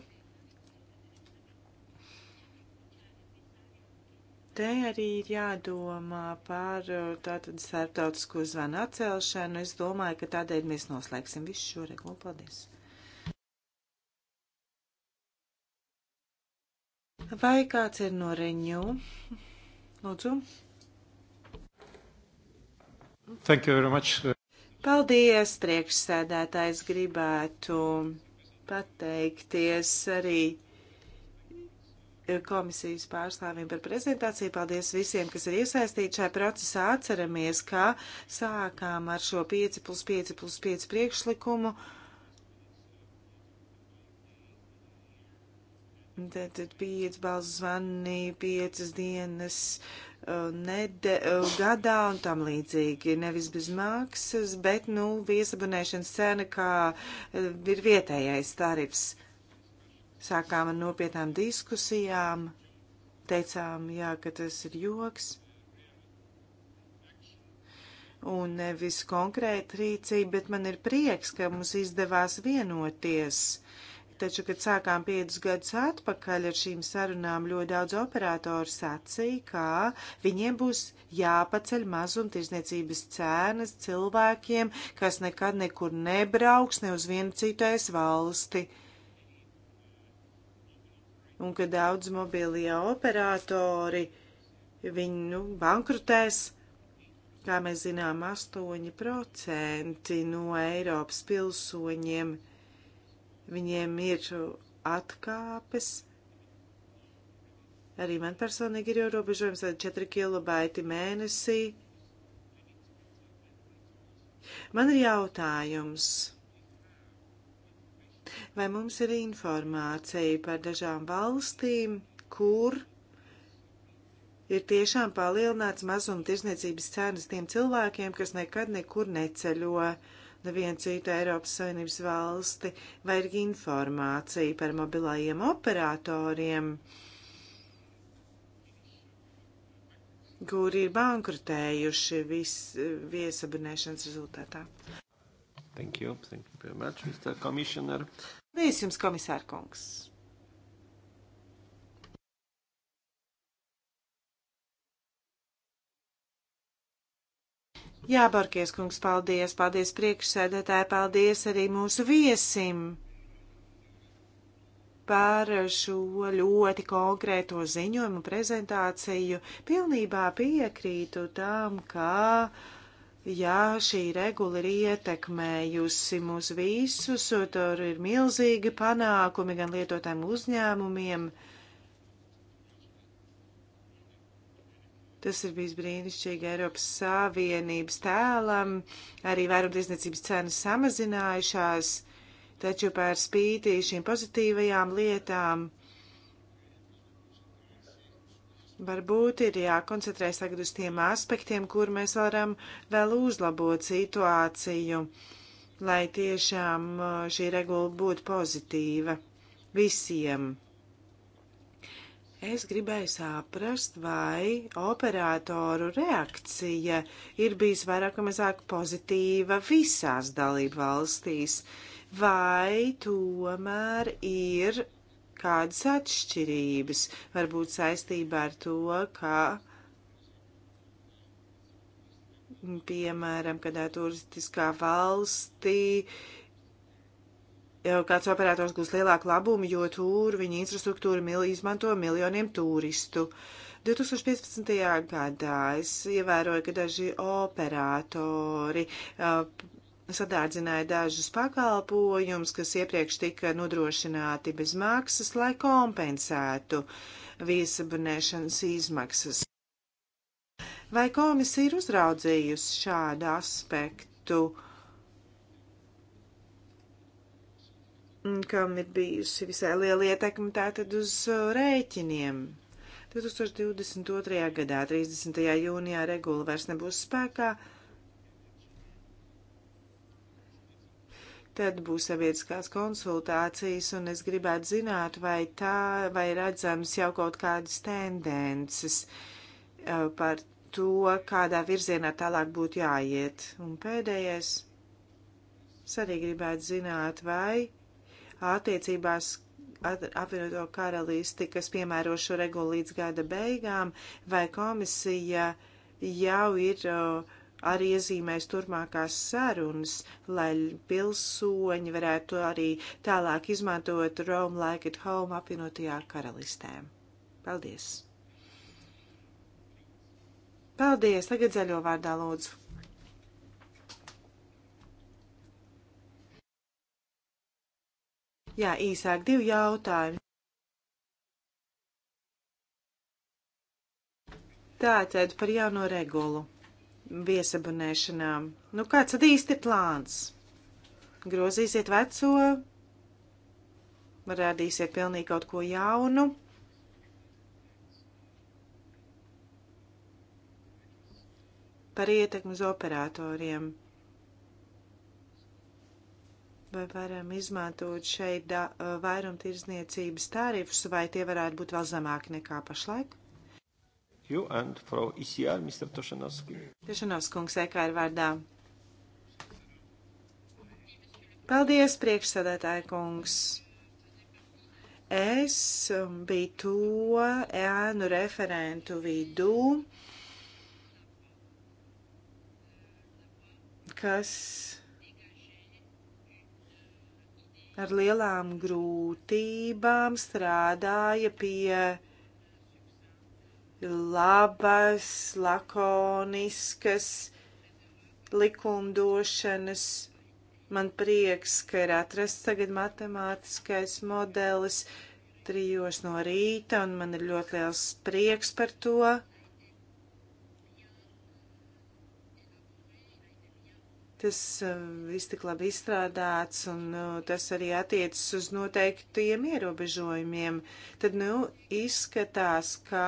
Te arī ir jādomā par tātad starptautisko zvanu atcelšanu. Es domāju, ka tādēļ mēs noslēgsim visu šo regulu. Paldies! Vai kāds ir no Reņū? Lūdzu. Thank you very much. Paldies, priekšsēdētājs. Gribētu pateikties arī komisijas pārstāvjiem par prezentāciju. Paldies visiem, kas ir iesaistīti šajā procesā. Atceramies, ka sākām ar šo 5 plus 5 plus 5 priekšlikumu. Uh, Tad, tad pieci balss zvani, piecas dienas uh, nede, uh, gadā un tam līdzīgi. Nevis bez maksas, bet, nu, viesabunēšanas cena, kā uh, ir vietējais tarifs. Sākām ar nopietnām diskusijām, teicām, jā, ka tas ir joks. Un nevis konkrēta rīcība, bet man ir prieks, ka mums izdevās vienoties. Uh, taču, kad sākām piecus gadus atpakaļ ar šīm sarunām, ļoti daudz operātoru sacīja, ka viņiem būs jāpaceļ mazumtirdzniecības cēnas cilvēkiem, kas nekad nekur nebrauks ne uz vienu citais valsti. Un ka daudz mobilie operatori, viņi, nu, bankrutēs. Kā mēs zinām, 8% no Eiropas pilsoņiem – Viņiem ir atkāpes. Arī man personīgi ir ierobežojums 4 kilobaiti mēnesī. Man ir jautājums. Vai mums ir informācija par dažām valstīm, kur ir tiešām palielināts mazumtirdzniecības cenas tiem cilvēkiem, kas nekad nekur neceļo? Uh, nevienu citu Eiropas Savienības valsti, vai ir informācija par mobilajiem operatoriem, kuri ir bankrutējuši vis, viesabunēšanas rezultātā. Thank you. Thank you very much, Mr. Commissioner. Viss jums, komisārkungs. Jā, Barkies kungs, paldies, paldies priekšsēdētāji, paldies arī mūsu viesim par šo ļoti konkrēto ziņojumu prezentāciju. Pilnībā piekrītu tam, ka, jā, šī regula ir ietekmējusi mūs visus, tur ir milzīgi panākumi gan lietotājiem uzņēmumiem, uh, Tas ir bijis brīnišķīgi Eiropas Savienības tēlam. Arī vairumtirdzniecības cenas samazinājušās, taču par spīti šīm pozitīvajām lietām varbūt ir jākoncentrēs tagad uz tiem aspektiem, kur mēs varam vēl uzlabot situāciju, lai tiešām uh, šī regula būtu pozitīva visiem. Es gribēju saprast, vai operātoru reakcija ir bijis vairāk vai mazāk pozitīva visās dalību valstīs, vai tomēr ir kādas atšķirības, varbūt saistībā ar to, ka, piemēram, kādā turistiskā valstī, uh, kāds operators gūs lielāku labumu, jo tur viņa infrastruktūra mil izmanto miljoniem turistu. 2015. gadā es ievēroju, ka daži operatori uh, sadārdzināja dažus pakalpojumus, kas iepriekš tika nodrošināti bez maksas, lai kompensētu viesabunēšanas izmaksas. Vai komisija ir uzraudzījusi šādu aspektu? Uh, Mm, kam ir bijusi visai liela ietekme tātad uz uh, rēķiniem. 2022. gadā, 30. jūnijā, regula vairs nebūs spēkā. Tad būs sabiedriskās konsultācijas, un es gribētu zināt, vai tā, vai redzams jau kaut kādas tendences uh, par to, kādā virzienā tālāk būtu jāiet. Un pēdējais, es arī gribētu zināt, vai attiecībās apvienoto karalisti, kas piemēro šo regulu līdz gada beigām, vai komisija jau ir arī iezīmēs turpmākās sarunas, lai pilsoņi varētu arī tālāk izmantot Rome Like at Home apvienotajā karalistē. Paldies! Paldies! Tagad zaļo vārdā lūdzu. Jā, īsāk divi jautājumi. Tātad par jauno regulu viesabunēšanām. Nu, kāds tad īsti ir plāns? Grozīsiet veco, radīsiet pilnīgi kaut ko jaunu. Par ietekmi uz operatoriem vai varam izmantot šeit vairumtirzniecības tarifus, vai tie varētu būt vēl zemāki nekā pašlaik? You and Frau ICR, Mr. Tošanovski. Tošanovskungs, EKR vārdā. Paldies, priekšsēdētāji kungs. Es um, biju to ēnu referentu vidū, kas ar lielām grūtībām strādāja pie labas, lakoniskas likumdošanas. Man prieks, ka ir atrasts tagad matemātiskais modelis trijos no rīta, un man ir ļoti liels prieks par to. Tas eh, viss tik labi izstrādāts, un eh, tas arī attiecas uz noteiktiem ierobežojumiem. Tad, nu, izskatās, ka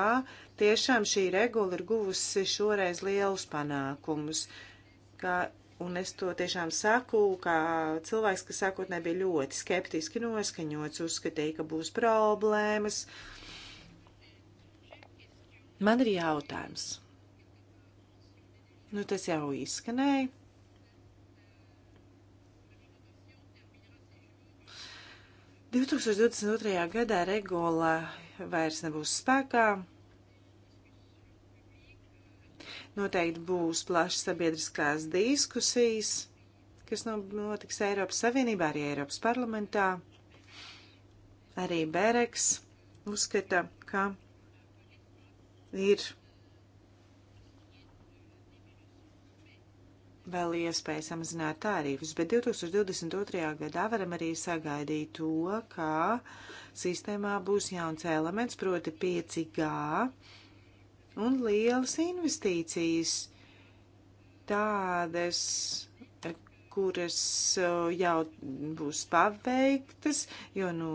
tiešām šī regula ir guvusi šoreiz lielus panākumus. Kā, un es to tiešām saku, kā cilvēks, kas sākotnē bija ļoti skeptiski noskaņots, uzskatīja, ka būs problēmas. Man ir jautājums. Nu, tas jau izskanēja 2022. gadā regula vairs nebūs spēkā. Noteikti būs plašas sabiedriskās diskusijas, kas notiks Eiropas Savienībā, arī Eiropas parlamentā. Arī Bereks uzskata, ka ir vēl iespēja samazināt tārīfus, bet 2022. gadā varam arī sagaidīt to, ka sistēmā būs jauns elements, proti 5G un lielas investīcijas, tādas, kuras jau būs paveiktas, jo, nu,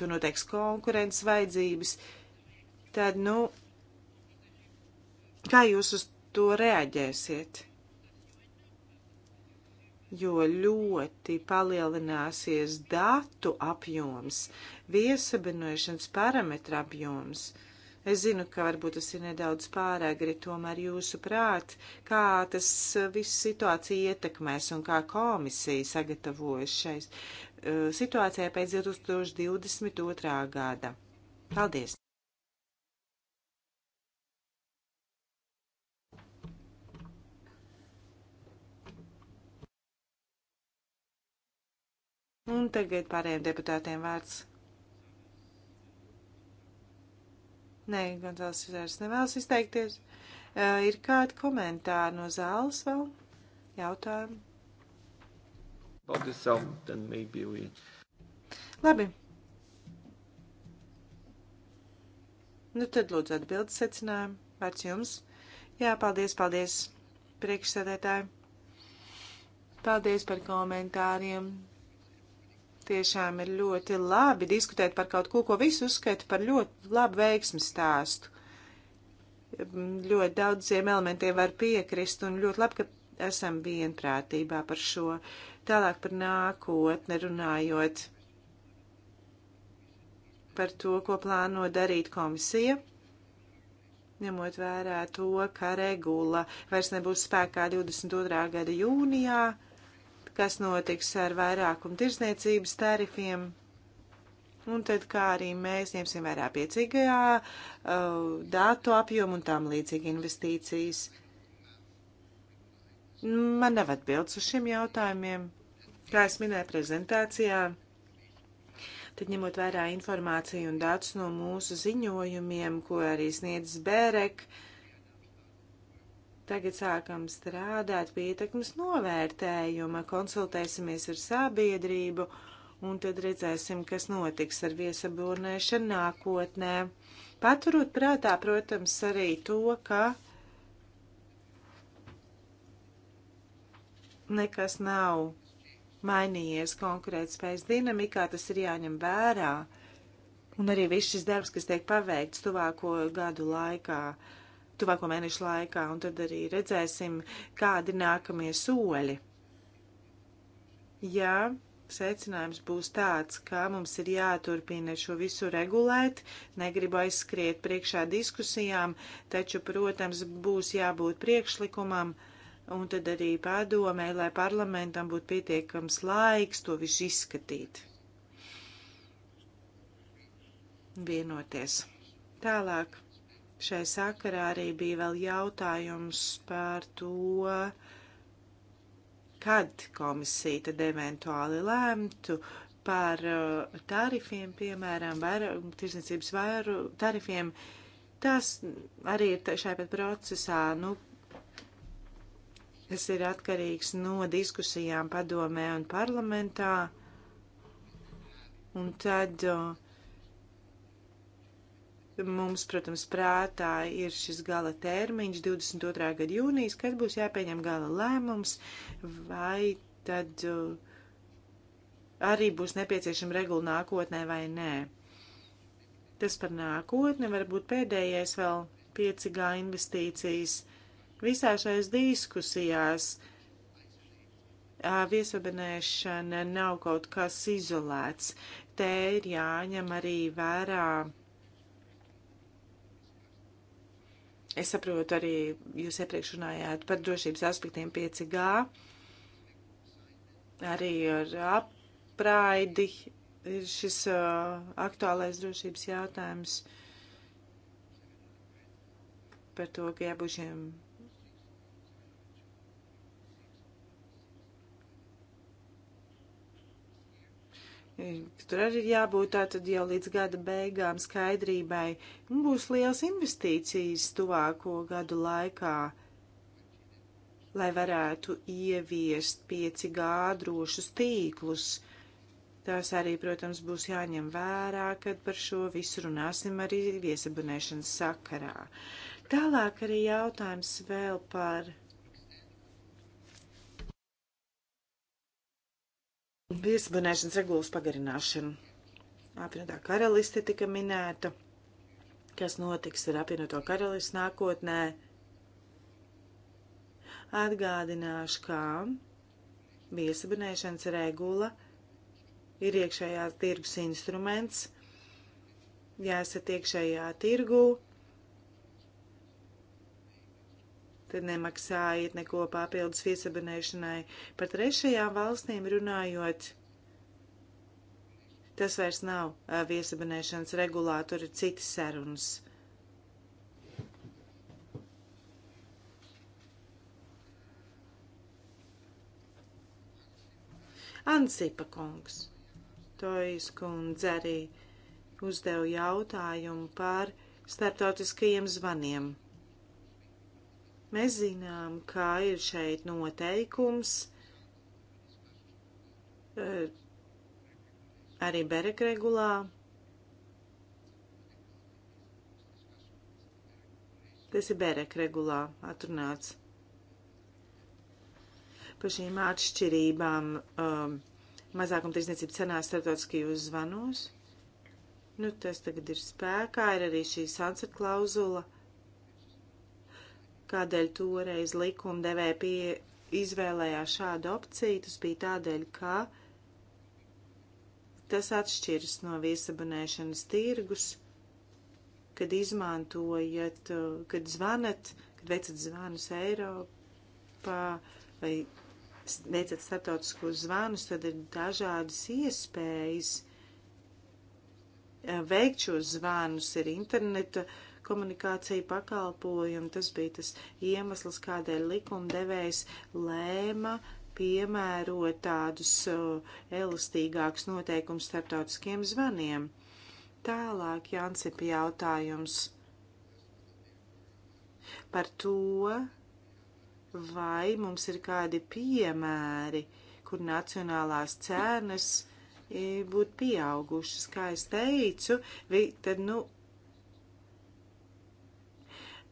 tur noteiks konkurences vajadzības, tad, nu, kā jūs uz to reaģēsiet? jo ļoti palielināsies datu apjoms, viesabinošanas parametra apjoms. Es zinu, ka varbūt tas ir nedaudz pāragri, tomēr jūsu prāt, kā tas eh, viss situācija ietekmēs un kā komisija sagatavojas šai eh, situācijai pēc 2022. gada. Paldies! Un tagad pārējiem deputātiem vārds. Nē, Gonzāls vairs nevēlas izteikties. Uh, ir kādi komentāri no zāles vēl? Jautājumi? Paldies, Elm, then maybe we... Labi. Nu tad lūdzu atbildes secinājumu. Vārds jums. Jā, paldies, paldies, priekšsēdētāji. Paldies par komentāriem. Tiešām ir ļoti labi diskutēt par kaut ko, ko visi uzskata par ļoti labu veiksmu stāstu. Ļoti daudziem elementiem var piekrist un ļoti labi, ka esam vienprātībā par šo. Tālāk par nākotni runājot par to, ko plāno darīt komisija ņemot vērā to, ka regula vairs nebūs spēkā 22. gada jūnijā kas notiks ar vairākumu tirsniecības tarifiem. Un tad, kā arī mēs ņemsim vērā piecīgajā uh, dātu apjomu un tam līdzīgi investīcijas. Man nav atbildes uz šiem jautājumiem, kā es minēju prezentācijā. Tad, ņemot vērā informāciju un datus no mūsu ziņojumiem, ko arī sniedz Bērek, uh, Tagad sākam strādāt pie ietekmes novērtējuma, konsultēsimies ar sabiedrību un tad redzēsim, kas notiks ar viesabūrnēšanu nākotnē. Paturot prātā, protams, arī to, ka nekas nav mainījies konkurētspējas dinamikā, tas ir jāņem vērā. Un arī viss šis darbs, kas tiek paveikts tuvāko gadu laikā, uh, tuvāko mēnešu laikā, un tad arī redzēsim, kādi nākamie soļi. Jā, secinājums būs tāds, ka mums ir jāturpina šo visu regulēt, negribu aizskriet priekšā diskusijām, taču, protams, būs jābūt priekšlikumam, un tad arī padomē, lai parlamentam būtu pietiekams laiks to visu izskatīt. Vienoties. Tālāk. Šai sakarā arī bija vēl jautājums par to, kad komisija tad eventuāli lēmtu par uh, tarifiem, piemēram, vairo, tirsniecības vairu tarifiem. Tas arī ir šai pat procesā, nu, kas ir atkarīgs no diskusijām padomē un parlamentā. Un tad uh, Mums, protams, prātā ir šis gala termiņš 22. gada jūnijas, kad būs jāpieņem gala lēmums, vai tad uh, arī būs nepieciešama regula nākotnē vai nē. Tas par nākotni var būt pēdējais vēl 5G investīcijas. Visā šajās diskusijās viesabinēšana nav kaut kas izolēts. Te ir jāņem arī vērā Es saprotu arī, jūs iepriekš runājāt par drošības aspektiem 5G, arī ar apraidi ir šis uh, aktuālais drošības jautājums par to, ka jābūt šiem E, tur arī ir jābūt tātad jau līdz gada beigām skaidrībai. Būs liels investīcijas tuvāko gadu laikā, lai varētu ieviest 5G drošus tīklus. Tās arī, protams, būs jāņem vērā, kad par šo visu runāsim arī viesabunēšanas sakarā. Tālāk arī jautājums vēl par Viesabonēšanas regulas pagarināšana. Apvienotā karaliste tika minēta. Kas notiks ar apvienoto karalistu nākotnē? Atgādināšu, kā viesabonēšanas regula ir iekšējās tirgus instruments. Ja esat iekšējā tirgū, tad nemaksājiet neko papildus viesabunēšanai. Par trešajām valstīm runājot, tas vairs nav viesabunēšanas regulā, tur ir citas sarunas. Ansipa kungs, Tojas kundze arī uzdeva jautājumu par starptautiskajiem zvaniem. Mēs zinām, ka ir šeit noteikums e, arī Berek regulā. Tas ir Berek regulā atrunāts par šīm atšķirībām um, mazākumtirdzniecības cenās starptautiskajos zvanos. Nu, tas tagad ir spēkā, ir arī šī sunset klauzula. Uh, Kādēļ toreiz likumdevēja pie izvēlējās šādu opciju, tas bija tādēļ, ka tas atšķiras no viesabunēšanas tirgus, kad izmantojat, kad zvanat, kad veicat zvanus Eiropā vai veicat starptautiskos zvanus, tad ir dažādas iespējas veikt šos zvanus, ir interneta uh, telekomunikāciju pakalpojumu. Tas bija tas iemesls, kādēļ likumdevējs lēma piemērot tādus uh, elastīgākus noteikumus starptautiskiem zvaniem. Tālāk Jāncipa jautājums par to, vai mums ir kādi piemēri, kur nacionālās cēnas e, būtu pieaugušas. Kā es teicu, vi, tad, nu,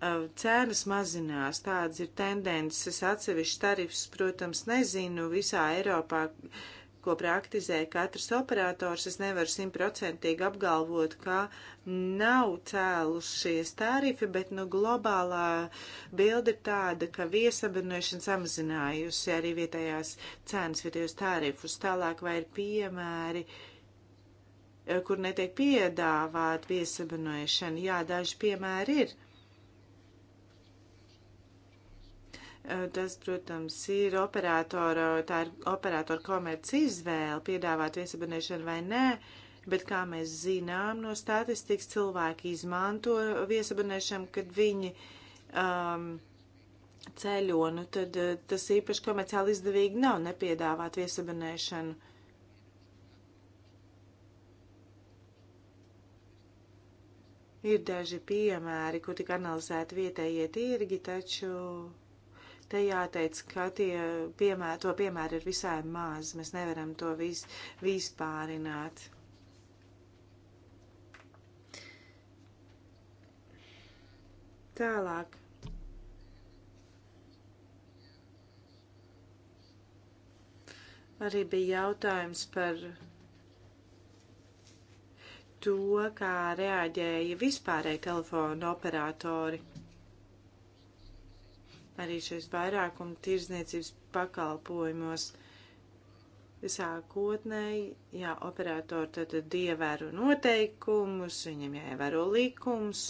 Uh, cenas mazinās, tādas ir tendences, atsevišķi tarifs, protams, nezinu visā Eiropā, ko praktizē katrs operators, es nevaru simtprocentīgi apgalvot, ka nav cēlušies tarifi, bet, nu, globālā bilde ir tāda, ka viesabiedrošana samazinājusi arī vietējās cenas, vietējos tarifus, tālāk vai ir piemēri, uh, kur netiek piedāvāt viesabiedrošana, jā, daži piemēri ir Eh, tas, protams, ir operatora, tā ir operatora komerci izvēle piedāvāt viesabonēšanu vai nē, bet kā mēs zinām no statistikas, cilvēki izmanto viesabonēšanu, kad viņi um, ceļo, nu tad eh, tas īpaši komerciāli izdevīgi nav nepiedāvāt viesabonēšanu. Ir daži piemēri, kur tika analizēti vietējie tirgi, taču Te jāteic, ka tie piemēri, to piemēri ir visai maz. Mēs nevaram to vis, vispārināt. Tālāk. Arī bija jautājums par to, kā reaģēja vispārēji telefona operatori arī šais vairākuma tirzniecības pakalpojumos sākotnēji, jā, operatori tad, tad ievēro noteikumus, viņam jāievēro likums.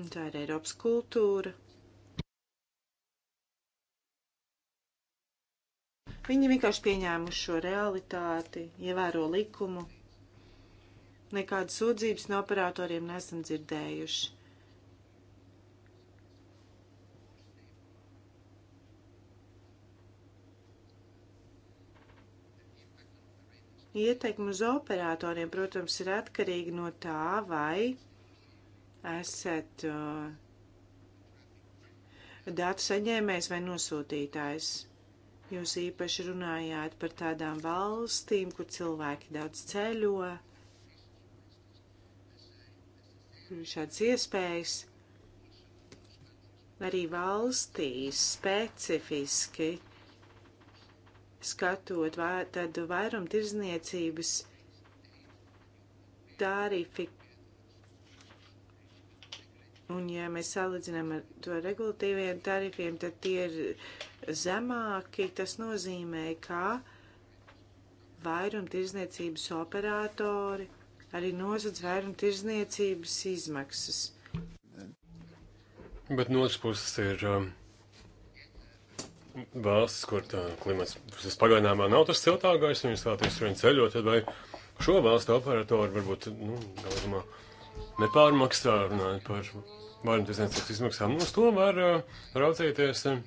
Un tā ir Eiropas kultūra. Viņi vienkārši pieņēmuši šo realitāti, ievēro likumu, Nekādas sūdzības no operatoriem nesam dzirdējuši. Ieteikumi uz operatoriem, protams, ir atkarīgi no tā, vai esat uh, datu saņēmējs vai nosūtītājs. Jūs īpaši runājāt par tādām valstīm, kur cilvēki daudz ceļo šādas iespējas arī valstīs specifiski skatot vai, tādu vairumtirzniecības tarifi. Un ja mēs salīdzinām ar to regulatīviem tarifiem, tad tie ir zemāki. Tas nozīmē, ka vairumtirzniecības operatori arī nozads vērnu tirzniecības izmaksas. Bet no otras puses ir um, valsts, kur tā klimats visas pagaidāmā nav tas siltākais, un jūs vēlaties vien ceļot, tad vai šo valstu operatori varbūt, nu, galvumā nepārmaksā, runājot par vairuma tiesniecības izmaksām. Nu, uz to var uh, raucīties, uh,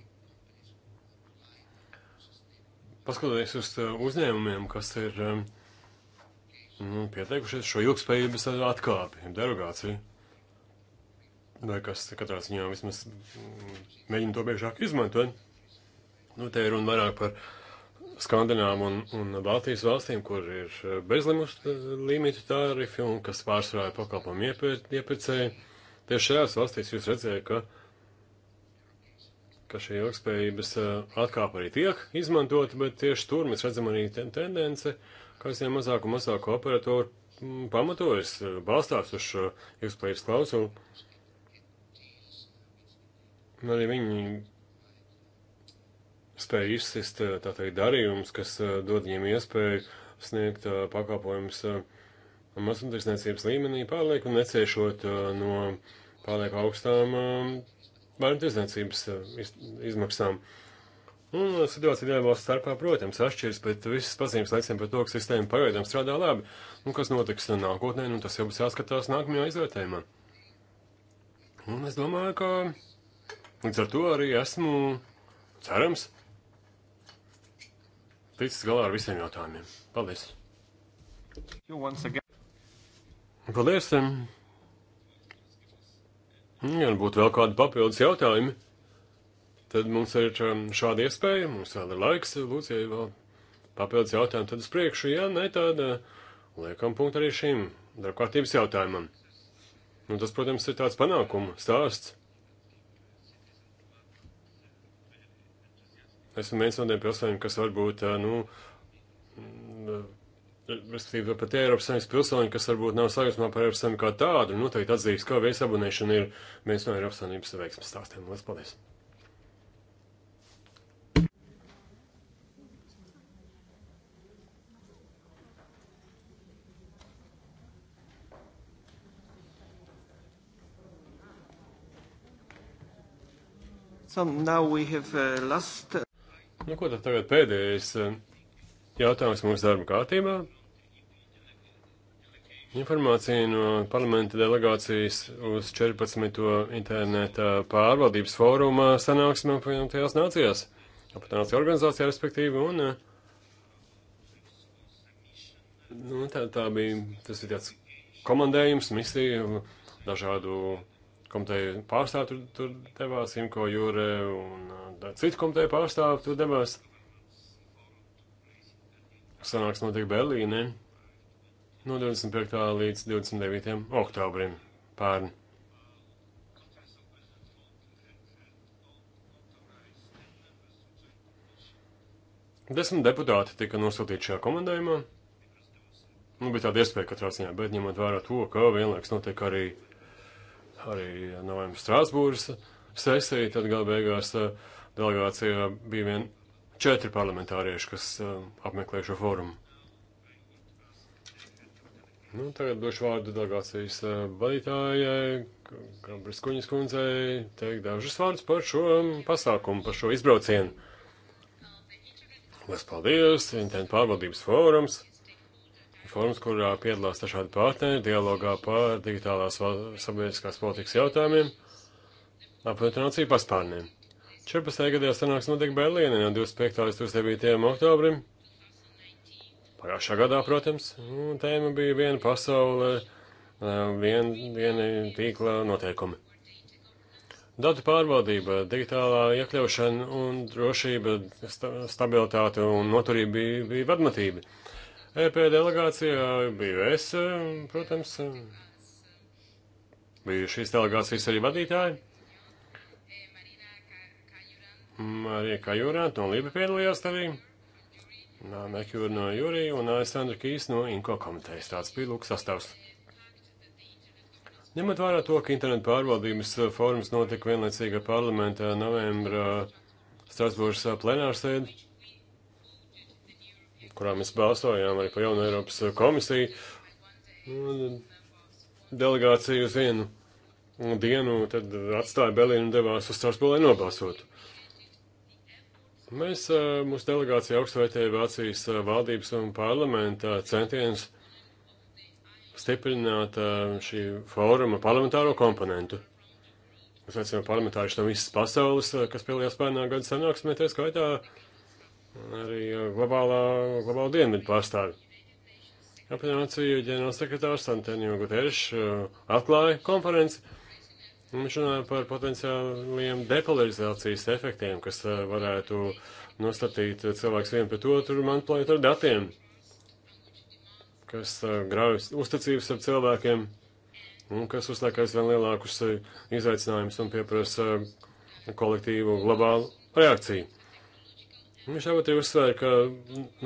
paskatoties uz uh, uzņēmumiem, kas ir. Um, nu, pieteikušies šo ilgspējības atkāpi, derogāciju. Vai kas katrā ziņā vismaz mm, mēģina to biežāk izmantot. Nu, te ir runa vairāk par Skandinām un, un Baltijas valstīm, kur ir bezlimus limitu tarifi un kas pārsvarā ir pakalpojumu iepirkēji. Tieši šajās valstīs jūs redzējāt, ka ka šī ilgspējības eh, atkāpa arī tiek izmantota, bet tieši tur mēs redzam arī ten tendenci, kas ir mazāku un mazāku operatoru mm, pamatojas, eh, balstās uz šo ilgspējības klausulu. Arī viņi spēja izsist eh, tā teikt darījumus, kas eh, dod viņiem iespēju sniegt pakalpojumus mazumtirdzniecības līmenī, pārlieku neciešot no pārlieku augstām bērnu tirdzniecības izmaksām. Iz, Un situācija divām valsts starpā, protams, atšķiras, bet visas pazīmes liecina par to, ka sistēma pagaidām strādā labi. Un kas notiks nākotnē, nu tas jau būs jāskatās nākamajā izvērtējumā. Un es domāju, ka līdz ar to arī esmu cerams ticis galā ar visiem jautājumiem. Paldies! Paldies! Nu, ja būtu vēl kādi papildus jautājumi. Tad mums ir um, šāda iespēja, mums vēl ir laiks, lūdzu, ja vēl papildus jautājumu, tad uz priekšu, ja ne, tad uh, liekam punktu arī šīm darbkārtības jautājumam. Nu, tas, protams, ir tāds panākumu stāsts. Esmu viens no tiem pilsoņiem, kas varbūt, uh, nu, mm, respektīvi pat Eiropas Savienības pilsoņi, kas varbūt nav sajūsmā par Eiropas Savienību kā tādu, noteikti nu, atzīst, ka viesabunēšana ir viens no Eiropas Savienības veiksmes stāstiem. Lielas paldies! So uh, last... Uh, nu, ko tad tagad pēdējais uh, jautājums mūsu darba kārtībā? Informācija no parlamenta delegācijas uz 14. interneta pārvaldības fóruma sanāksmē apvienotajās nācijās, apvienotajās organizācijā respektīvi, un uh, Nu, tā, tā bija tas bija tāds komandējums, misija, dažādu komiteja pārstāv tur, tur devās, Imko Jūre un uh, citu komiteju pārstāv tur devās. Sanāks notiek Berlīnē no 25. līdz 29. oktobrim pērn. Desmit deputāti tika nosūtīti šajā komandējumā. Nu, bija tāda iespēja katrā ziņā, bet ņemot vērā to, ka vienlaiks notiek arī uh, arī novembra Strāsbūras sesija, tad gala beigās eh, delegācijā bija vien četri parlamentārieši, kas eh, apmeklēja šo fórumu. Nu, tagad došu vārdu delegācijas eh, vadītājai, Gabris Kuņas kundzei, teikt dažus vārdus par šo um, pasākumu, par šo izbraucienu. Lielas paldies, Intenta pārvaldības fórums fórums, kurā piedalās dažādi partneri dialogā par digitālās sabiedriskās politikas jautājumiem, apvienotu nāciju paspārniem. 14. gadā sanāks notiek Berlīnē no 25. līdz 29. oktobrim. Pagājušā gadā, protams, tēma bija viena pasaule, vien, viena tīkla noteikumi. Datu pārvaldība, digitālā iekļaušana un drošība, stabilitāte un noturība bija, bija vadmatība. EP delegācijā biju es, um, protams, um, biju šīs delegācijas arī vadītāji. Marija Kajurāta no Lība piedalījās arī. Nā, Mekjūra no Jurija un Alessandra Kīs no Inko komitejas. Tāds bija lūk sastāvs. Ņemot vērā to, ka internetu pārvaldības fórums notika vienlaicīgi ar parlamenta novembra Strasbūras plenārsēdi, kurā mēs balsojām arī pa jaunu Eiropas komisiju. Delegācija uz vienu dienu tad atstāja Belīnu un devās uz Strasbūlē nobalsot. Mēs, mūsu delegācija augstvērtēja Vācijas valdības un parlamenta centienus stiprināt šī fóruma parlamentāro komponentu. Mēs aicinām parlamentāriešus no visas pasaules, kas piedalījās pērnā gada sanāksmē, tā skaitā uh, un arī globālā, globāla dienvidu pārstāvi. Apvienāciju ģenerāls sekretārs Antonio Guterres uh, atklāja konferenci, un viņš runāja par potenciāliem depolarizācijas efektiem, kas uh, varētu nostatīt cilvēks vienu pret otru, manipulējot ar datiem, kas uh, grauj uzticības ar cilvēkiem un kas uzliek aizvien lielākus izaicinājumus un pieprasa kolektīvu globālu reakciju. Viņš jau ir uzsvēra, ka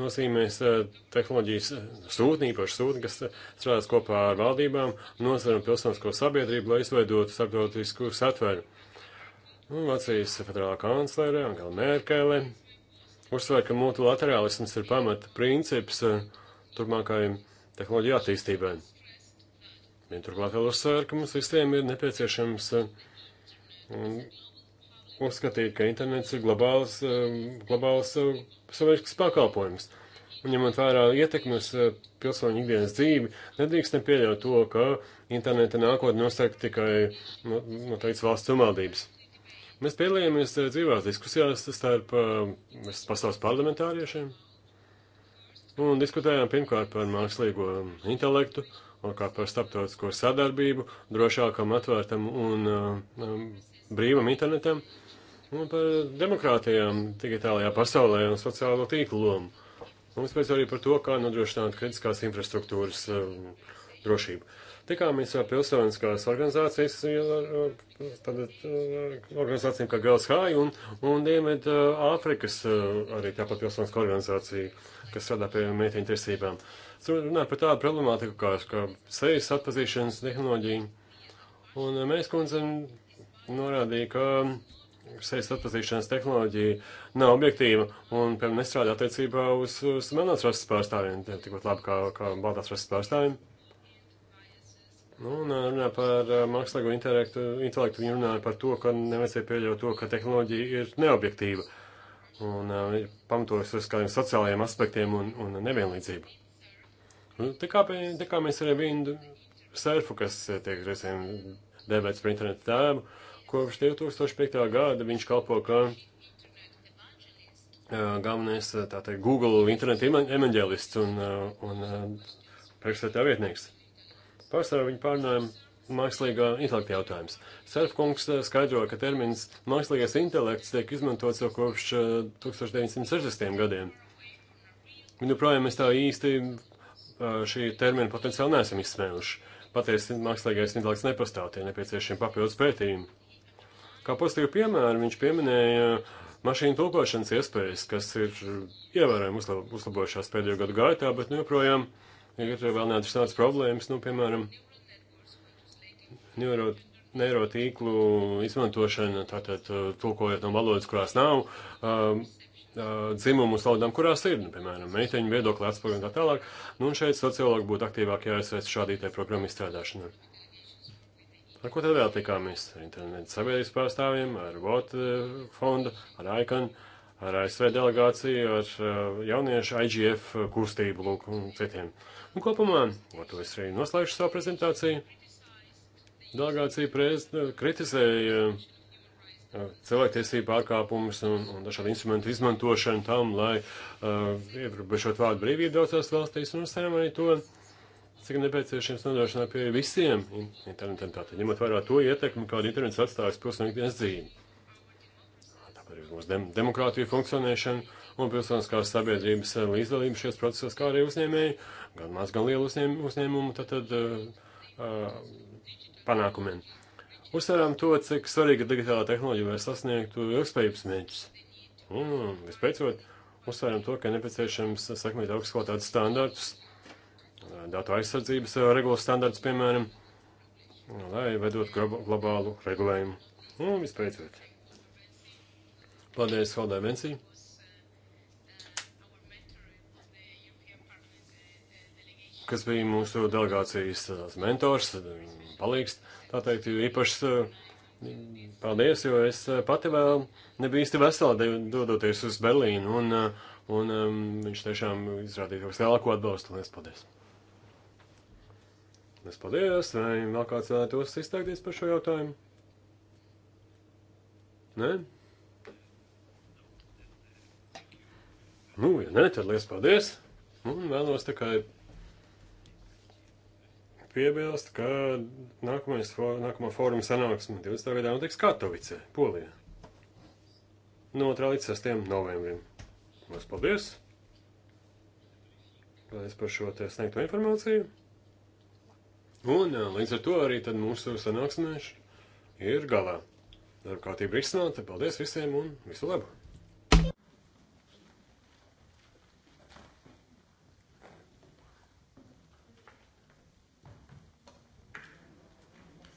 nozīmēs eh, tehnoloģijas eh, sūtni, īpaši sūtni, kas eh, strādās kopā ar valdībām, nozaru un pilsonisko sabiedrību, lai izveidotu starptautisku satveru. Un nu, Vācijas federālā kanclere Angela Merkele uzsvēra, ka multilaterālisms ir pamata princips turpmākajai tehnoloģiju attīstībai. Viņa turklāt vēl uzsvēra, ka mums visiem ir nepieciešams un, uzskatīt, ka internets ir globāls, um, globāls um, savienības pakalpojums. Un ņemot vērā ietekmes uh, pilsoņu ikdienas dzīvi, nedrīkst nepieļaut to, ka interneta nākotnē nosaka tikai noteikts valsts umaldības. Mēs piedalījāmies uh, dzīvās diskusijās starp uh, pasaules parlamentāriešiem un diskutējām pirmkārt par mākslīgo um, intelektu, kā par starptautisko sadarbību, drošākam, atvērtam un um, brīvam internetam. Uh, Un par demokrātijām digitālajā pasaulē un sociālo tīklu lomu. Mums pēc arī par to, kā nodrošināt kritiskās infrastruktūras um, drošību. Tikāmies ar pilsoniskās organizācijas, eh, tad eh, organizācijām kā GLSH un, un Dienvidu Āfrikas arī tāpat pilsoniskā organizācija, kas strādā pie mētīņu tiesībām. Runāju par tādu problemātiku kā, kā sejas atpazīšanas tehnoloģija. Un mēs kundzem norādīja, ka sejas atpazīšanas tehnoloģija nav objektīva un, piemēram, nestrādā attiecībā uz, uz melnās rases pārstāvjiem, tikpat labi kā, kā baltās rases pārstāvjiem. Nu, un runā par mākslīgo intelektu, intelektu viņi runāja par to, ka nevajadzēja pieļaut to, ka tehnoloģija ir neobjektīva un pamatojas uz kādiem sociālajiem aspektiem un, un nevienlīdzību. Nu, tā, kā, tā kā mēs arī vindu surfu, kas tiek reizēm dēvēts par internetu tēmu, uh, Kopš 2005. gada viņš kalpo kā galvenais, tā teikt, Google interneta emanģēlists un, un priekšstādā vietnieks. Pārsvarā viņu pārnājām mākslīgā intelekta jautājums. Serfkungs skaidro, ka termins mākslīgais intelekts tiek izmantots jau kopš 1960. gadiem. Un joprojām mēs tā īsti šī termina potenciāli neesam izsmēluši. Patiesi mākslīgais intelekts nepastāv, tie nepieciešami papildus pētījumi. Kā pozitīvu piemēru viņš pieminēja mašīnu tulkošanas iespējas, kas ir ievērojami uzlab uzlabojušās pēdējo gadu gaitā, bet nu, joprojām ir vēl neatrisināts problēmas, nu, piemēram, neuro, neirotīklu izmantošana, tātad uh, tulkojot no valodas, kurās nav, um, uh, dzimumu slaudām, kurās ir, nu, piemēram, meiteņu viedokli atspoguļot un tā tālāk. Nu, un šeit sociologi būtu aktīvāk jāiesaist šādī te programmu izstrādāšanai. Ar nu, ko tad vēl tikāmies? Ar internetu sabiedrības pārstāvjiem, ar Vot eh, fondu, ar ICAN, ar ASV delegāciju, ar eh, jauniešu IGF kustību, lūk, un citiem. Un kopumā, ko tu es arī noslēgšu savu prezentāciju, delegācija prez, kritizēja eh, cilvēktiesību pārkāpumus un, un dažādu instrumentu izmantošanu tam, lai uh, ierobežot vārdu brīvību daudzās valstīs, un uzsēm arī to cik nepieciešams nodrošināt pie visiem internetam, tātad ņemot vērā to ietekmi, kādu internets atstājas pilsonīgi dienas dzīvi. Tāpēc ir mūsu dem demokrātija funkcionēšana un pilsoniskās sabiedrības eh, līdzdalība šajos procesos, kā arī uzņēmēji, gan maz, gan lielu uzņēm, uzņēmumu, tātad uh, panākumiem. Uzsverām to, cik svarīga digitālā tehnoloģija, lai sasniegtu ilgspējības mērķus. Un, vispēcot, uzsverām to, ka nepieciešams sekmēt augstskolotātus standartus datu aizsardzības eh, regulas standarts, piemēram, lai vedot globālu regulējumu. Nu, un vispēcot. Paldies, Haldē Vensī. kas bija mūsu delegācijas eh, mentors, palīgs, tā teikt, īpašs eh, paldies, jo es pati vēl nebiju īsti vesela, dodoties uz Berlīnu, un, un viņš tiešām izrādīja lielāko atbalstu, un es paldies. Mēs paldies, vai vēl kāds vēlētos izteikties par šo jautājumu? Nē? Nu, ja nē, tad liels paldies. Un vēlos tikai piebilst, ka nākamais, for, nākamā fóruma sanāksme 20. gadā notiks Katovicē, Polijā. No 3 līdz 6. novembrim. Mēs paldies! Paldies par šo te sniegto informāciju. Un eh, līdz ar to arī tad mūsu sanāksmēš ir galā. Darba kārtība ir izsnāta. Paldies visiem un visu labu!